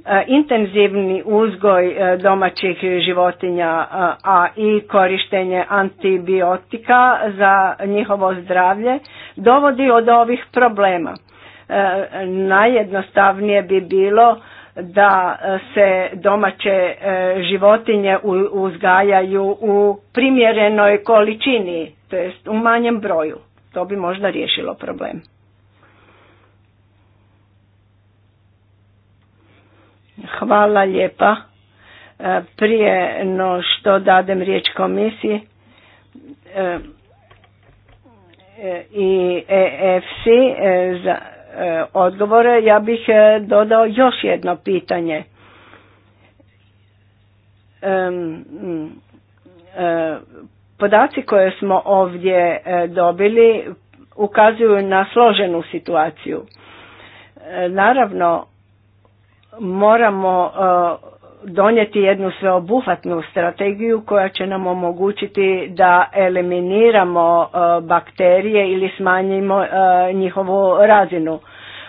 E, intenzivni uzgoj e, domaćih životinja, e, a i korištenje antibiotika za njihovo zdravlje dovodi od ovih problema. Najjednostavnije bi bilo da se domaće životinje uzgajaju u primjerenoj količini, to jest u manjem broju. To bi možda riješilo problem. Hvala lijepa. E, prije no što dadem riječ komisiji e, e, i EFC za odgovore, ja bih dodao još jedno pitanje. Podaci koje smo ovdje dobili ukazuju na složenu situaciju. Naravno, moramo e, donijeti jednu sveobuhvatnu strategiju koja će nam omogućiti da eliminiramo e, bakterije ili smanjimo e, njihovu razinu.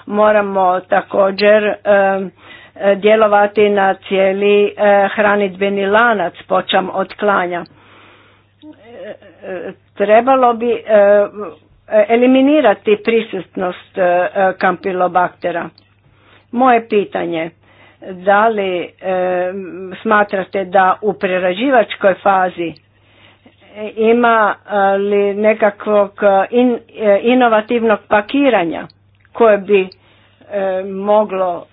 Moramo također djelovati na cijeli hranidbeni lanac počam od klanja. Trebalo bi eliminirati prisutnost kampilobaktera moje pitanje, da li e, smatrate da u prerađivačkoj fazi e, ima e, li nekakvog inovativnog pakiranja koje bi moglo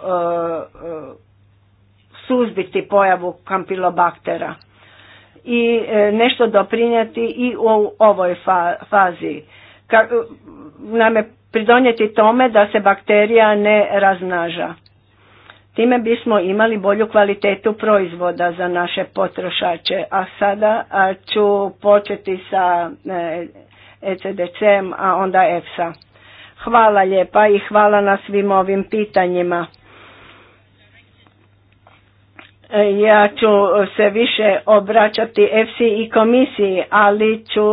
suzbiti pojavu kampilobaktera i nešto doprinijeti i u ovoj fazi. Nam je pridonijeti tome da se bakterija ne raznaža. Time bismo imali bolju kvalitetu proizvoda za naše potrošače. A sada ću početi sa ECDC-em, e a onda EFSA. Hvala lijepa i hvala na svim ovim pitanjima. E, ja ću se više obraćati EFSI i komisiji, ali ću...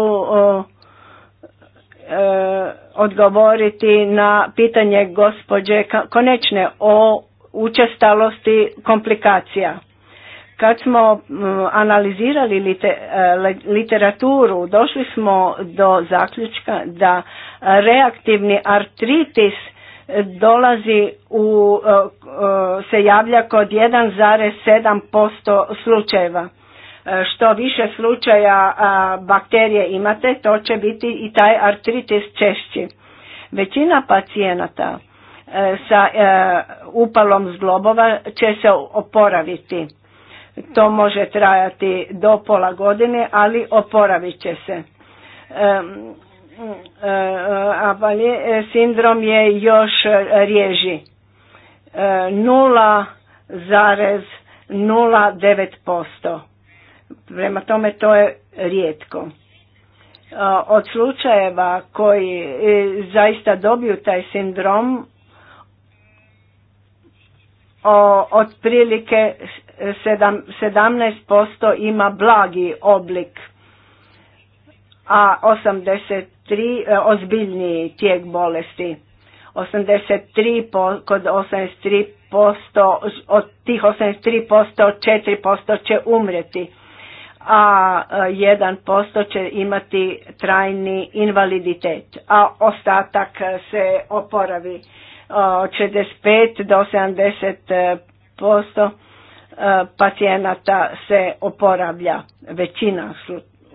E, odgovoriti na pitanje gospođe Konečne o učestalosti komplikacija. Kad smo mm, analizirali e, literaturu, došli smo do zaključka da reaktivni artritis dolazi u, e, e, se javlja kod 1,7% slučajeva. Što više slučaja bakterije imate, to će biti i taj artritis češći. Većina pacijenata e, sa e, upalom zglobova će se oporaviti. To može trajati do pola godine, ali oporavit će se. E, sindrom je još riježi. 0,09%. Prema tome to je rijetko. E, od slučajeva koji e, zaista dobiju taj sindrom, otprilike 17% ima blagi oblik, a 83% e, ozbiljniji tijek bolesti. 83% kod 83% od tih 83% 4% će umreti a 1% e, će imati trajni invaliditet, a ostatak e, se oporavi e, od 65 do 70% pacijenata se oporavlja, većina,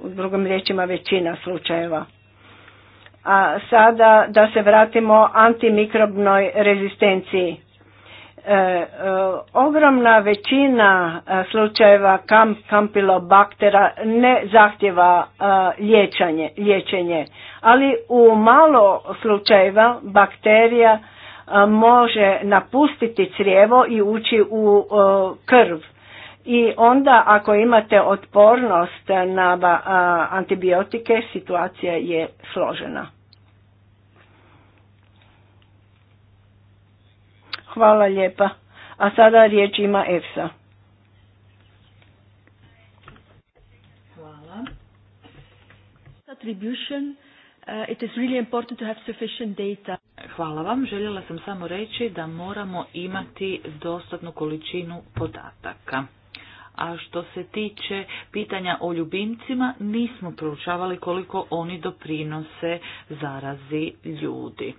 u drugim riječima većina slučajeva. A sada da se vratimo antimikrobnoj rezistenciji. E, e, ogromna većina e, slučajeva kampilobaktera ne zahtjeva liječenje, liječenje, ali u malo slučajeva bakterija može napustiti crijevo i ući u krv. I onda ako imate otpornost na antibiotike, situacija je složena. Hvala lijepa. A sada riječ ima EFSA. Hvala. Uh, Hvala vam. Željela sam samo reći da moramo imati dostatnu količinu podataka. A što se tiče pitanja o ljubimcima, nismo proučavali koliko oni doprinose zarazi ljudi.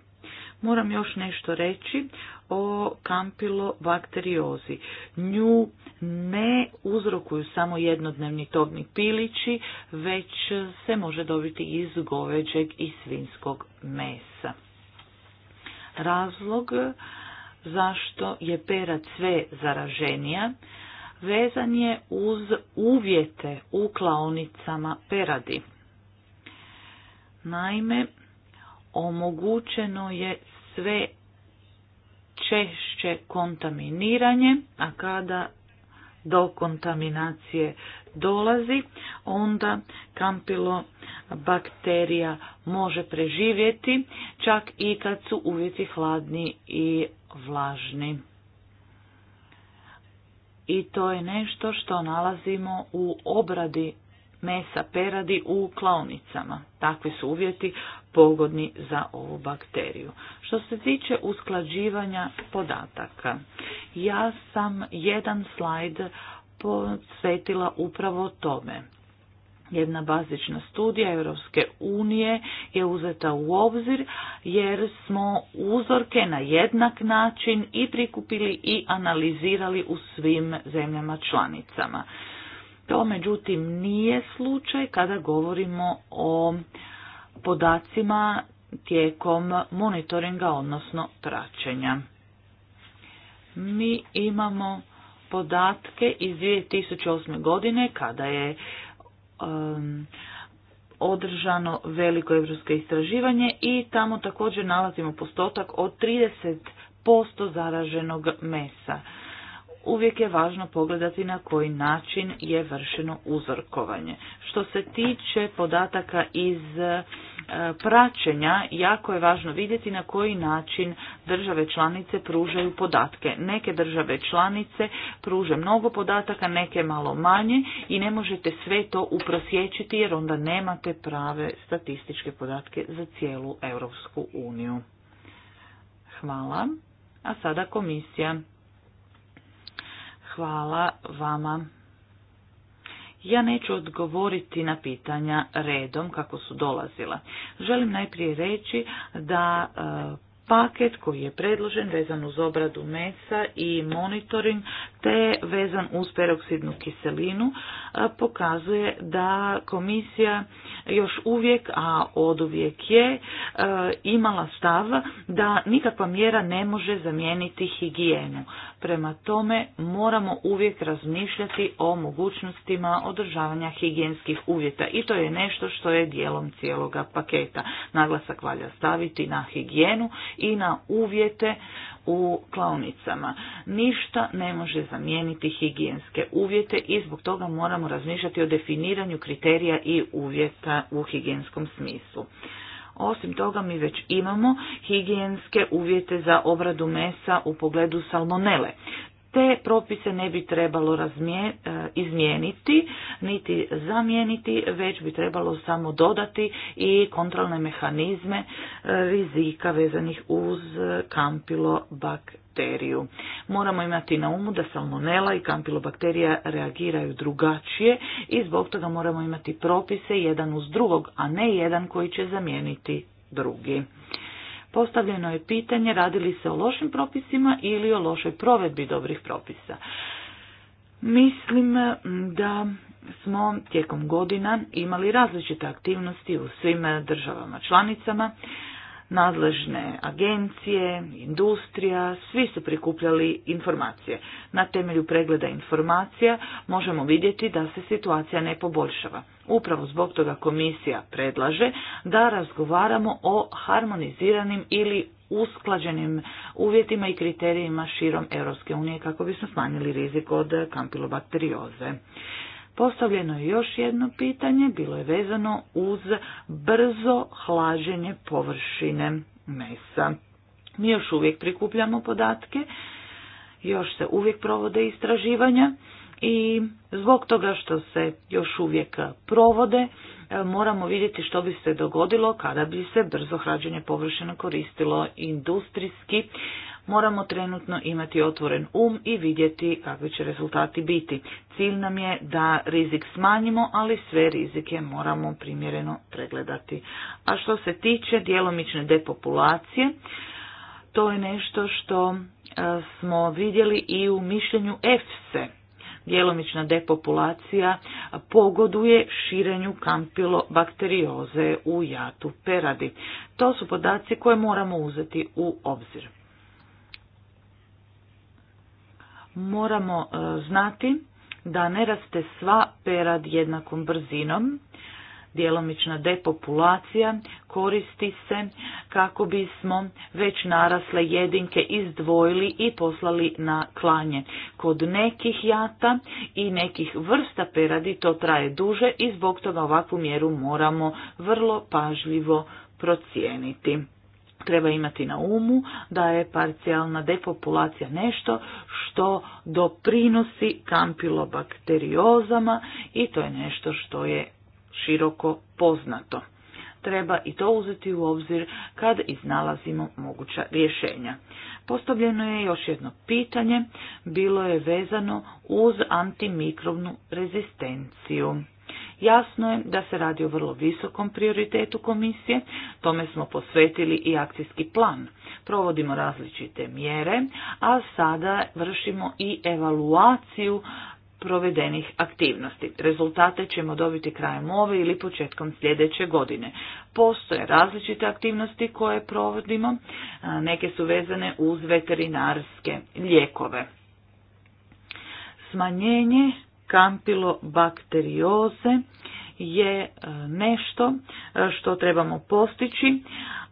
Moram još nešto reći o kampilobakteriozi. Nju ne uzrokuju samo jednodnevni tobni pilići, već se može dobiti iz goveđeg i svinskog mesa. Razlog zašto je perad sve zaraženija vezan je uz uvjete u klaonicama peradi. Naime, omogućeno je sve češće kontaminiranje, a kada do kontaminacije dolazi, onda kampilo bakterija može preživjeti čak i kad su uvjeti hladni i vlažni. I to je nešto što nalazimo u obradi mesa peradi u klaonicama. Takvi su uvjeti pogodni za ovu bakteriju. Što se tiče usklađivanja podataka, ja sam jedan slajd posvetila upravo tome. Jedna bazična studija Europske unije je uzeta u obzir jer smo uzorke na jednak način i prikupili i analizirali u svim zemljama članicama. To međutim nije slučaj kada govorimo o podacima tijekom monitoringa, odnosno praćenja. Mi imamo podatke iz 2008. godine kada je um, održano veliko evropsko istraživanje i tamo također nalazimo postotak od 30% zaraženog mesa uvijek je važno pogledati na koji način je vršeno uzorkovanje. Što se tiče podataka iz e, praćenja, jako je važno vidjeti na koji način države članice pružaju podatke. Neke države članice pruže mnogo podataka, neke malo manje i ne možete sve to uprosječiti jer onda nemate prave statističke podatke za cijelu Europsku uniju. Hvala. A sada komisija. Hvala vama. Ja neću odgovoriti na pitanja redom kako su dolazila. Želim najprije reći da e, paket koji je predložen vezan uz obradu mesa i monitoring te vezan uz peroksidnu kiselinu pokazuje da komisija još uvijek, a od uvijek je, imala stav da nikakva mjera ne može zamijeniti higijenu. Prema tome moramo uvijek razmišljati o mogućnostima održavanja higijenskih uvjeta i to je nešto što je dijelom cijeloga paketa. Naglasak valja staviti na higijenu i na uvjete u klaonicama. Ništa ne može zamijeniti higijenske uvjete i zbog toga moramo razmišljati o definiranju kriterija i uvjeta u higijenskom smislu. Osim toga mi već imamo higijenske uvjete za obradu mesa u pogledu salmonele te propise ne bi trebalo e, izmijeniti niti zamijeniti, već bi trebalo samo dodati i kontrolne mehanizme e, rizika vezanih uz kampilobakteriju. Moramo imati na umu da salmonela i kampilobakterija reagiraju drugačije i zbog toga moramo imati propise jedan uz drugog, a ne jedan koji će zamijeniti drugi. Postavljeno je pitanje radi li se o lošim propisima ili o lošoj provedbi dobrih propisa. Mislim mm, da smo tijekom godina imali različite aktivnosti u svim državama članicama, nadležne agencije, industrija, svi su prikupljali informacije. Na temelju pregleda informacija možemo vidjeti da se situacija ne poboljšava. Upravo zbog toga komisija predlaže da razgovaramo o harmoniziranim ili usklađenim uvjetima i kriterijima širom Europske unije kako bismo smanjili rizik od kampilobakterioze. Postavljeno je još jedno pitanje, bilo je vezano uz brzo hlađenje površine mesa. Mi još uvijek prikupljamo podatke, još se uvijek provode istraživanja i zbog toga što se još uvijek provode, e, moramo vidjeti što bi se dogodilo kada bi se brzo hrađenje površina koristilo industrijski. Moramo trenutno imati otvoren um i vidjeti kakvi će rezultati biti. Cilj nam je da rizik smanjimo, ali sve rizike moramo primjereno pregledati. A što se tiče djelomične depopulacije, to je nešto što e, smo vidjeli i u mišljenju EFSE djelomična depopulacija pogoduje širenju kampilobakterioze u jatu peradi. To su podaci koje moramo uzeti u obzir. Moramo e, znati da ne raste sva perad jednakom brzinom, djelomična depopulacija koristi se kako bismo već narasle jedinke izdvojili i poslali na klanje. Kod nekih jata i nekih vrsta peradi to traje duže i zbog toga ovakvu mjeru moramo vrlo pažljivo procijeniti. Treba imati na umu da je parcijalna depopulacija nešto što doprinosi kampilobakteriozama i to je nešto što je široko poznato. Treba i to uzeti u obzir kad iznalazimo moguća rješenja. Postavljeno je još jedno pitanje, bilo je vezano uz antimikrobnu rezistenciju. Jasno je da se radi o vrlo visokom prioritetu komisije, tome smo posvetili i akcijski plan. Provodimo različite mjere, a sada vršimo i evaluaciju provedenih aktivnosti. Rezultate ćemo dobiti krajem ove ili početkom sljedeće godine. Postoje različite aktivnosti koje provodimo, neke su vezane uz veterinarske lijekove. Smanjenje kampilobakterioze je nešto što trebamo postići,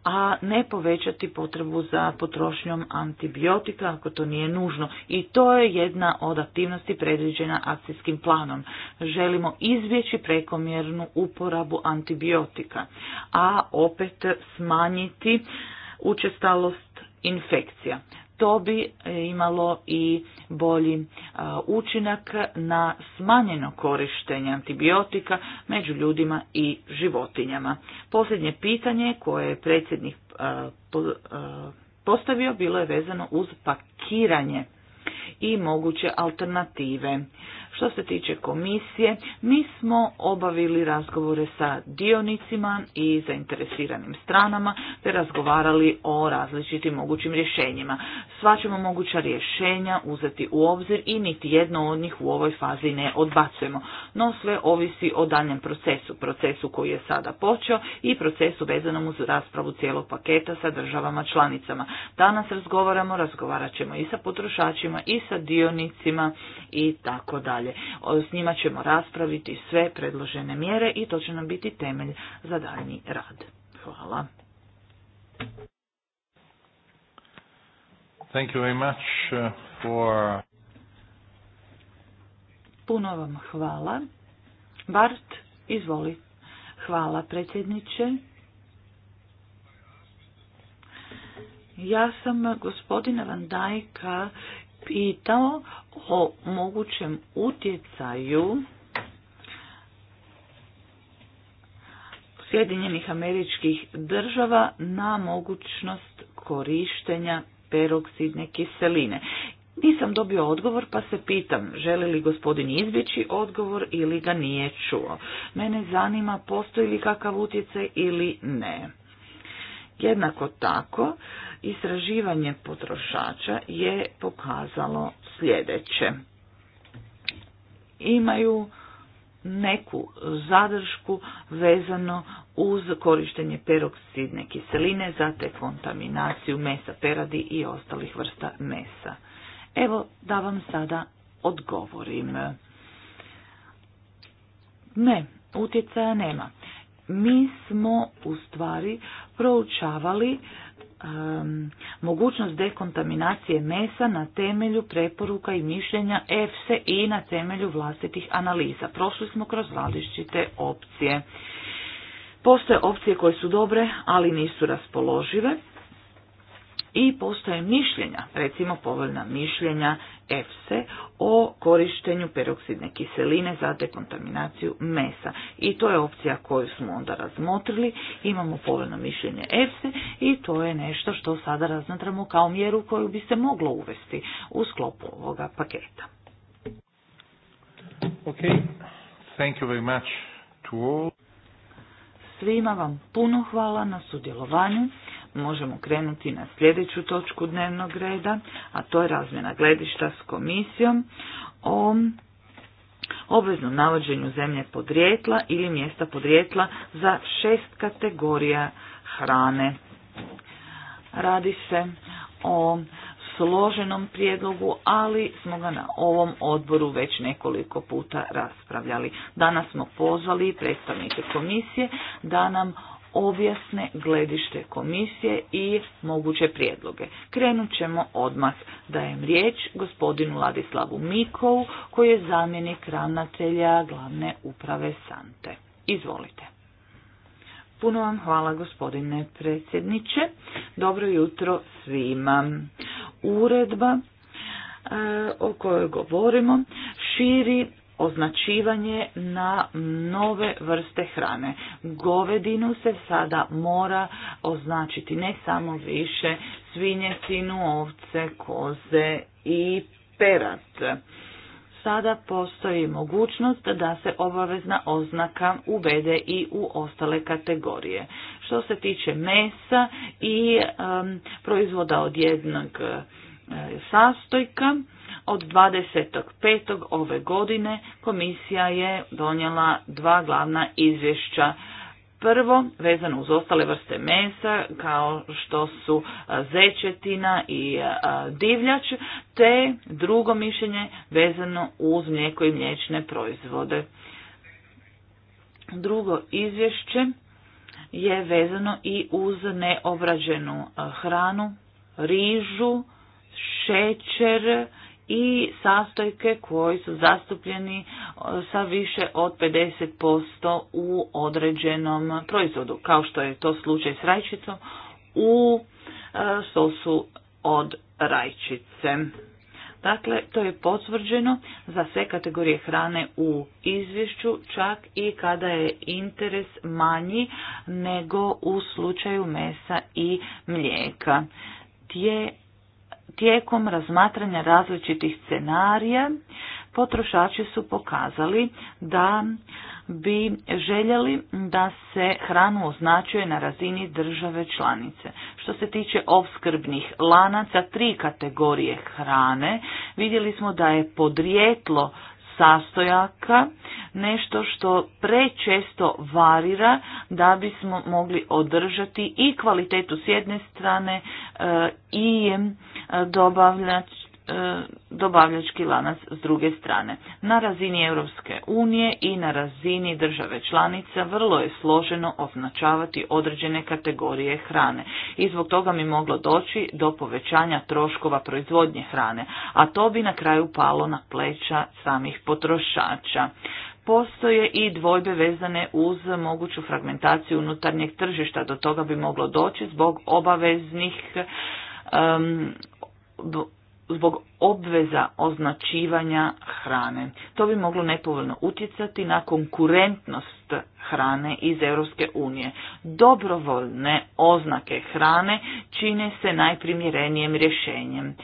a ne povećati potrebu za potrošnjom antibiotika ako to nije nužno. I to je jedna od aktivnosti predviđena akcijskim planom. Želimo izbjeći prekomjernu uporabu antibiotika, a opet smanjiti učestalost infekcija to bi e, imalo i bolji e, učinak na smanjeno korištenje antibiotika među ljudima i životinjama. Posljednje pitanje koje je predsjednik e, postavio bilo je vezano uz pakiranje i moguće alternative. Što se tiče komisije, mi smo obavili razgovore sa dionicima i zainteresiranim stranama te razgovarali o različitim mogućim rješenjima. Sva ćemo moguća rješenja uzeti u obzir i niti jedno od njih u ovoj fazi ne odbacujemo, no sve ovisi o daljem procesu, procesu koji je sada počeo i procesu vezanom uz raspravu cijelog paketa sa državama članicama. Danas razgovaramo, razgovarat ćemo i sa potrošačima i sa dionicima i tako dalje dalje. S njima ćemo raspraviti sve predložene mjere i to će nam biti temelj za daljnji rad. Hvala. Thank you very much uh, for... Puno vam hvala. Bart, izvoli. Hvala predsjedniče. Ja sam gospodina Van Dajka pitao o mogućem utjecaju Sjedinjenih američkih država na mogućnost korištenja peroksidne kiseline. Nisam dobio odgovor pa se pitam želi li gospodin izbjeći odgovor ili ga nije čuo. Mene zanima postoji li kakav utjecaj ili ne. Jednako tako istraživanje potrošača je pokazalo sljedeće. Imaju neku zadršku vezano uz korištenje peroksidne kiseline za te kontaminaciju mesa peradi i ostalih vrsta mesa. Evo da vam sada odgovorim. Ne, utjecaja nema. Mi smo u stvari proučavali um, mogućnost dekontaminacije mesa na temelju preporuka i mišljenja EFSE i na temelju vlastitih analiza. Prošli smo kroz različite opcije. Postoje opcije koje su dobre, ali nisu raspoložive i postoje mišljenja, recimo povoljna mišljenja EFSE o korištenju peroksidne kiseline za dekontaminaciju mesa. I to je opcija koju smo onda razmotrili, imamo povoljno mišljenje EFSE i to je nešto što sada razmatramo kao mjeru koju bi se moglo uvesti u sklopu ovoga paketa. Thank you very much to all. Svima vam puno hvala na sudjelovanju možemo krenuti na sljedeću točku dnevnog reda, a to je razmjena gledišta s komisijom o obveznom navođenju zemlje podrijetla ili mjesta podrijetla za šest kategorija hrane. Radi se o složenom prijedlogu, ali smo ga na ovom odboru već nekoliko puta raspravljali. Danas smo pozvali predstavnike komisije da nam objasne gledište komisije i moguće prijedloge. Krenut ćemo odmah. Dajem riječ gospodinu Ladislavu Mikovu koji je zamjenik ravnatelja glavne uprave Sante. Izvolite. Puno vam hvala gospodine predsjedniče. Dobro jutro svima. Uredba e, o kojoj govorimo širi označivanje na nove vrste hrane. Govedinu se sada mora označiti ne samo više svinjetinu, ovce, koze i perat. Sada postoji mogućnost da se obavezna oznaka uvede i u ostale kategorije. Što se tiče mesa i proizvoda od jednog e, sastojka, od 25. ove godine komisija je donijela dva glavna izvješća. Prvo, vezano uz ostale vrste mesa, kao što su zečetina i divljač, te drugo mišljenje vezano uz mlijeko i mliječne proizvode. Drugo izvješće je vezano i uz neobrađenu hranu, rižu, šećer, i sastojke koji su zastupljeni e, sa više od 50% u određenom proizvodu, kao što je to slučaj s rajčicom u e, sosu od rajčice. Dakle, to je potvrđeno za sve kategorije hrane u izvješću, čak i kada je interes manji nego u slučaju mesa i mlijeka. tije Tijekom razmatranja različitih scenarija potrošači su pokazali da bi željeli da se hranu označuje na razini države članice. Što se tiče opskrbnih lanaca, tri kategorije hrane, vidjeli smo da je podrijetlo sastojaka nešto što prečesto varira da bismo mogli održati i kvalitetu s jedne strane e, i dobavljač, e, dobavljački lanac s druge strane. Na razini Europske unije i na razini države članica vrlo je složeno označavati određene kategorije hrane i zbog toga bi moglo doći do povećanja troškova proizvodnje hrane, a to bi na kraju palo na pleća samih potrošača postoje i dvojbe vezane uz moguću fragmentaciju unutarnjeg tržišta. Do toga bi moglo doći zbog obaveznih zbog obveza označivanja hrane. To bi moglo nepovoljno utjecati na konkurentnost hrane iz Europske unije. Dobrovoljne oznake hrane čine se najprimjerenijem rješenjem.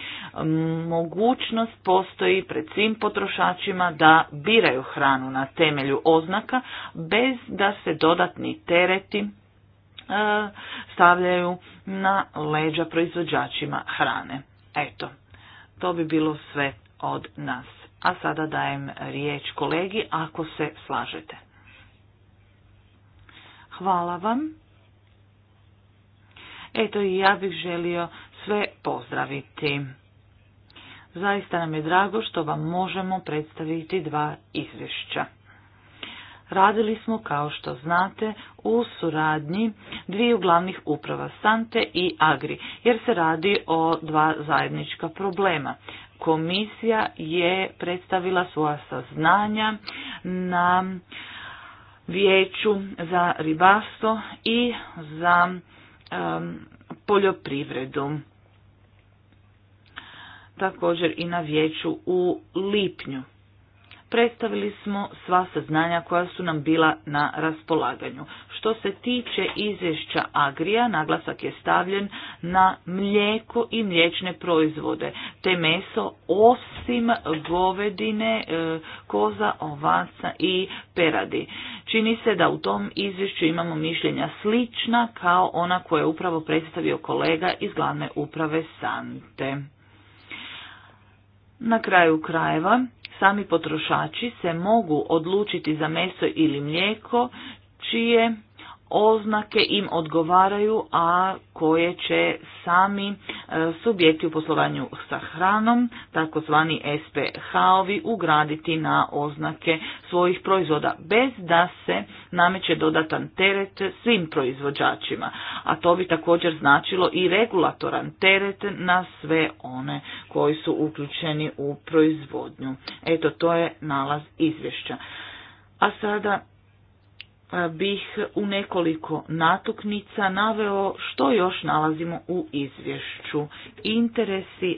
Mogućnost postoji pred svim potrošačima da biraju hranu na temelju oznaka bez da se dodatni tereti E, stavljaju na leđa proizvođačima hrane. Eto, to bi bilo sve od nas. A sada dajem riječ kolegi ako se slažete. Hvala vam. Eto i ja bih želio sve pozdraviti. Zaista nam je drago što vam možemo predstaviti dva izvješća. Radili smo, kao što znate, u suradnji dviju glavnih uprava, Sante i Agri, jer se radi o dva zajednička problema. Komisija je predstavila svoja saznanja na vijeću za ribarstvo i za poljoprivredu. Također i na vijeću u lipnju predstavili smo sva saznanja koja su nam bila na raspolaganju. Što se tiče izvješća Agrija, naglasak je stavljen na mlijeko i mliječne proizvode, te meso osim govedine, e, koza, ovaca i peradi. Čini se da u tom izvješću imamo mišljenja slična kao ona koje je upravo predstavio kolega iz glavne uprave Sante. Na kraju krajeva, sami potrošači se mogu odlučiti za meso ili mlijeko čije oznake im odgovaraju, a koje će sami e, subjekti u poslovanju sa hranom, takozvani SPH-ovi, ugraditi na oznake svojih proizvoda bez da se nameće dodatan teret svim proizvođačima. A to bi također značilo i regulatoran teret na sve one koji su uključeni u proizvodnju. Eto, to je nalaz izvješća. A sada bih u nekoliko natuknica naveo što još nalazimo u izvješću. Interesi e,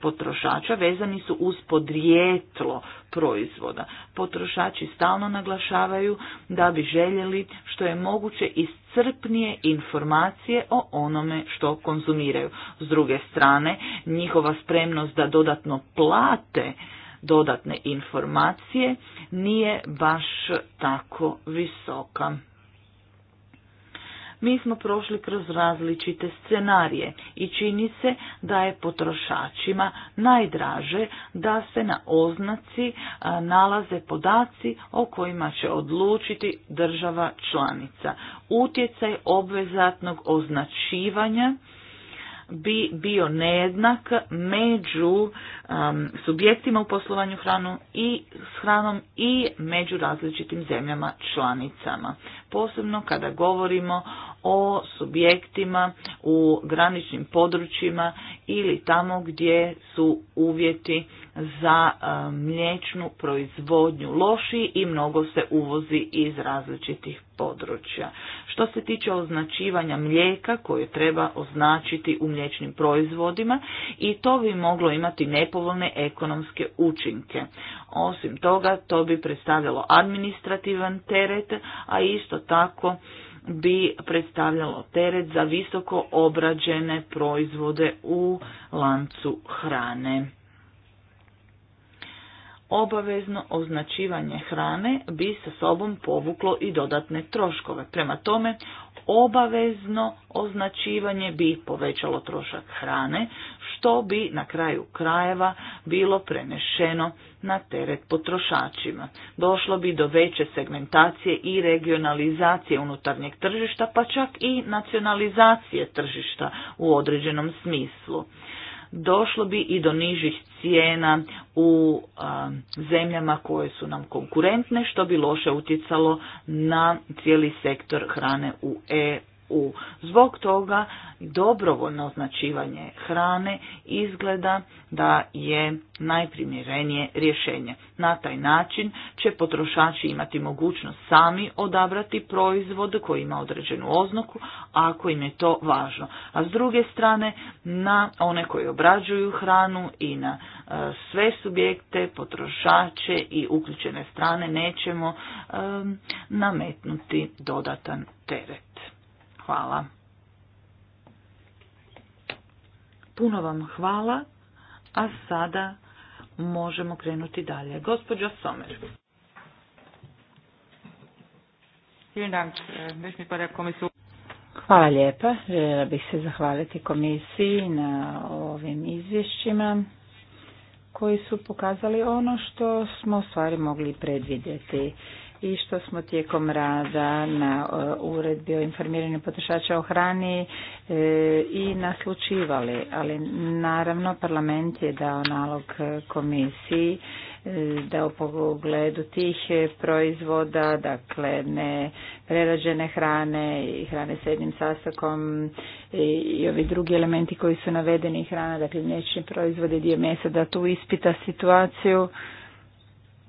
potrošača vezani su uz podrijetlo proizvoda. Potrošači stalno naglašavaju da bi željeli što je moguće iscrpnije informacije o onome što konzumiraju. S druge strane, njihova spremnost da dodatno plate dodatne informacije nije baš tako visoka. Mi smo prošli kroz različite scenarije i čini se da je potrošačima najdraže da se na oznaci nalaze podaci o kojima će odlučiti država članica. Utjecaj obvezatnog označivanja bi bio nejednak među um, subjektima u poslovanju hranu i s hranom i među različitim zemljama članicama posebno kada govorimo o subjektima u graničnim područjima ili tamo gdje su uvjeti za e, mliječnu proizvodnju loši i mnogo se uvozi iz različitih područja. Što se tiče označivanja mlijeka koje treba označiti u mliječnim proizvodima i to bi moglo imati nepovoljne ekonomske učinke. Osim toga, to bi predstavljalo administrativan teret, a isto tako bi predstavljalo teret za visoko obrađene proizvode u lancu hrane obavezno označivanje hrane bi sa sobom povuklo i dodatne troškove. Prema tome, obavezno označivanje bi povećalo trošak hrane, što bi na kraju krajeva bilo prenešeno na teret potrošačima. Došlo bi do veće segmentacije i regionalizacije unutarnjeg tržišta, pa čak i nacionalizacije tržišta u određenom smislu došlo bi i do nižih cijena u zemljama koje su nam konkurentne, što bi loše utjecalo na cijeli sektor hrane u EU u Zbog toga dobrovoljno označivanje hrane izgleda da je najprimjerenije rješenje. Na taj način će potrošači imati mogućnost sami odabrati proizvod koji ima određenu oznaku ako im je to važno. A s druge strane na one koji obrađuju hranu i na e, sve subjekte, potrošače i uključene strane nećemo e, nametnuti dodatan teret. Hvala. Puno vam hvala, a sada možemo krenuti dalje. Gospođa Somer. Äh, hvala lijepa. Željela bih se zahvaliti komisiji na ovim izvješćima koji su pokazali ono što smo stvari mogli predvidjeti i što smo tijekom rada na e, uredbi o informiranju potrošača o hrani e, i naslučivali, ali naravno parlament je dao nalog komisiji e, da u pogledu tih proizvoda, dakle ne prerađene hrane i hrane s jednim sastakom i ovi drugi elementi koji su navedeni hrana, dakle mliječni proizvodi, dio mesa, da tu ispita situaciju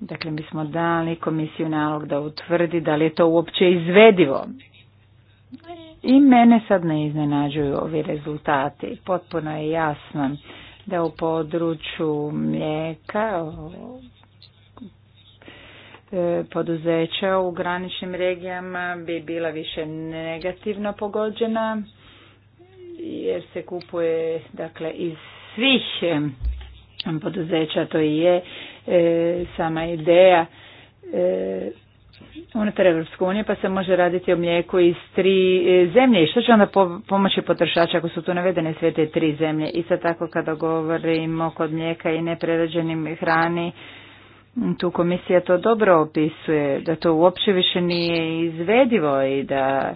Dakle, mi smo dali komisiju nalog da utvrdi da li je to uopće izvedivo. I mene sad ne iznenađuju ovi rezultati. Potpuno je jasno da u području mlijeka e, poduzeća u graničnim regijama bi bila više negativno pogođena jer se kupuje dakle iz svih poduzeća to i je e, sama ideja e, unutar Evropske unije pa se može raditi o mlijeku iz tri e, zemlje i što će onda pomoći potrošača ako su tu navedene sve te tri zemlje. I Isto tako kada govorimo kod mlijeka i neprerađenim hrani, tu komisija to dobro opisuje, da to uopće više nije izvedivo i da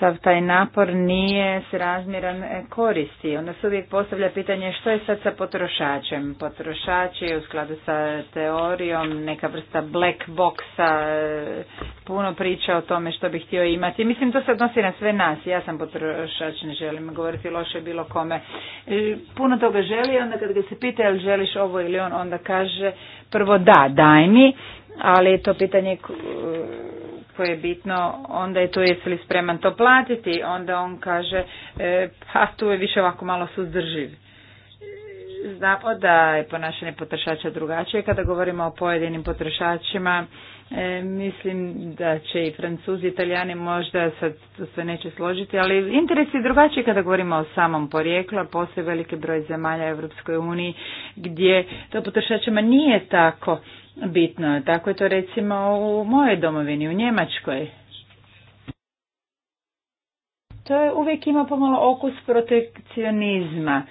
sav taj napor nije srazmjeran koristi. Onda se uvijek postavlja pitanje što je sad sa potrošačem. Potrošač je u skladu sa teorijom neka vrsta black boxa, e, puno priča o tome što bi htio imati. Mislim to se odnosi na sve nas. Ja sam potrošač, ne želim govoriti loše bilo kome. E, puno toga želi, onda kad ga se pita jel želiš ovo ili on, onda kaže prvo da, daj mi ali to pitanje koje je bitno, onda je to jesi li spreman to platiti, onda on kaže, e, pa tu je više ovako malo suzdrživ. Znamo da je ponašanje potrošača drugačije. Kada govorimo o pojedinim potrošačima, e, mislim da će i francuzi, italijani možda sad sve neće složiti, ali interes je drugačiji kada govorimo o samom porijeklu, postoji veliki broj zemalja u Europskoj gdje to potrošačima nije tako bitno. Tako je to recimo u mojoj domovini, u Njemačkoj. To je uvijek ima pomalo okus protekcionizma.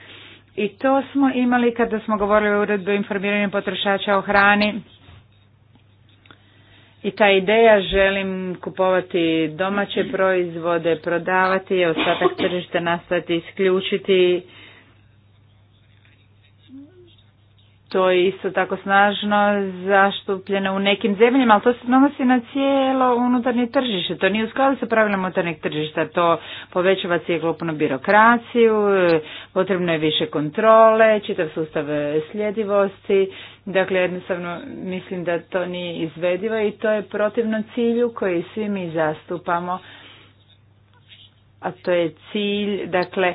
I to smo imali kada smo govorili o uredbi o informiranju potrošača o hrani. I ta ideja želim kupovati domaće proizvode, prodavati ostatak tržišta nastaviti isključiti to je isto tako snažno zaštupljeno u nekim zemljama, ali to se odnosi na cijelo unutarnje tržište. To nije u skladu sa pravilom unutarnjeg tržišta. To povećava cijelopnu birokraciju, potrebno je više kontrole, čitav sustav sljedivosti. Dakle, jednostavno mislim da to nije izvedivo i to je protivno cilju koji svi mi zastupamo a to je cilj dakle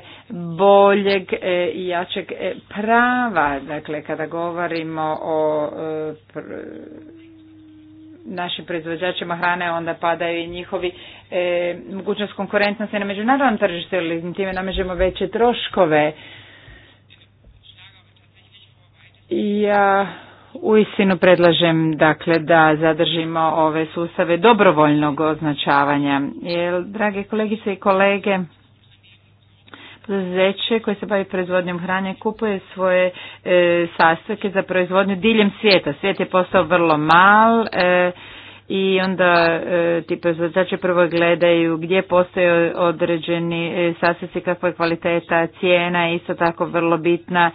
boljeg e, i jačeg e, prava dakle kada govorimo o e, našim proizvođačima hrane onda padaju i njihovi e, mogućnost konkurentnosti na međunarodnom tržištu ili time namežemo veće troškove. Ja Uistinu predlažem dakle da zadržimo ove sustave dobrovoljnog označavanja. Jer, drage kolegice i kolege, poduzeće koje se bavi proizvodnjom hrane kupuje svoje e, sastojke za proizvodnju diljem svijeta. Svijet je postao vrlo mal e, i onda e, ti proizvođači prvo gledaju gdje postoje određeni e, sastojci, kakva je kvaliteta, cijena isto tako vrlo bitna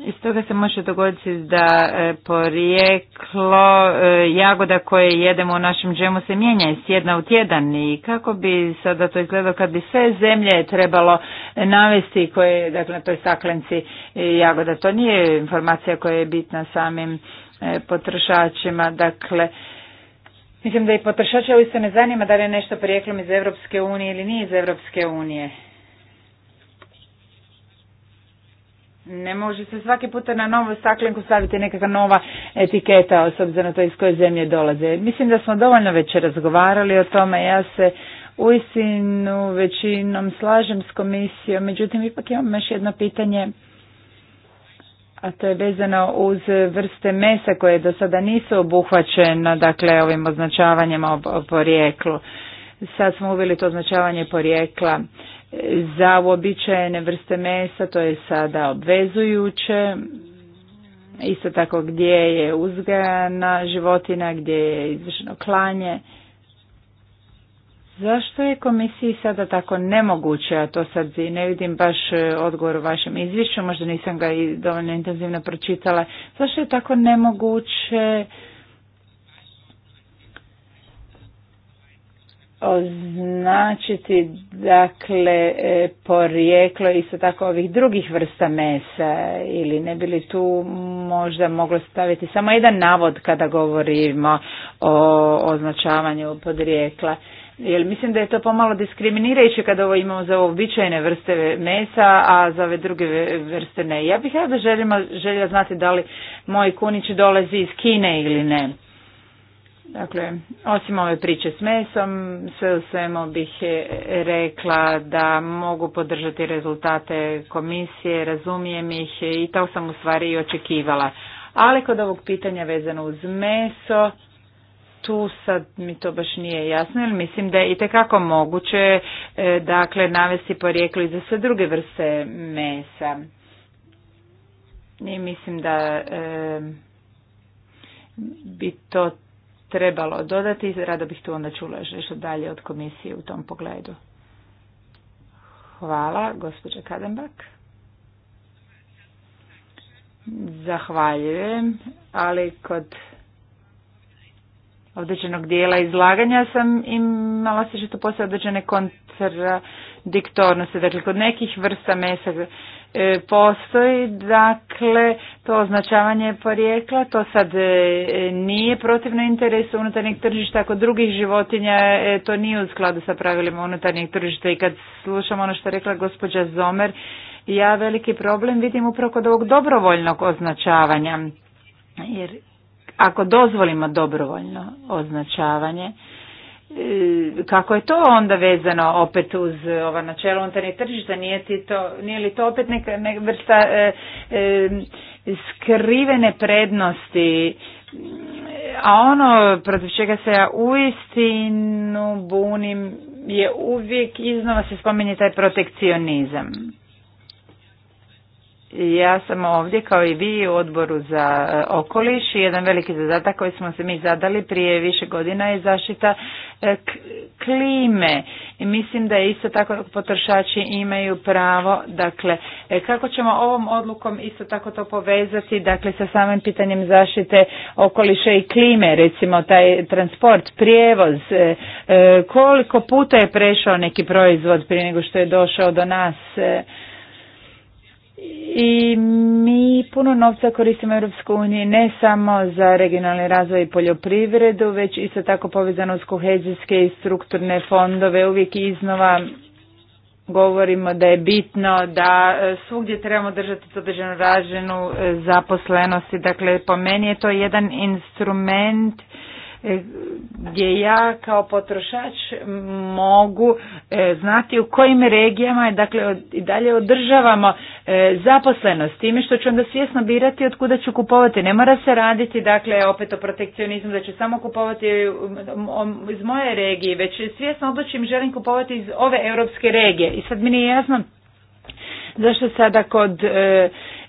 iz toga se može dogoditi da e, porijeklo e, jagoda koje jedemo u našem džemu se mijenja iz tjedna u tjedan i kako bi sada to izgledalo kad bi sve zemlje trebalo navesti koje dakle na toj staklenci e, jagoda. To nije informacija koja je bitna samim potrošačima. Dakle, mislim da i potrošača se ne zanima da li je nešto porijeklom iz Europske unije ili nije iz Europske unije. Ne može se svaki puta na novu staklenku staviti nekakva nova etiketa s obzirom na to iz koje zemlje dolaze. Mislim da smo dovoljno već razgovarali o tome. Ja se uistinu većinom slažem s komisijom, međutim ipak imam još jedno pitanje a to je vezano uz vrste mesa koje do sada nisu obuhvaćene dakle ovim označavanjem o porijeklu. Sad smo uveli to označavanje porijekla za uobičajene vrste mesa to je sada obvezujuće. Isto tako gdje je uzgajana životina, gdje je izvršeno klanje. Zašto je komisiji sada tako nemoguće, a to sad ne vidim baš e, odgovor u vašem izvješću, možda nisam ga i dovoljno intenzivno pročitala, zašto je tako nemoguće označiti dakle e, porijeklo isto tako ovih drugih vrsta mesa ili ne bi li tu možda moglo staviti samo jedan navod kada govorimo o označavanju podrijekla jer mislim da je to pomalo diskriminirajuće kada ovo imamo za uobičajene vrste mesa, a za ove druge vrste ne. Ja bih da željela, željela znati da li moj kunić dolazi iz Kine ili ne. Dakle, osim ove priče s mesom, sve u svemu bih e, rekla da mogu podržati rezultate komisije, razumijem ih e, i to sam u stvari i očekivala. Ali kod ovog pitanja vezano uz meso, tu sad mi to baš nije jasno, jer mislim da je itekako moguće e, dakle, navesti porijeklo i za sve druge vrste mesa. I mislim da bi to trebalo dodati rado bih tu onda čula još dalje od komisije u tom pogledu. Hvala, gospođa Kadenbak. Zahvaljujem, ali kod određenog dijela izlaganja sam imala se što postoje određene kontradiktornosti. Dakle, kod nekih vrsta mesa e, postoji, dakle, to označavanje porijekla, to sad e, nije protivno interesu unutarnjeg tržišta, kod drugih životinja e, to nije u skladu sa pravilima unutarnjeg tržišta i kad slušam ono što je rekla gospođa Zomer, ja veliki problem vidim upravo kod ovog dobrovoljnog označavanja. Jer ako dozvolimo dobrovoljno označavanje, e, kako je to onda vezano opet uz ova načela unutarnjeg tržišta, nije, to, nije li to opet neka, vrsta e, e, skrivene prednosti, a ono protiv čega se ja uistinu bunim je uvijek iznova se spominje taj protekcionizam. Ja sam ovdje kao i vi u odboru za e, okoliš i jedan veliki zadatak koji smo se mi zadali prije više godina je zaštita e, klime. I mislim da isto tako potrošači imaju pravo, dakle, e, kako ćemo ovom odlukom isto tako to povezati, dakle, sa samim pitanjem zaštite okoliša i klime, recimo taj transport, prijevoz, koliko puta je prešao neki proizvod prije nego što je došao do nas, i mi puno novca koristimo Europsku uniji ne samo za regionalni razvoj i poljoprivredu, već isto tako povezano s kohezijske i strukturne fondove. Uvijek iznova govorimo da je bitno da e, svugdje trebamo držati određenu razinu e, zaposlenosti. Dakle, po meni je to jedan instrument E, gdje ja kao potrošač mogu e, znati u kojim regijama i dakle i dalje održavamo e, zaposlenost time što ću onda svjesno birati od kuda ću kupovati. Ne mora se raditi dakle opet o protekcionizmu da ću samo kupovati iz moje regije, već svjesno odlučim želim kupovati iz ove europske regije. I sad mi nije jasno Zašto sada kod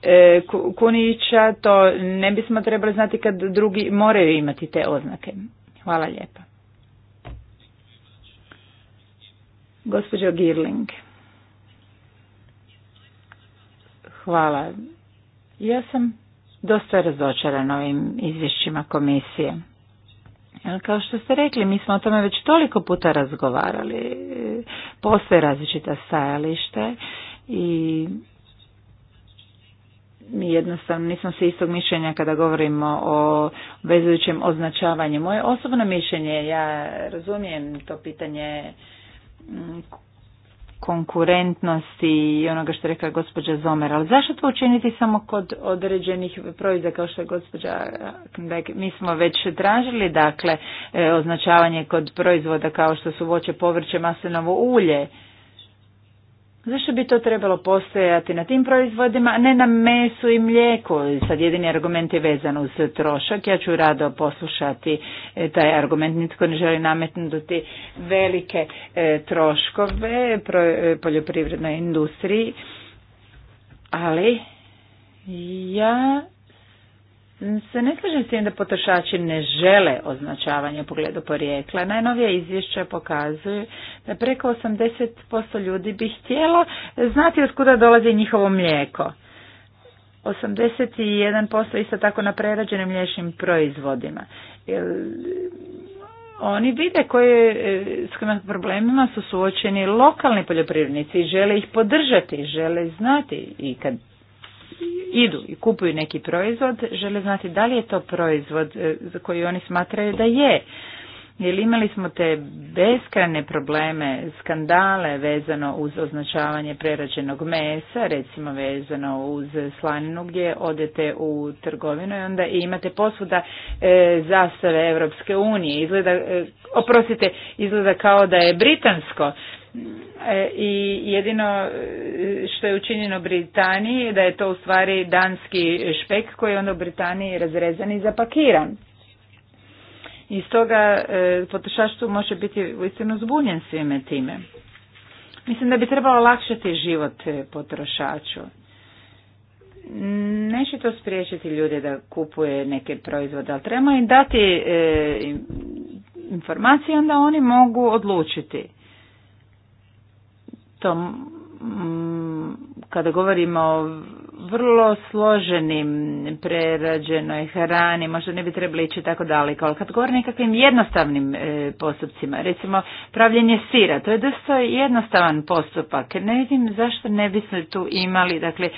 E, kunića, to ne bismo trebali znati kad drugi moraju imati te oznake. Hvala lijepa. Gospođo Girling. Hvala. Ja sam dosta razočaran ovim izvješćima komisije. Jer kao što ste rekli, mi smo o tome već toliko puta razgovarali. E, postoje različita stajališta i mi jednostavno nismo se istog mišljenja kada govorimo o vezujućem označavanju. Moje osobno mišljenje, ja razumijem to pitanje mm, konkurentnosti i onoga što je rekla gospođa Zomer, ali zašto to učiniti samo kod određenih proizvoda kao što je gospođa mi smo već tražili dakle e, označavanje kod proizvoda kao što su voće, povrće, maslinovo ulje Zašto bi to trebalo postojati na tim proizvodima, a ne na mesu i mlijeku? Sad jedini argument je vezan uz trošak. Ja ću rado poslušati e, taj argument. Nitko ne želi nametnuti velike e, troškove e, poljoprivrednoj industriji. Ali ja se ne slažem s tim da potrošači ne žele označavanje u pogledu porijekla. Najnovije izvješće pokazuju da preko 80% ljudi bi htjelo znati od kuda dolazi njihovo mlijeko. 81% isto tako na prerađenim mliječnim proizvodima. Oni vide koje, e, s kojima problemima su suočeni lokalni poljoprivrednici i žele ih podržati, žele znati i kad idu i kupuju neki proizvod, žele znati da li je to proizvod e, za koji oni smatraju da je. Jer imali smo te beskrajne probleme, skandale vezano uz označavanje prerađenog mesa, recimo vezano uz slaninu gdje odete u trgovinu i onda imate posuda e, zastave Europske unije. Izgleda, e, oprostite, izgleda kao da je britansko E, i jedino e, što je učinjeno Britaniji da je to u stvari danski špek koji je onda u Britaniji razrezan i zapakiran. I stoga e, potrošač tu može biti uistinu zbunjen svime time. Mislim da bi trebalo lakšati život potrošaču. Neće to spriječiti ljude da kupuje neke proizvode, ali trebamo im dati informacije, onda oni mogu odlučiti to mm, kada govorimo o vrlo složenim prerađenoj hrani, možda ne bi trebalo ići tako daleko, ali kad govorimo o nekakvim jednostavnim e, postupcima, recimo pravljenje sira, to je dosta jednostavan postupak. Ne vidim zašto ne bismo tu imali dakle,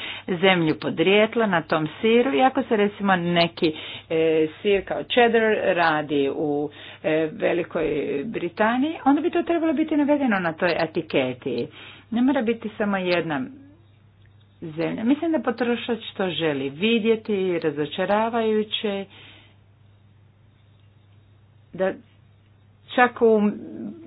zemlju podrijetla na tom siru, iako se recimo neki e, sir kao cheddar radi u e, Velikoj Britaniji, onda bi to trebalo biti navedeno na toj etiketi. Ne mora biti samo jedna zemlja. Mislim da potrošač to želi vidjeti, razočaravajuće, da čak u,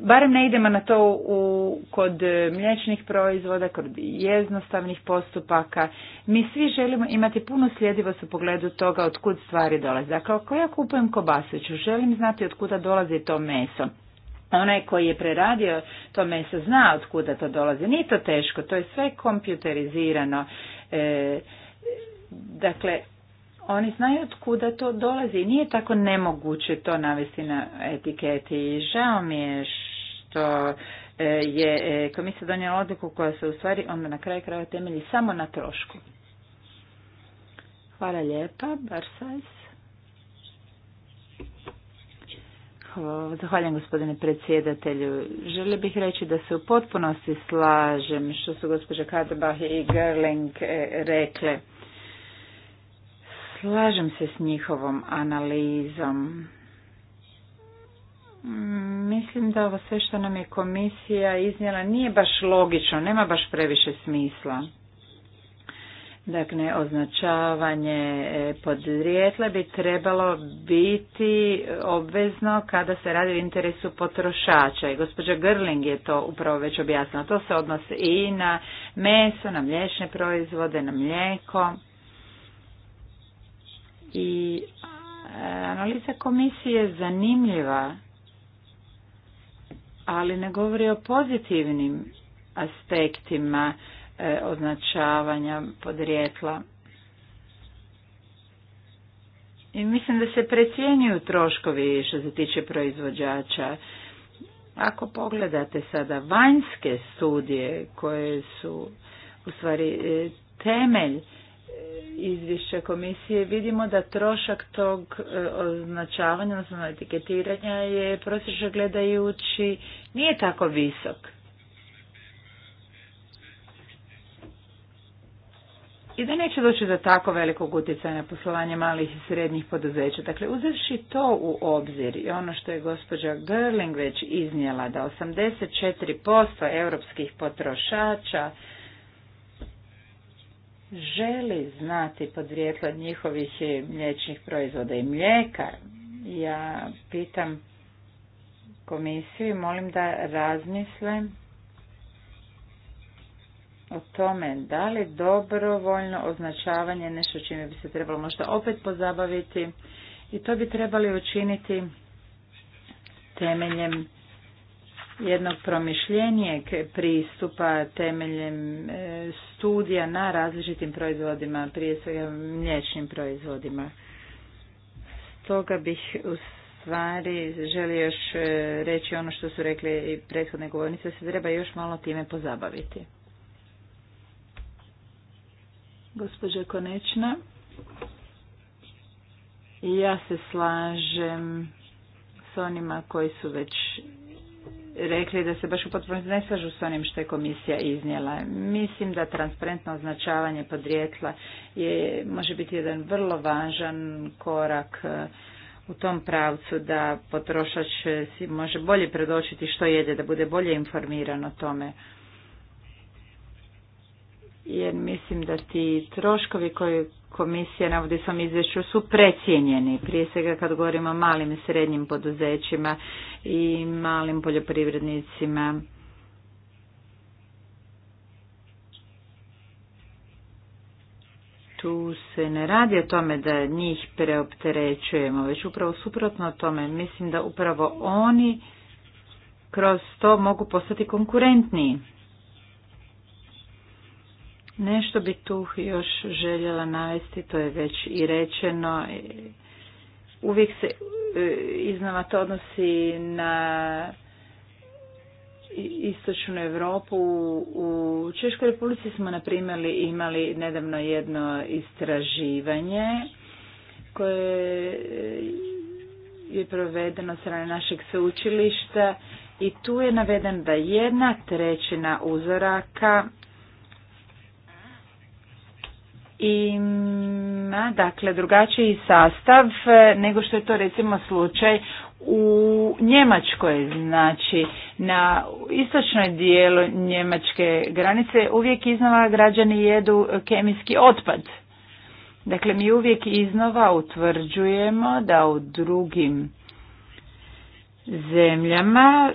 barem ne idemo na to u, kod mliječnih proizvoda, kod jednostavnih postupaka. Mi svi želimo imati puno sljedivost u pogledu toga od kud stvari dolaze. Dakle, ako ja kupujem kobasiću, želim znati od kuda dolazi to meso. Onaj koji je preradio to meso zna od kuda to dolazi. Nije to teško, to je sve kompjuterizirano. E, dakle, oni znaju od kuda to dolazi. Nije tako nemoguće to navesti na etiketi. Žao mi je što e, je e, komisija donijela odluku koja se u stvari onda na kraju kraja temelji samo na trošku. Hvala lijepa, Barsajs. Zahvaljujem gospodine predsjedatelju. Želio bih reći da se u potpunosti slažem što su gospođa Kadebah i Gerling e, rekle. Slažem se s njihovom analizom. Mislim da ovo sve što nam je komisija iznijela nije baš logično, nema baš previše smisla. Dakle, označavanje e, podrijetla bi trebalo biti obvezno kada se radi o interesu potrošača. I gospođa Grling je to upravo već objasnila. To se odnosi i na meso, na mliječne proizvode, na mlijeko. I e, analiza komisije je zanimljiva, ali ne govori o pozitivnim aspektima E, označavanja podrijetla. I mislim da se precijenjuju troškovi što se tiče proizvođača. Ako pogledate sada vanjske studije koje su u stvari e, temelj e, izvješća komisije, vidimo da trošak tog označavanja, odnosno etiketiranja je prosječno gledajući nije tako visok. i da neće doći do tako velikog utjecaja na poslovanje malih i srednjih poduzeća. Dakle, uzevši to u obzir i ono što je gospođa Gerling već iznijela, da 84% europskih potrošača želi znati podrijetlo njihovih mliječnih proizvoda i mlijeka, ja pitam komisiju i molim da razmisle o tome da li dobrovoljno označavanje nešto čime bi se trebalo možda opet pozabaviti i to bi trebali učiniti temeljem jednog promišljenijeg pristupa temeljem e, studija na različitim proizvodima, prije svega mliječnim proizvodima. Stoga bih u stvari želio još e, reći ono što su rekli i prethodne govornice, se treba još malo time pozabaviti. Gospođa Konečna. Ja se slažem s onima koji su već rekli da se baš u potpunosti ne slažu s onim što je komisija iznijela. Mislim da transparentno označavanje podrijetla je, može biti jedan vrlo važan korak e, u tom pravcu da potrošač si može bolje predočiti što jede, da bude bolje informiran o tome jer mislim da ti troškovi koje komisija navodi sam svom izvješću su precijenjeni. Prije svega kad govorimo o malim i srednjim poduzećima i malim poljoprivrednicima. Tu se ne radi o tome da njih preopterećujemo, već upravo suprotno tome. Mislim da upravo oni kroz to mogu postati konkurentniji. Nešto bi tu još željela navesti, to je već i rečeno. Uvijek se e, iznova to odnosi na istočnu Europu. U Češkoj Republici smo na primjer imali nedavno jedno istraživanje koje je provedeno strane našeg sveučilišta i tu je naveden da jedna trećina uzoraka i dakle drugačiji sastav e, nego što je to recimo slučaj u Njemačkoj, znači na istočnoj dijelu njemačke granice uvijek iznova građani jedu kemijski otpad. Dakle, mi uvijek iznova utvrđujemo da u drugim zemljama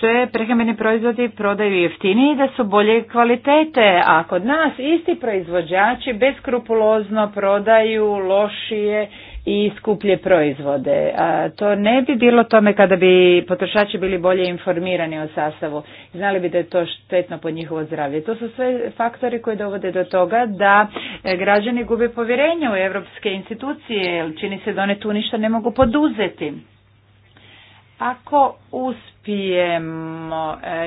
se prehrambeni proizvodi prodaju jeftinije i da su bolje kvalitete, a kod nas isti proizvođači beskrupulozno prodaju lošije i skuplje proizvode. A to ne bi bilo tome kada bi potrošači bili bolje informirani o sastavu. Znali bi da je to štetno po njihovo zdravlje. To su sve faktori koji dovode do toga da e, građani gube povjerenje u europske institucije, jer čini se da one tu ništa ne mogu poduzeti. Ako uspijemo e,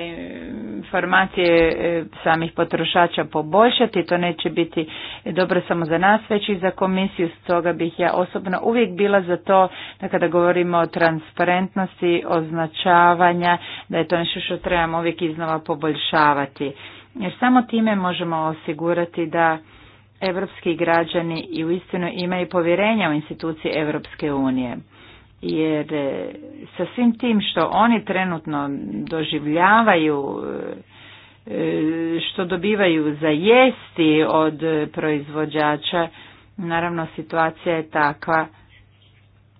informacije e, samih potrošača poboljšati, to neće biti dobro samo za nas, već i za komisiju. Stoga bih ja osobno uvijek bila za to da kada govorimo o transparentnosti, označavanja, da je to nešto što trebamo uvijek iznova poboljšavati. Jer samo time možemo osigurati da evropski građani i uistinu imaju povjerenja u institucije Evropske unije jer e, sa svim tim što oni trenutno doživljavaju e, što dobivaju za jesti od proizvođača naravno situacija je takva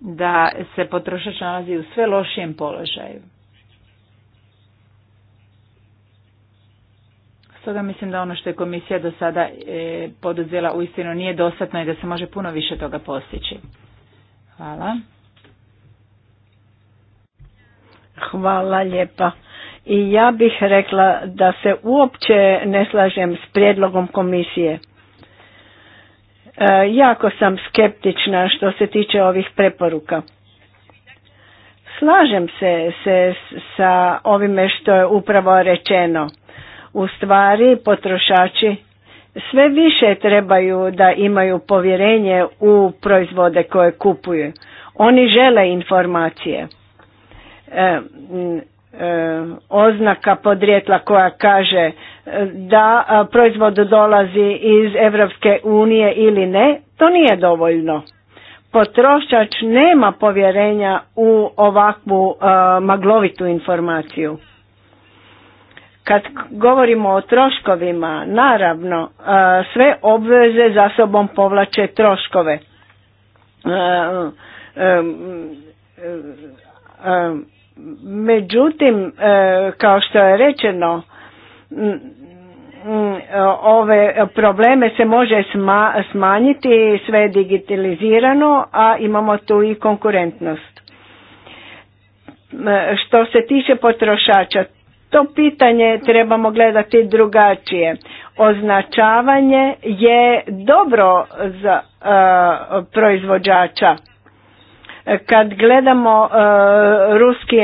da se potrošač nalazi u sve lošijem položaju Stoga mislim da ono što je komisija do sada e, poduzela uistinu nije dostatno i da se može puno više toga postići. Hvala. Hvala lijepa. I ja bih rekla da se uopće ne slažem s prijedlogom komisije. E, jako sam skeptična što se tiče ovih preporuka. Slažem se, se sa ovime što je upravo rečeno. U stvari potrošači sve više trebaju da imaju povjerenje u proizvode koje kupuju. Oni žele informacije. E, e, oznaka podrijetla koja kaže e, da proizvod dolazi iz Europske unije ili ne, to nije dovoljno. Potrošač nema povjerenja u ovakvu maglovitu informaciju. Kad govorimo o troškovima, naravno, sve obveze za sobom povlače troškove. Međutim, e, kao što je rečeno, ove probleme se može smanjiti, sve je digitalizirano, a imamo tu i konkurentnost. E, što se tiče potrošača, to pitanje trebamo gledati drugačije. Označavanje je dobro za e, proizvođača kad gledamo e, ruski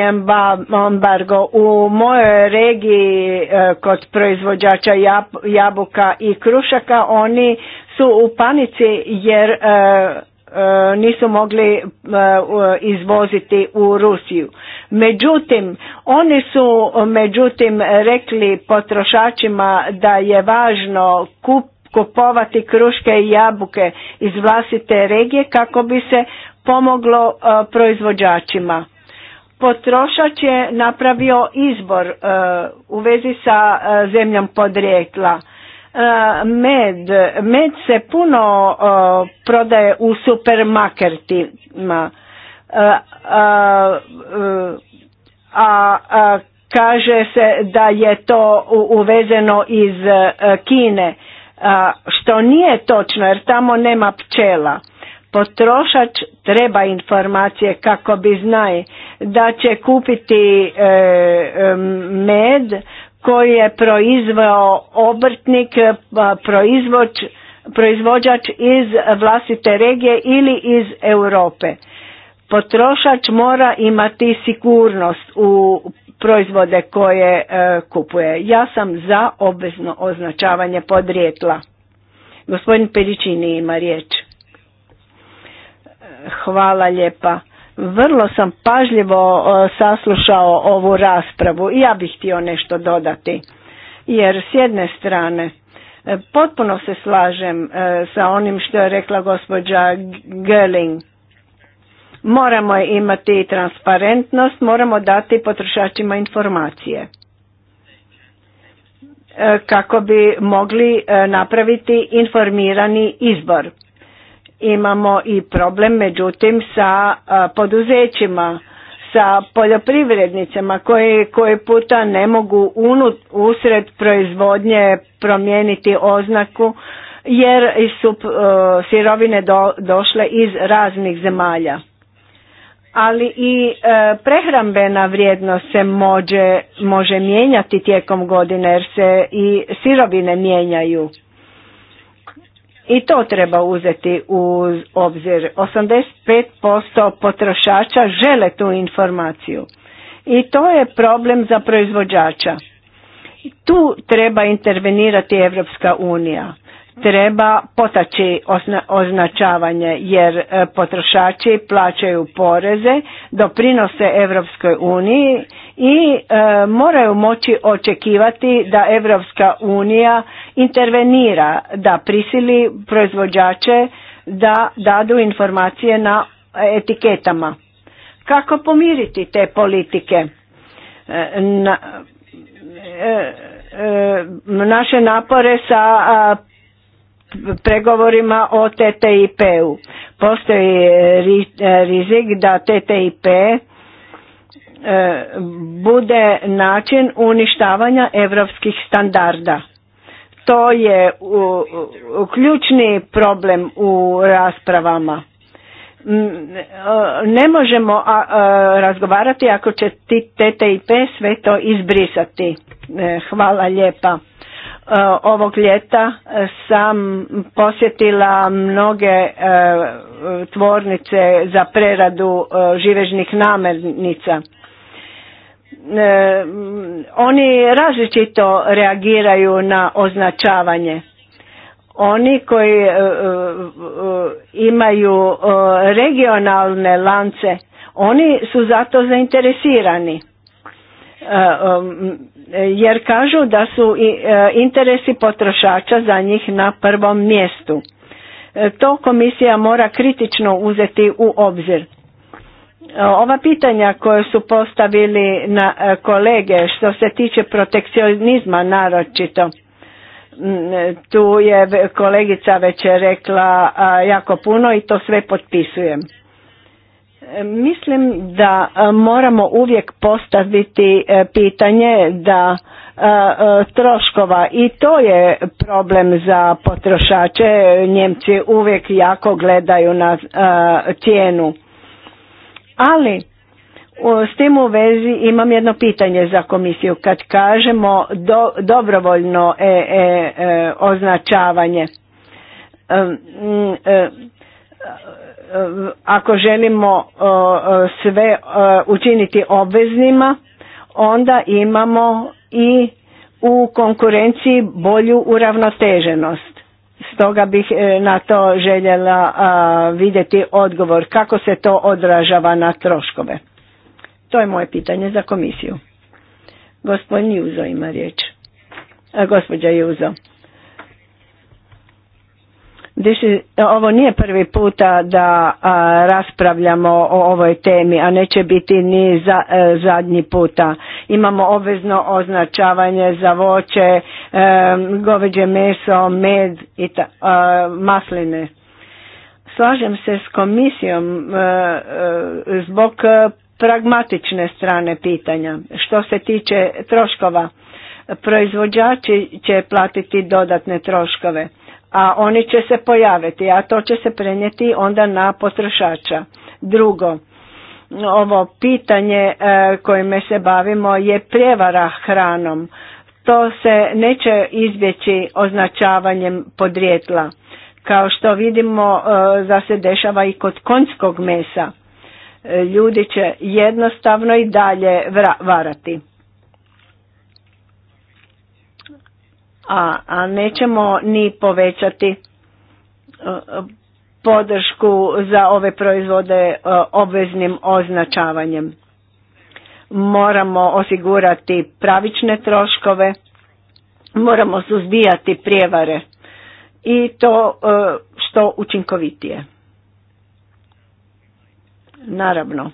embargo u mojoj regiji e, kod proizvođača jabuka i krušaka, oni su u panici jer e, nisu mogli izvoziti u Rusiju. Međutim, oni su međutim rekli potrošačima da je važno kupovati kruške i jabuke iz vlastite regije kako bi se pomoglo e, proizvođačima. Potrošač je napravio izbor e, u vezi sa e, zemljom podrijetla. Med, med se puno prodaje u supermarketima. a kaže se da je to uvezeno iz Kine, što nije točno jer tamo nema pčela. Potrošač treba informacije kako bi znaje da će kupiti e, med koji je proizveo obrtnik, e, proizvođač iz vlastite regije ili iz Europe. Potrošač mora imati sigurnost u proizvode koje e, kupuje. Ja sam za obvezno označavanje podrijetla. Gospodin Peričini ima riječ. Hvala lijepa. Vrlo sam pažljivo e, saslušao ovu raspravu i ja bih htio nešto dodati. Jer s jedne strane e, potpuno se slažem e, sa onim što je rekla gospođa Gerling. Moramo imati transparentnost, moramo dati potrošačima informacije kako bi mogli napraviti informirani izbor. Imamo i problem međutim sa poduzećima, sa poljoprivrednicama koje koji puta ne mogu unut, usred proizvodnje promijeniti oznaku jer su e, sirovine došle iz raznih zemalja. Ali i e, prehrambena vrijednost se može, može mijenjati tijekom godine jer se i sirovine mijenjaju i to treba uzeti u obzir. 85% potrošača žele tu informaciju. I to je problem za proizvođača. Tu treba intervenirati Evropska unija. Treba potaći označavanje jer e, potrošači plaćaju poreze, doprinose Evropskoj uniji i e, moraju moći očekivati da Evropska unija intervenira, da prisili proizvođače da dadu informacije na etiketama. Kako pomiriti te politike? E, na, e, naše napore sa pregovorima o TTIP-u. Postoji rizik da TTIP E, bude način uništavanja europskih standarda. To je ključni problem u raspravama. E, ne možemo e, razgovarati ako će ti TTIP sve to izbrisati. Hvala lijepa. Ovog ljeta sam posjetila mnoge tvornice za preradu živežnih namirnica E, oni različito reagiraju na označavanje. Oni koji e, e, imaju regionalne lance, oni su zato zainteresirani jer kažu da su interesi potrošača za njih na prvom mjestu. To komisija mora kritično uzeti u obzir. Ova pitanja koje su postavili na e, kolege što se tiče protekcionizma naročito, e, tu je kolegica već rekla jako puno i to sve potpisujem. E, mislim da moramo uvijek postaviti pitanje da troškova i to je problem za potrošače. Njemci uvijek jako gledaju na cijenu ali s tim u vezi imam jedno pitanje za komisiju. Kad kažemo dobrovoljno e, e, e označavanje, e, e, ako želimo sve učiniti obveznima, onda imamo i u konkurenciji bolju uravnoteženost. Stoga bih e, na to željela vidjeti odgovor kako se to odražava na troškove. To je moje pitanje za komisiju. Gospodin Juzo ima riječ. E, gospođa Juzo. Ovo nije prvi puta da raspravljamo o ovoj temi, a neće biti ni za, e, zadnji puta. Imamo obvezno označavanje za voće, e, goveđe meso, med i e, masline. Slažem se s komisijom zbog pragmatične strane pitanja. Što se tiče troškova, proizvođači će platiti dodatne troškove a oni će se pojaviti, a to će se prenijeti onda na potrošača. Drugo, ovo pitanje e, kojime se bavimo je prijevara hranom. To se neće izbjeći označavanjem podrijetla, kao što vidimo da e, se dešava i kod konjskog mesa. E, ljudi će jednostavno i dalje varati. a, a nećemo ni povećati e, podršku za ove proizvode e, obveznim označavanjem. Moramo osigurati pravične troškove, moramo suzbijati prijevare i to e, što učinkovitije. Naravno.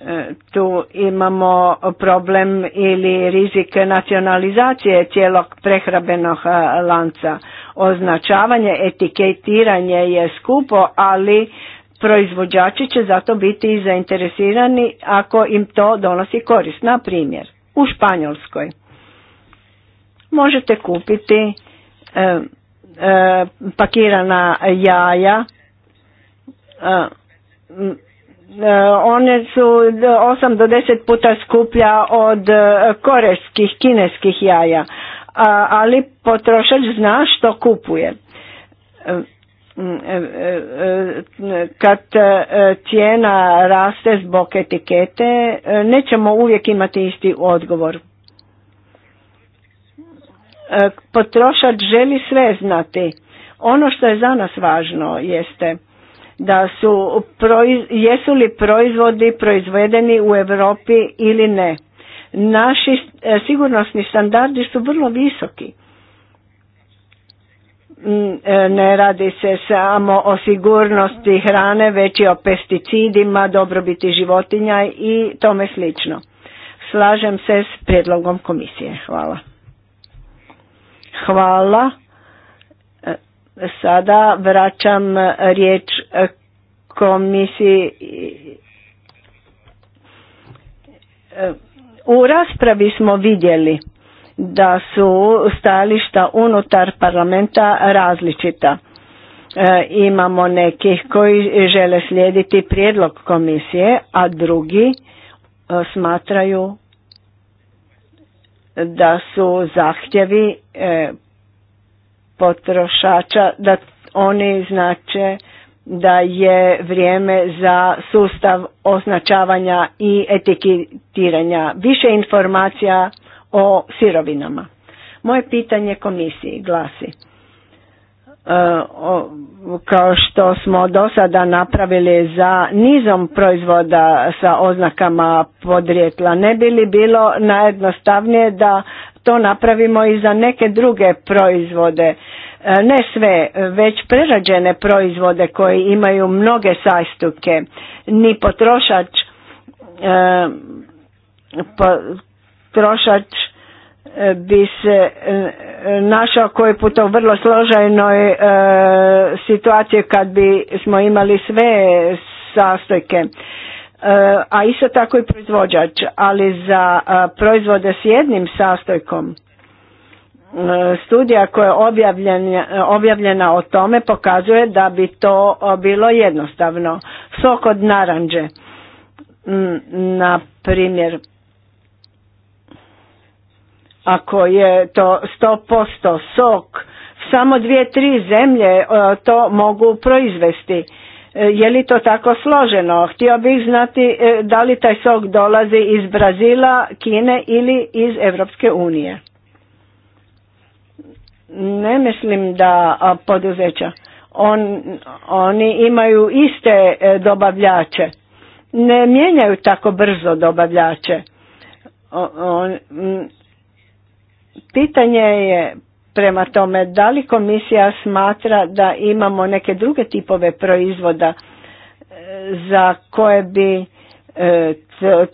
E, tu imamo problem ili rizik nacionalizacije cijelog prehrabenog e, lanca. Označavanje, etiketiranje je skupo, ali proizvođači će zato biti zainteresirani ako im to donosi korist. Na primjer, u Španjolskoj možete kupiti e, pakirana jaja, Eh, one su 8 do 10 puta skuplja od eh, korejskih, kineskih jaja, ali potrošač zna što kupuje. Eh, mm, kad cijena raste zbog etikete, nećemo uvijek imati isti odgovor. Potrošač želi sve znati. Ono što je za nas važno jeste da su jesu li proizvodi proizvedeni u Europi ili ne. Naši e, sigurnosni standardi su vrlo visoki. Mm, e, ne radi se samo o sigurnosti hrane, već i o pesticidima, dobrobiti životinja i tome slično. Slažem se s prijedlogom komisije. Hvala. Hvala. Sada vraćam riječ komisiji. U raspravi smo vidjeli da su stajališta unutar parlamenta različita. E, imamo nekih koji žele slijediti prijedlog komisije, a drugi e, smatraju da su zahtjevi e, potrošača da oni znače da je vrijeme za sustav označavanja i etiketiranja više informacija o sirovinama. Moje pitanje komisiji glasi E, kao što smo do sada napravili za nizom proizvoda sa oznakama podrijetla. Ne bi li bilo najjednostavnije da to napravimo i za neke druge proizvode, e, ne sve, već prerađene proizvode koji imaju mnoge sajstuke, ni potrošač, e, potrošač E, bi se e, našao koji put u vrlo složajnoj e, situaciji kad bi smo imali sve sastojke a isto tako i proizvođač ali za proizvode s jednim sastojkom studija koja je objavljena, objavljena o tome pokazuje da bi to bilo jednostavno sok od naranđe mm, na primjer ako je to sto posto sok, samo dvije, tri zemlje e, to mogu proizvesti. E, je li to tako složeno? Htio bih znati e, da li taj sok dolazi iz Brazila, Kine ili iz Europske unije. Ne mislim da poduzeća. On, oni imaju iste dobavljače. Ne mijenjaju tako brzo dobavljače. On, Pitanje je prema tome da li komisija smatra da imamo neke druge tipove proizvoda e, za koje bi e,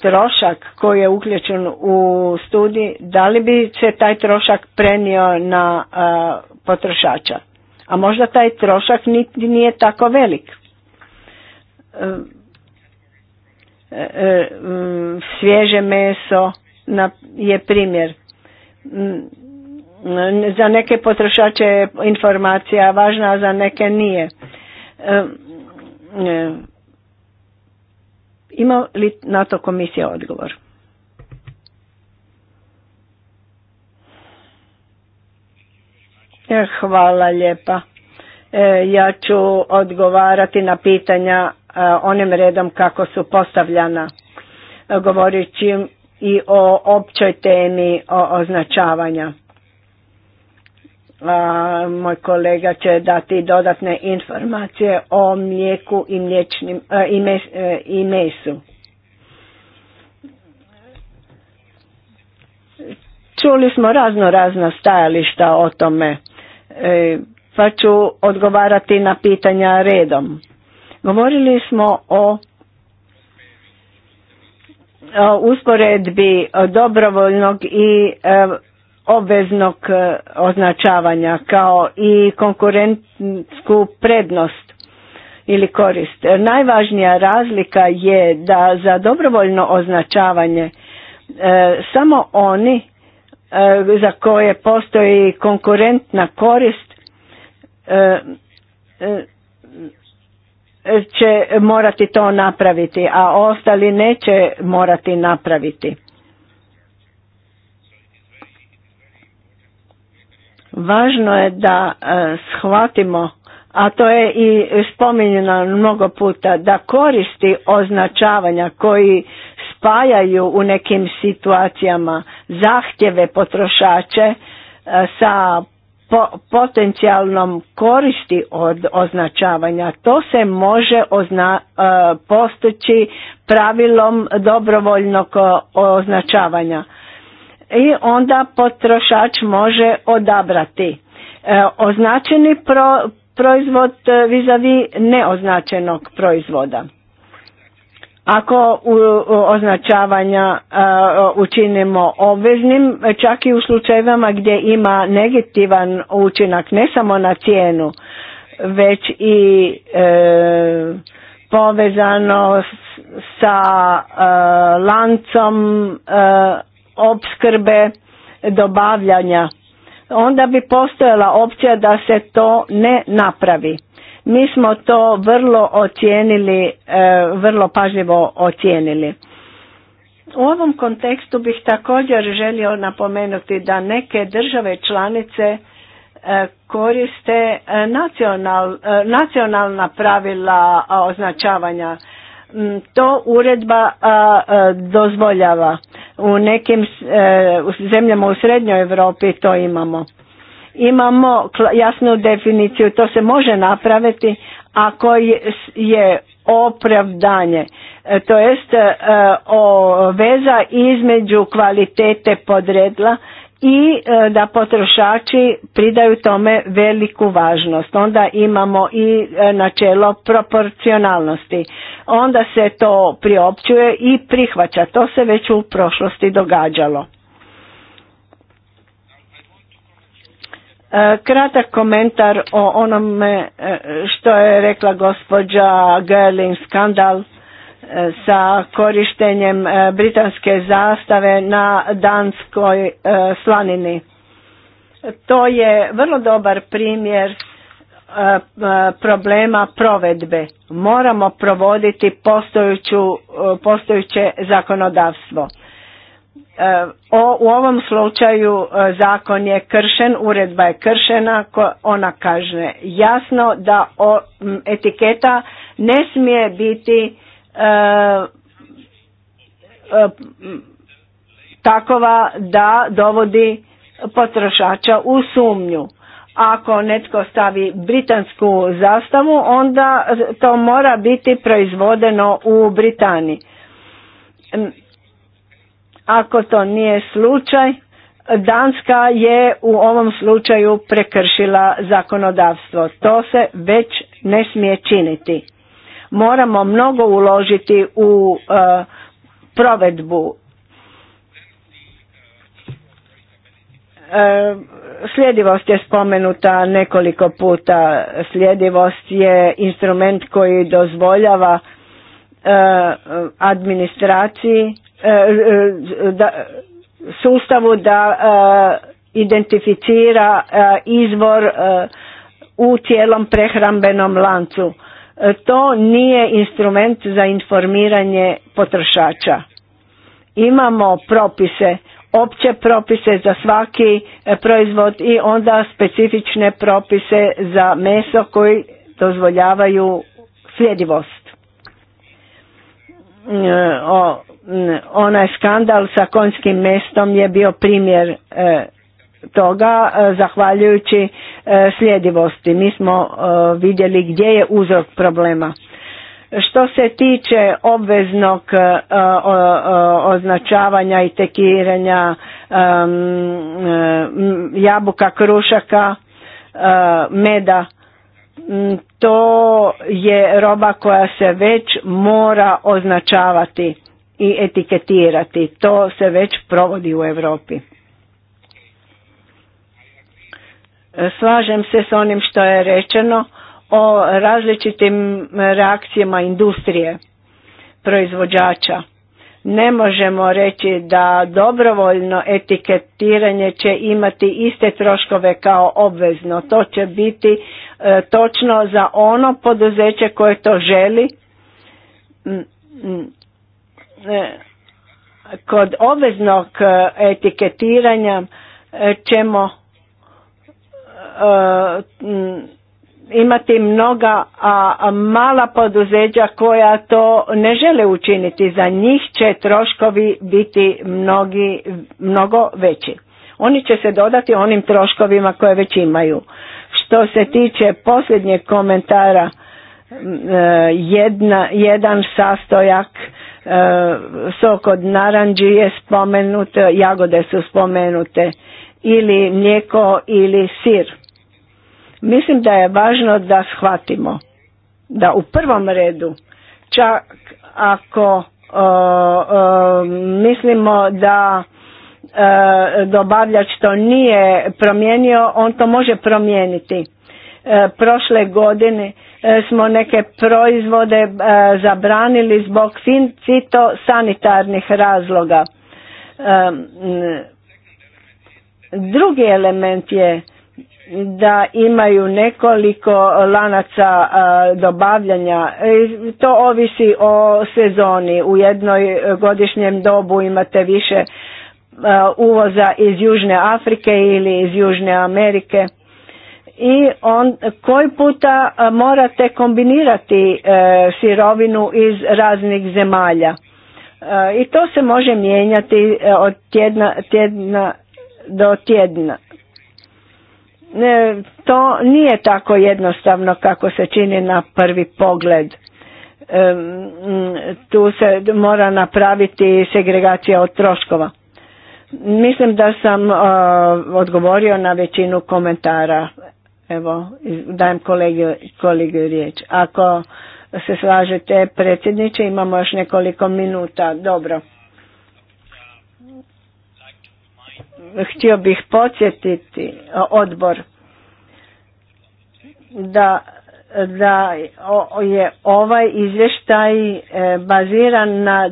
trošak koji je uključen u studij, da li bi se taj trošak prenio na e, potrošača? A možda taj trošak nije tako velik. Svježe meso je primjer. Mm, za neke potrošače je informacija važna, a za neke nije. Ima li na to komisija odgovor? Eh, hvala lijepa. E, ja ću odgovarati na pitanja e, onim redom kako su postavljana. E, govorit i o općoj temi o označavanja. A, moj kolega će dati dodatne informacije o mlijeku i, mliječnim, e, e, i, mesu. Čuli smo razno razna stajališta o tome, e, pa ću odgovarati na pitanja redom. Govorili smo o usporedbi dobrovoljnog i e, obveznog e, označavanja kao i konkurentsku prednost ili korist. Najvažnija razlika je da za dobrovoljno označavanje e, samo oni za koje postoji konkurentna korist će morati to napraviti, a ostali neće morati napraviti. Važno je da e, shvatimo, a to je i spominjeno mnogo puta, da koristi označavanja koji spajaju u nekim situacijama zahtjeve potrošače e, sa po potencijalnom koristi od označavanja. To se može e, postići pravilom dobrovoljnog e, označavanja. I onda potrošač može odabrati e, označeni pro, proizvod vizavi neoznačenog proizvoda. Ako označavanja e, učinimo obveznim, čak i u slučajevima gdje ima negativan učinak ne samo na cijenu, već i e, povezano sa e, lancom opskrbe dobavljanja, onda bi postojala opcija da se to ne napravi. Mi smo to vrlo ocijenili, e, vrlo pažljivo ocijenili. U ovom kontekstu bih također želio napomenuti da neke države članice e, koriste e, nacional, nacionalna pravila označavanja. Mm, to uredba dozvoljava. U nekim zemljama u srednjoj Europi to imamo. Imamo jasnu definiciju, to se može napraviti ako je opravdanje, e, to jest e, veza između kvalitete podredla i e, da potrošači pridaju tome veliku važnost. Onda imamo i načelo proporcionalnosti. Onda se to priopćuje i prihvaća. To se već u prošlosti događalo. E, kratak komentar o onome e, što je rekla gospođa Gerlin skandal e, sa korištenjem britanske zastave na danskoj slanini. To je vrlo dobar primjer problema provedbe. Moramo provoditi postojuću, postojuće zakonodavstvo. Eh, u ovom slučaju eh, zakon je kršen, uredba je kršena, ona kaže jasno da etiketa ne smije biti eh, takova da dovodi potrošača u sumnju. Ako netko stavi britansku zastavu, onda to mora biti proizvodeno u Britaniji ako to nije slučaj, Danska je u ovom slučaju prekršila zakonodavstvo. To se već ne smije činiti. Moramo mnogo uložiti u e, provedbu. E, sljedivost je spomenuta nekoliko puta. Sljedivost je instrument koji dozvoljava e, administraciji E, e, da, sustavu da e, identificira izvor u cijelom prehrambenom lancu. To nije instrument za informiranje potrošača. Imamo propise, opće propise za svaki proizvod i onda specifične propise za meso koji dozvoljavaju sljedivost. O Mm, onaj skandal sa konjskim mestom je bio primjer e, toga e, zahvaljujući e, sljedivosti. Mi smo vidjeli gdje je uzrok problema. Što se tiče obveznog označavanja i tekiranja jabuka, krušaka, meda, to je roba koja se već mora označavati i etiketirati. To se već provodi u Europi. Slažem se s onim što je rečeno o različitim reakcijama industrije, proizvođača. Ne možemo reći da dobrovoljno etiketiranje će imati iste troškove kao obvezno. To će biti e, točno za ono poduzeće koje to želi. Mm, mm, E, kod obveznog e, etiketiranja e, ćemo imati mnoga a mala poduzeća koja to ne žele učiniti. Za njih će troškovi biti mnogi, mnogo veći. Oni će se dodati onim troškovima koje već imaju. Što se tiče posljednjeg komentara, jedna, jedan sastojak Eh, sok od naranđi je spomenut, jagode su spomenute ili mlijeko ili sir. Mislim da je važno da shvatimo da u prvom redu čak ako eh, eh, mislimo da dobavljač to nije promijenio, on to može promijeniti. prošle godine E, smo neke proizvode e, zabranili zbog sanitarnih razloga. E, drugi element je da imaju nekoliko lanaca dobavljanja. To ovisi o sezoni. U jednoj godišnjem dobu imate više uvoza iz Južne Afrike ili iz Južne Amerike i on koji puta morate kombinirati e, sirovinu iz raznih zemalja. E, I to se može mijenjati e, od tjedna, tjedna do tjedna. To nije tako jednostavno kako se čini na prvi pogled. Tu se mora napraviti segregacija od troškova. Mislim da sam odgovorio na većinu komentara. Evo, dajem kolegi, kolegi riječ. Ako se slažete predsjedniče, imamo još nekoliko minuta. Dobro. Htio bih podsjetiti odbor da, da je ovaj izvještaj e, baziran na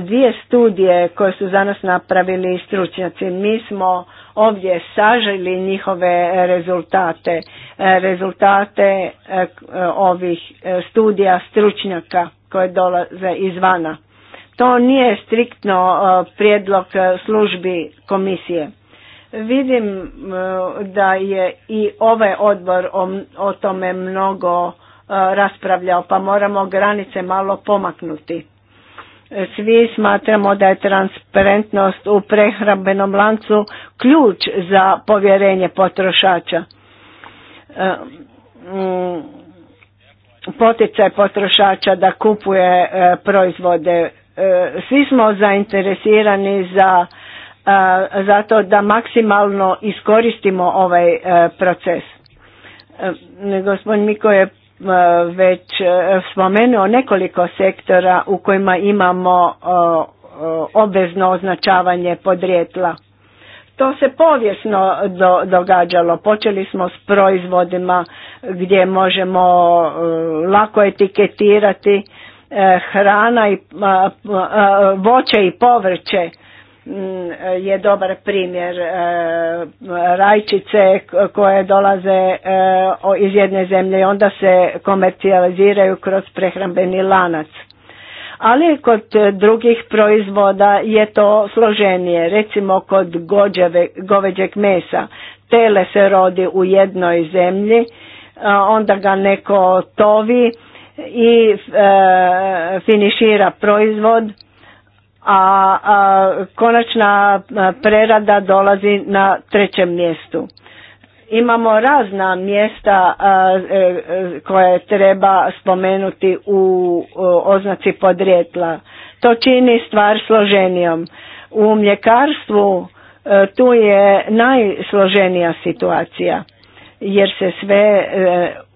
dvije studije koje su za nas napravili stručnjaci. Mi smo ovdje saželi njihove rezultate, e, rezultate e, ovih e, studija stručnjaka koje dolaze izvana. To nije striktno prijedlog službi komisije. Vidim da je i ovaj odbor o tome mnogo raspravljao, pa moramo granice malo pomaknuti. Svi smatramo da je transparentnost u prehrambenom lancu ključ za povjerenje potrošača. E, mm, poticaj potrošača da kupuje e, proizvode. E, svi smo zainteresirani za zato da maksimalno iskoristimo ovaj proces. Gospodin Miko je E, već e, spomenuo nekoliko sektora u kojima imamo e, obvezno označavanje podrijetla. To se povijesno događalo. Počeli smo s proizvodima gdje možemo lako etiketirati hrana i voće i povrće Mm, je dobar primjer e, rajčice koje dolaze e, iz jedne zemlje i onda se komercijaliziraju kroz prehrambeni lanac. Ali kod drugih proizvoda je to složenije, recimo kod gođave, goveđeg mesa. Tele se rodi u jednoj zemlji, e, onda ga neko tovi i finišira proizvod a, konačna prerada dolazi na trećem mjestu. Imamo razna mjesta e, e, koje treba spomenuti u oznaci podrijetla. To čini stvar složenijom. U mljekarstvu e, tu je najsloženija situacija jer se sve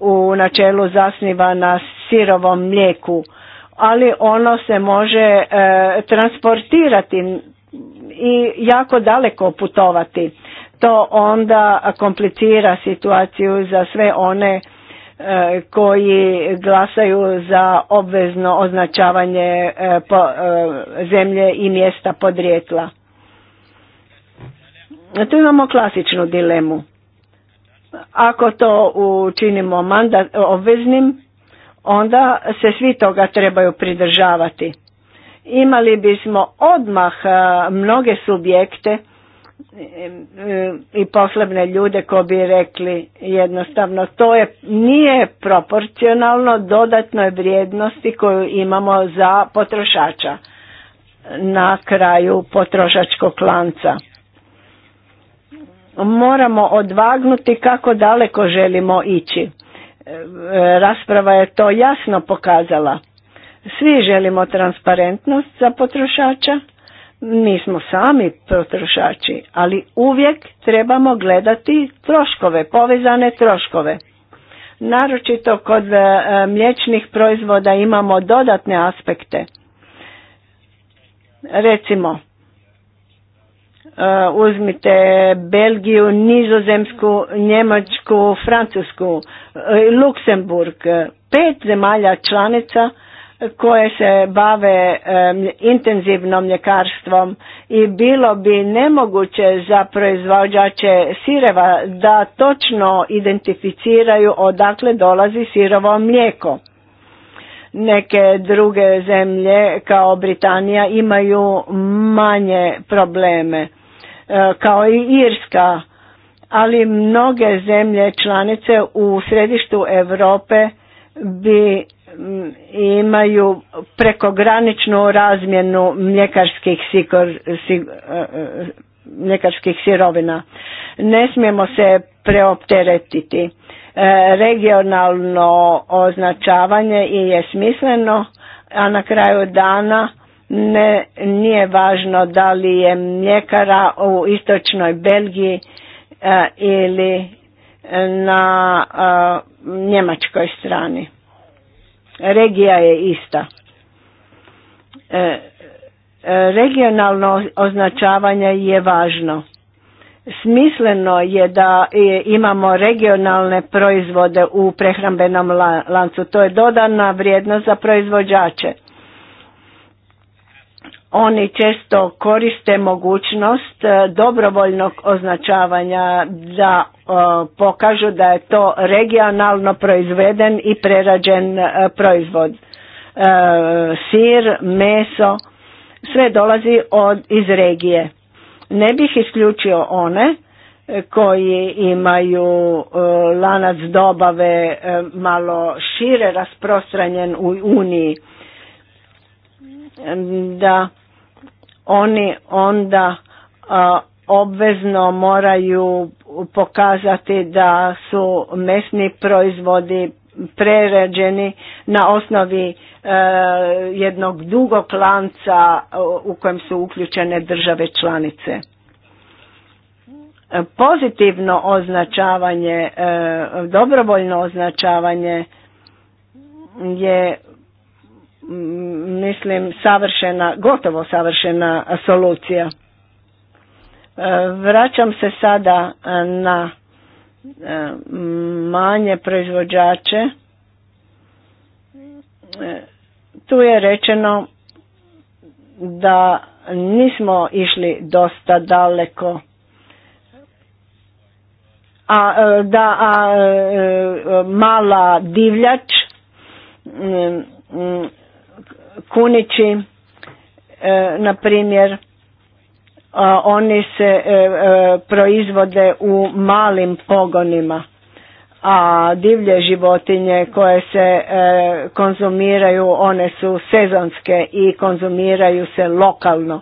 u načelu zasniva na sirovom mlijeku ali ono se može e, transportirati i jako daleko putovati. To onda komplicira situaciju za sve one e, koji glasaju za obvezno označavanje e, zemlje i mjesta podrijetla. Tu imamo klasičnu dilemu. Ako to učinimo mandat, obveznim, onda se svi toga trebaju pridržavati. Imali bismo odmah e, mnoge subjekte e, e, i poslovne ljude ko bi rekli jednostavno to je nije proporcionalno dodatnoj vrijednosti koju imamo za potrošača na kraju potrošačkog lanca. Moramo odvagnuti kako daleko želimo ići rasprava je to jasno pokazala. Svi želimo transparentnost za potrošača, nismo sami potrošači, ali uvijek trebamo gledati troškove, povezane troškove. Naročito kod e, mliječnih proizvoda imamo dodatne aspekte. Recimo, Uh, uzmite Belgiju, Nizozemsku, Njemačku, Francusku, uh, Luksemburg, pet zemalja članica koje se bave um, intenzivnom mljekarstvom i bilo bi nemoguće za proizvođače sireva da točno identificiraju odakle dolazi sirovo mlijeko. Neke druge zemlje kao Britanija imaju manje probleme E, kao i Irska, ali mnoge zemlje članice u središtu Europe bi imaju prekograničnu razmjenu mljekarskih, sikor, e, e, mljekarskih sirovina. Ne smijemo se preopteretiti. Regionalno označavanje je smisleno, a na kraju dana ne, nije važno da li je mljekara u istočnoj Belgiji e, ili na e, njemačkoj strani. Regija je ista. E, regionalno označavanje je važno. Smisleno je da imamo regionalne proizvode u prehrambenom lancu. To je dodana vrijednost za proizvođače oni često koriste mogućnost e, dobrovoljnog označavanja da e, pokažu da je to regionalno proizveden i prerađen e, proizvod. Sir, meso, sve dolazi od, iz regije. Ne bih isključio one koji imaju lanac dobave malo šire rasprostranjen u Uniji da oni onda obvezno moraju pokazati da su mesni proizvodi prerađeni na osnovi e, jednog dugog lanca u kojem su uključene države članice. Pozitivno označavanje, e, dobrovoljno označavanje je Mm, mislim savršena, gotovo savršena solucija. E, vraćam se sada e, na e, manje proizvođače. Tu je rečeno da nismo išli dosta daleko. A da a, mala divljač mm, mm, Kunići, e, na primjer, e, oni se e, proizvode u malim pogonima, a divlje životinje koje se konzumiraju, one su sezonske i konzumiraju se lokalno.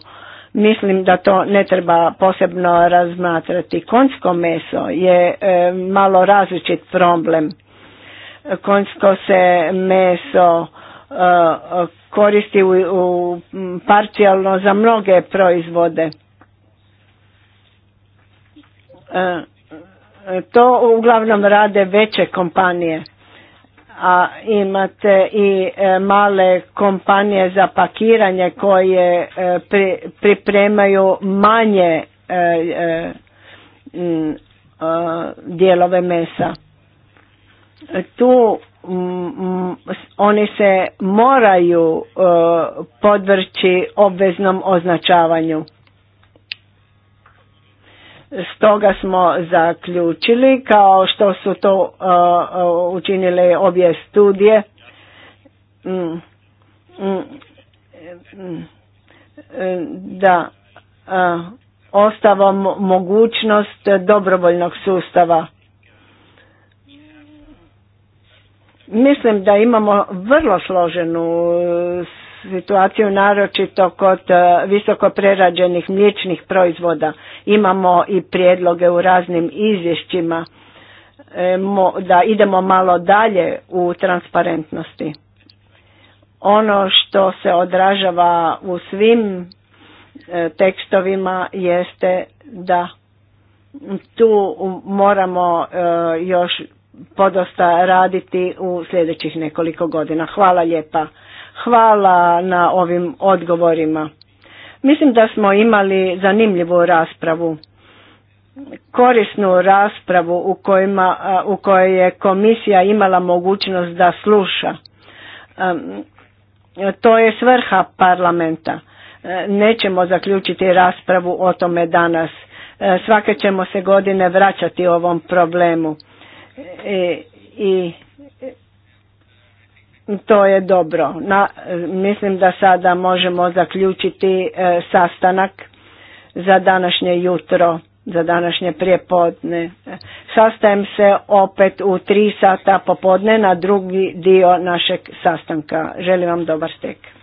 Mislim da to ne treba posebno razmatrati. Konjsko meso je malo različit problem. Konjsko se meso Eh, koristi u, u parcijalno za mnoge proizvode. Eh, to uglavnom rade veće kompanije, a imate i eh, male kompanije za pakiranje koje pripremaju manje dijelove mesa. Tu Mm, oni se moraju e, podvrći obveznom označavanju. Stoga smo zaključili, kao što su to e, e, učinile obje studije, mm, mm, da ostavom mogućnost dobrovoljnog sustava Mislim da imamo vrlo složenu e, situaciju, naročito kod e, visoko prerađenih mliječnih proizvoda. Imamo i prijedloge u raznim izvješćima e, da idemo malo dalje u transparentnosti. Ono što se odražava u svim tekstovima jeste da tu moramo još podosta raditi u sljedećih nekoliko godina. Hvala lijepa. Hvala na ovim odgovorima. Mislim da smo imali zanimljivu raspravu, korisnu raspravu u, u kojoj je komisija imala mogućnost da sluša. To je svrha parlamenta. E, nećemo zaključiti raspravu o tome danas. E, svake ćemo se godine vraćati ovom problemu E, i to je dobro. Na, mislim da sada možemo zaključiti e, sastanak za današnje jutro, za današnje prijepodne. Sastajem se opet u tri sata popodne na drugi dio našeg sastanka. Želim vam dobar stek.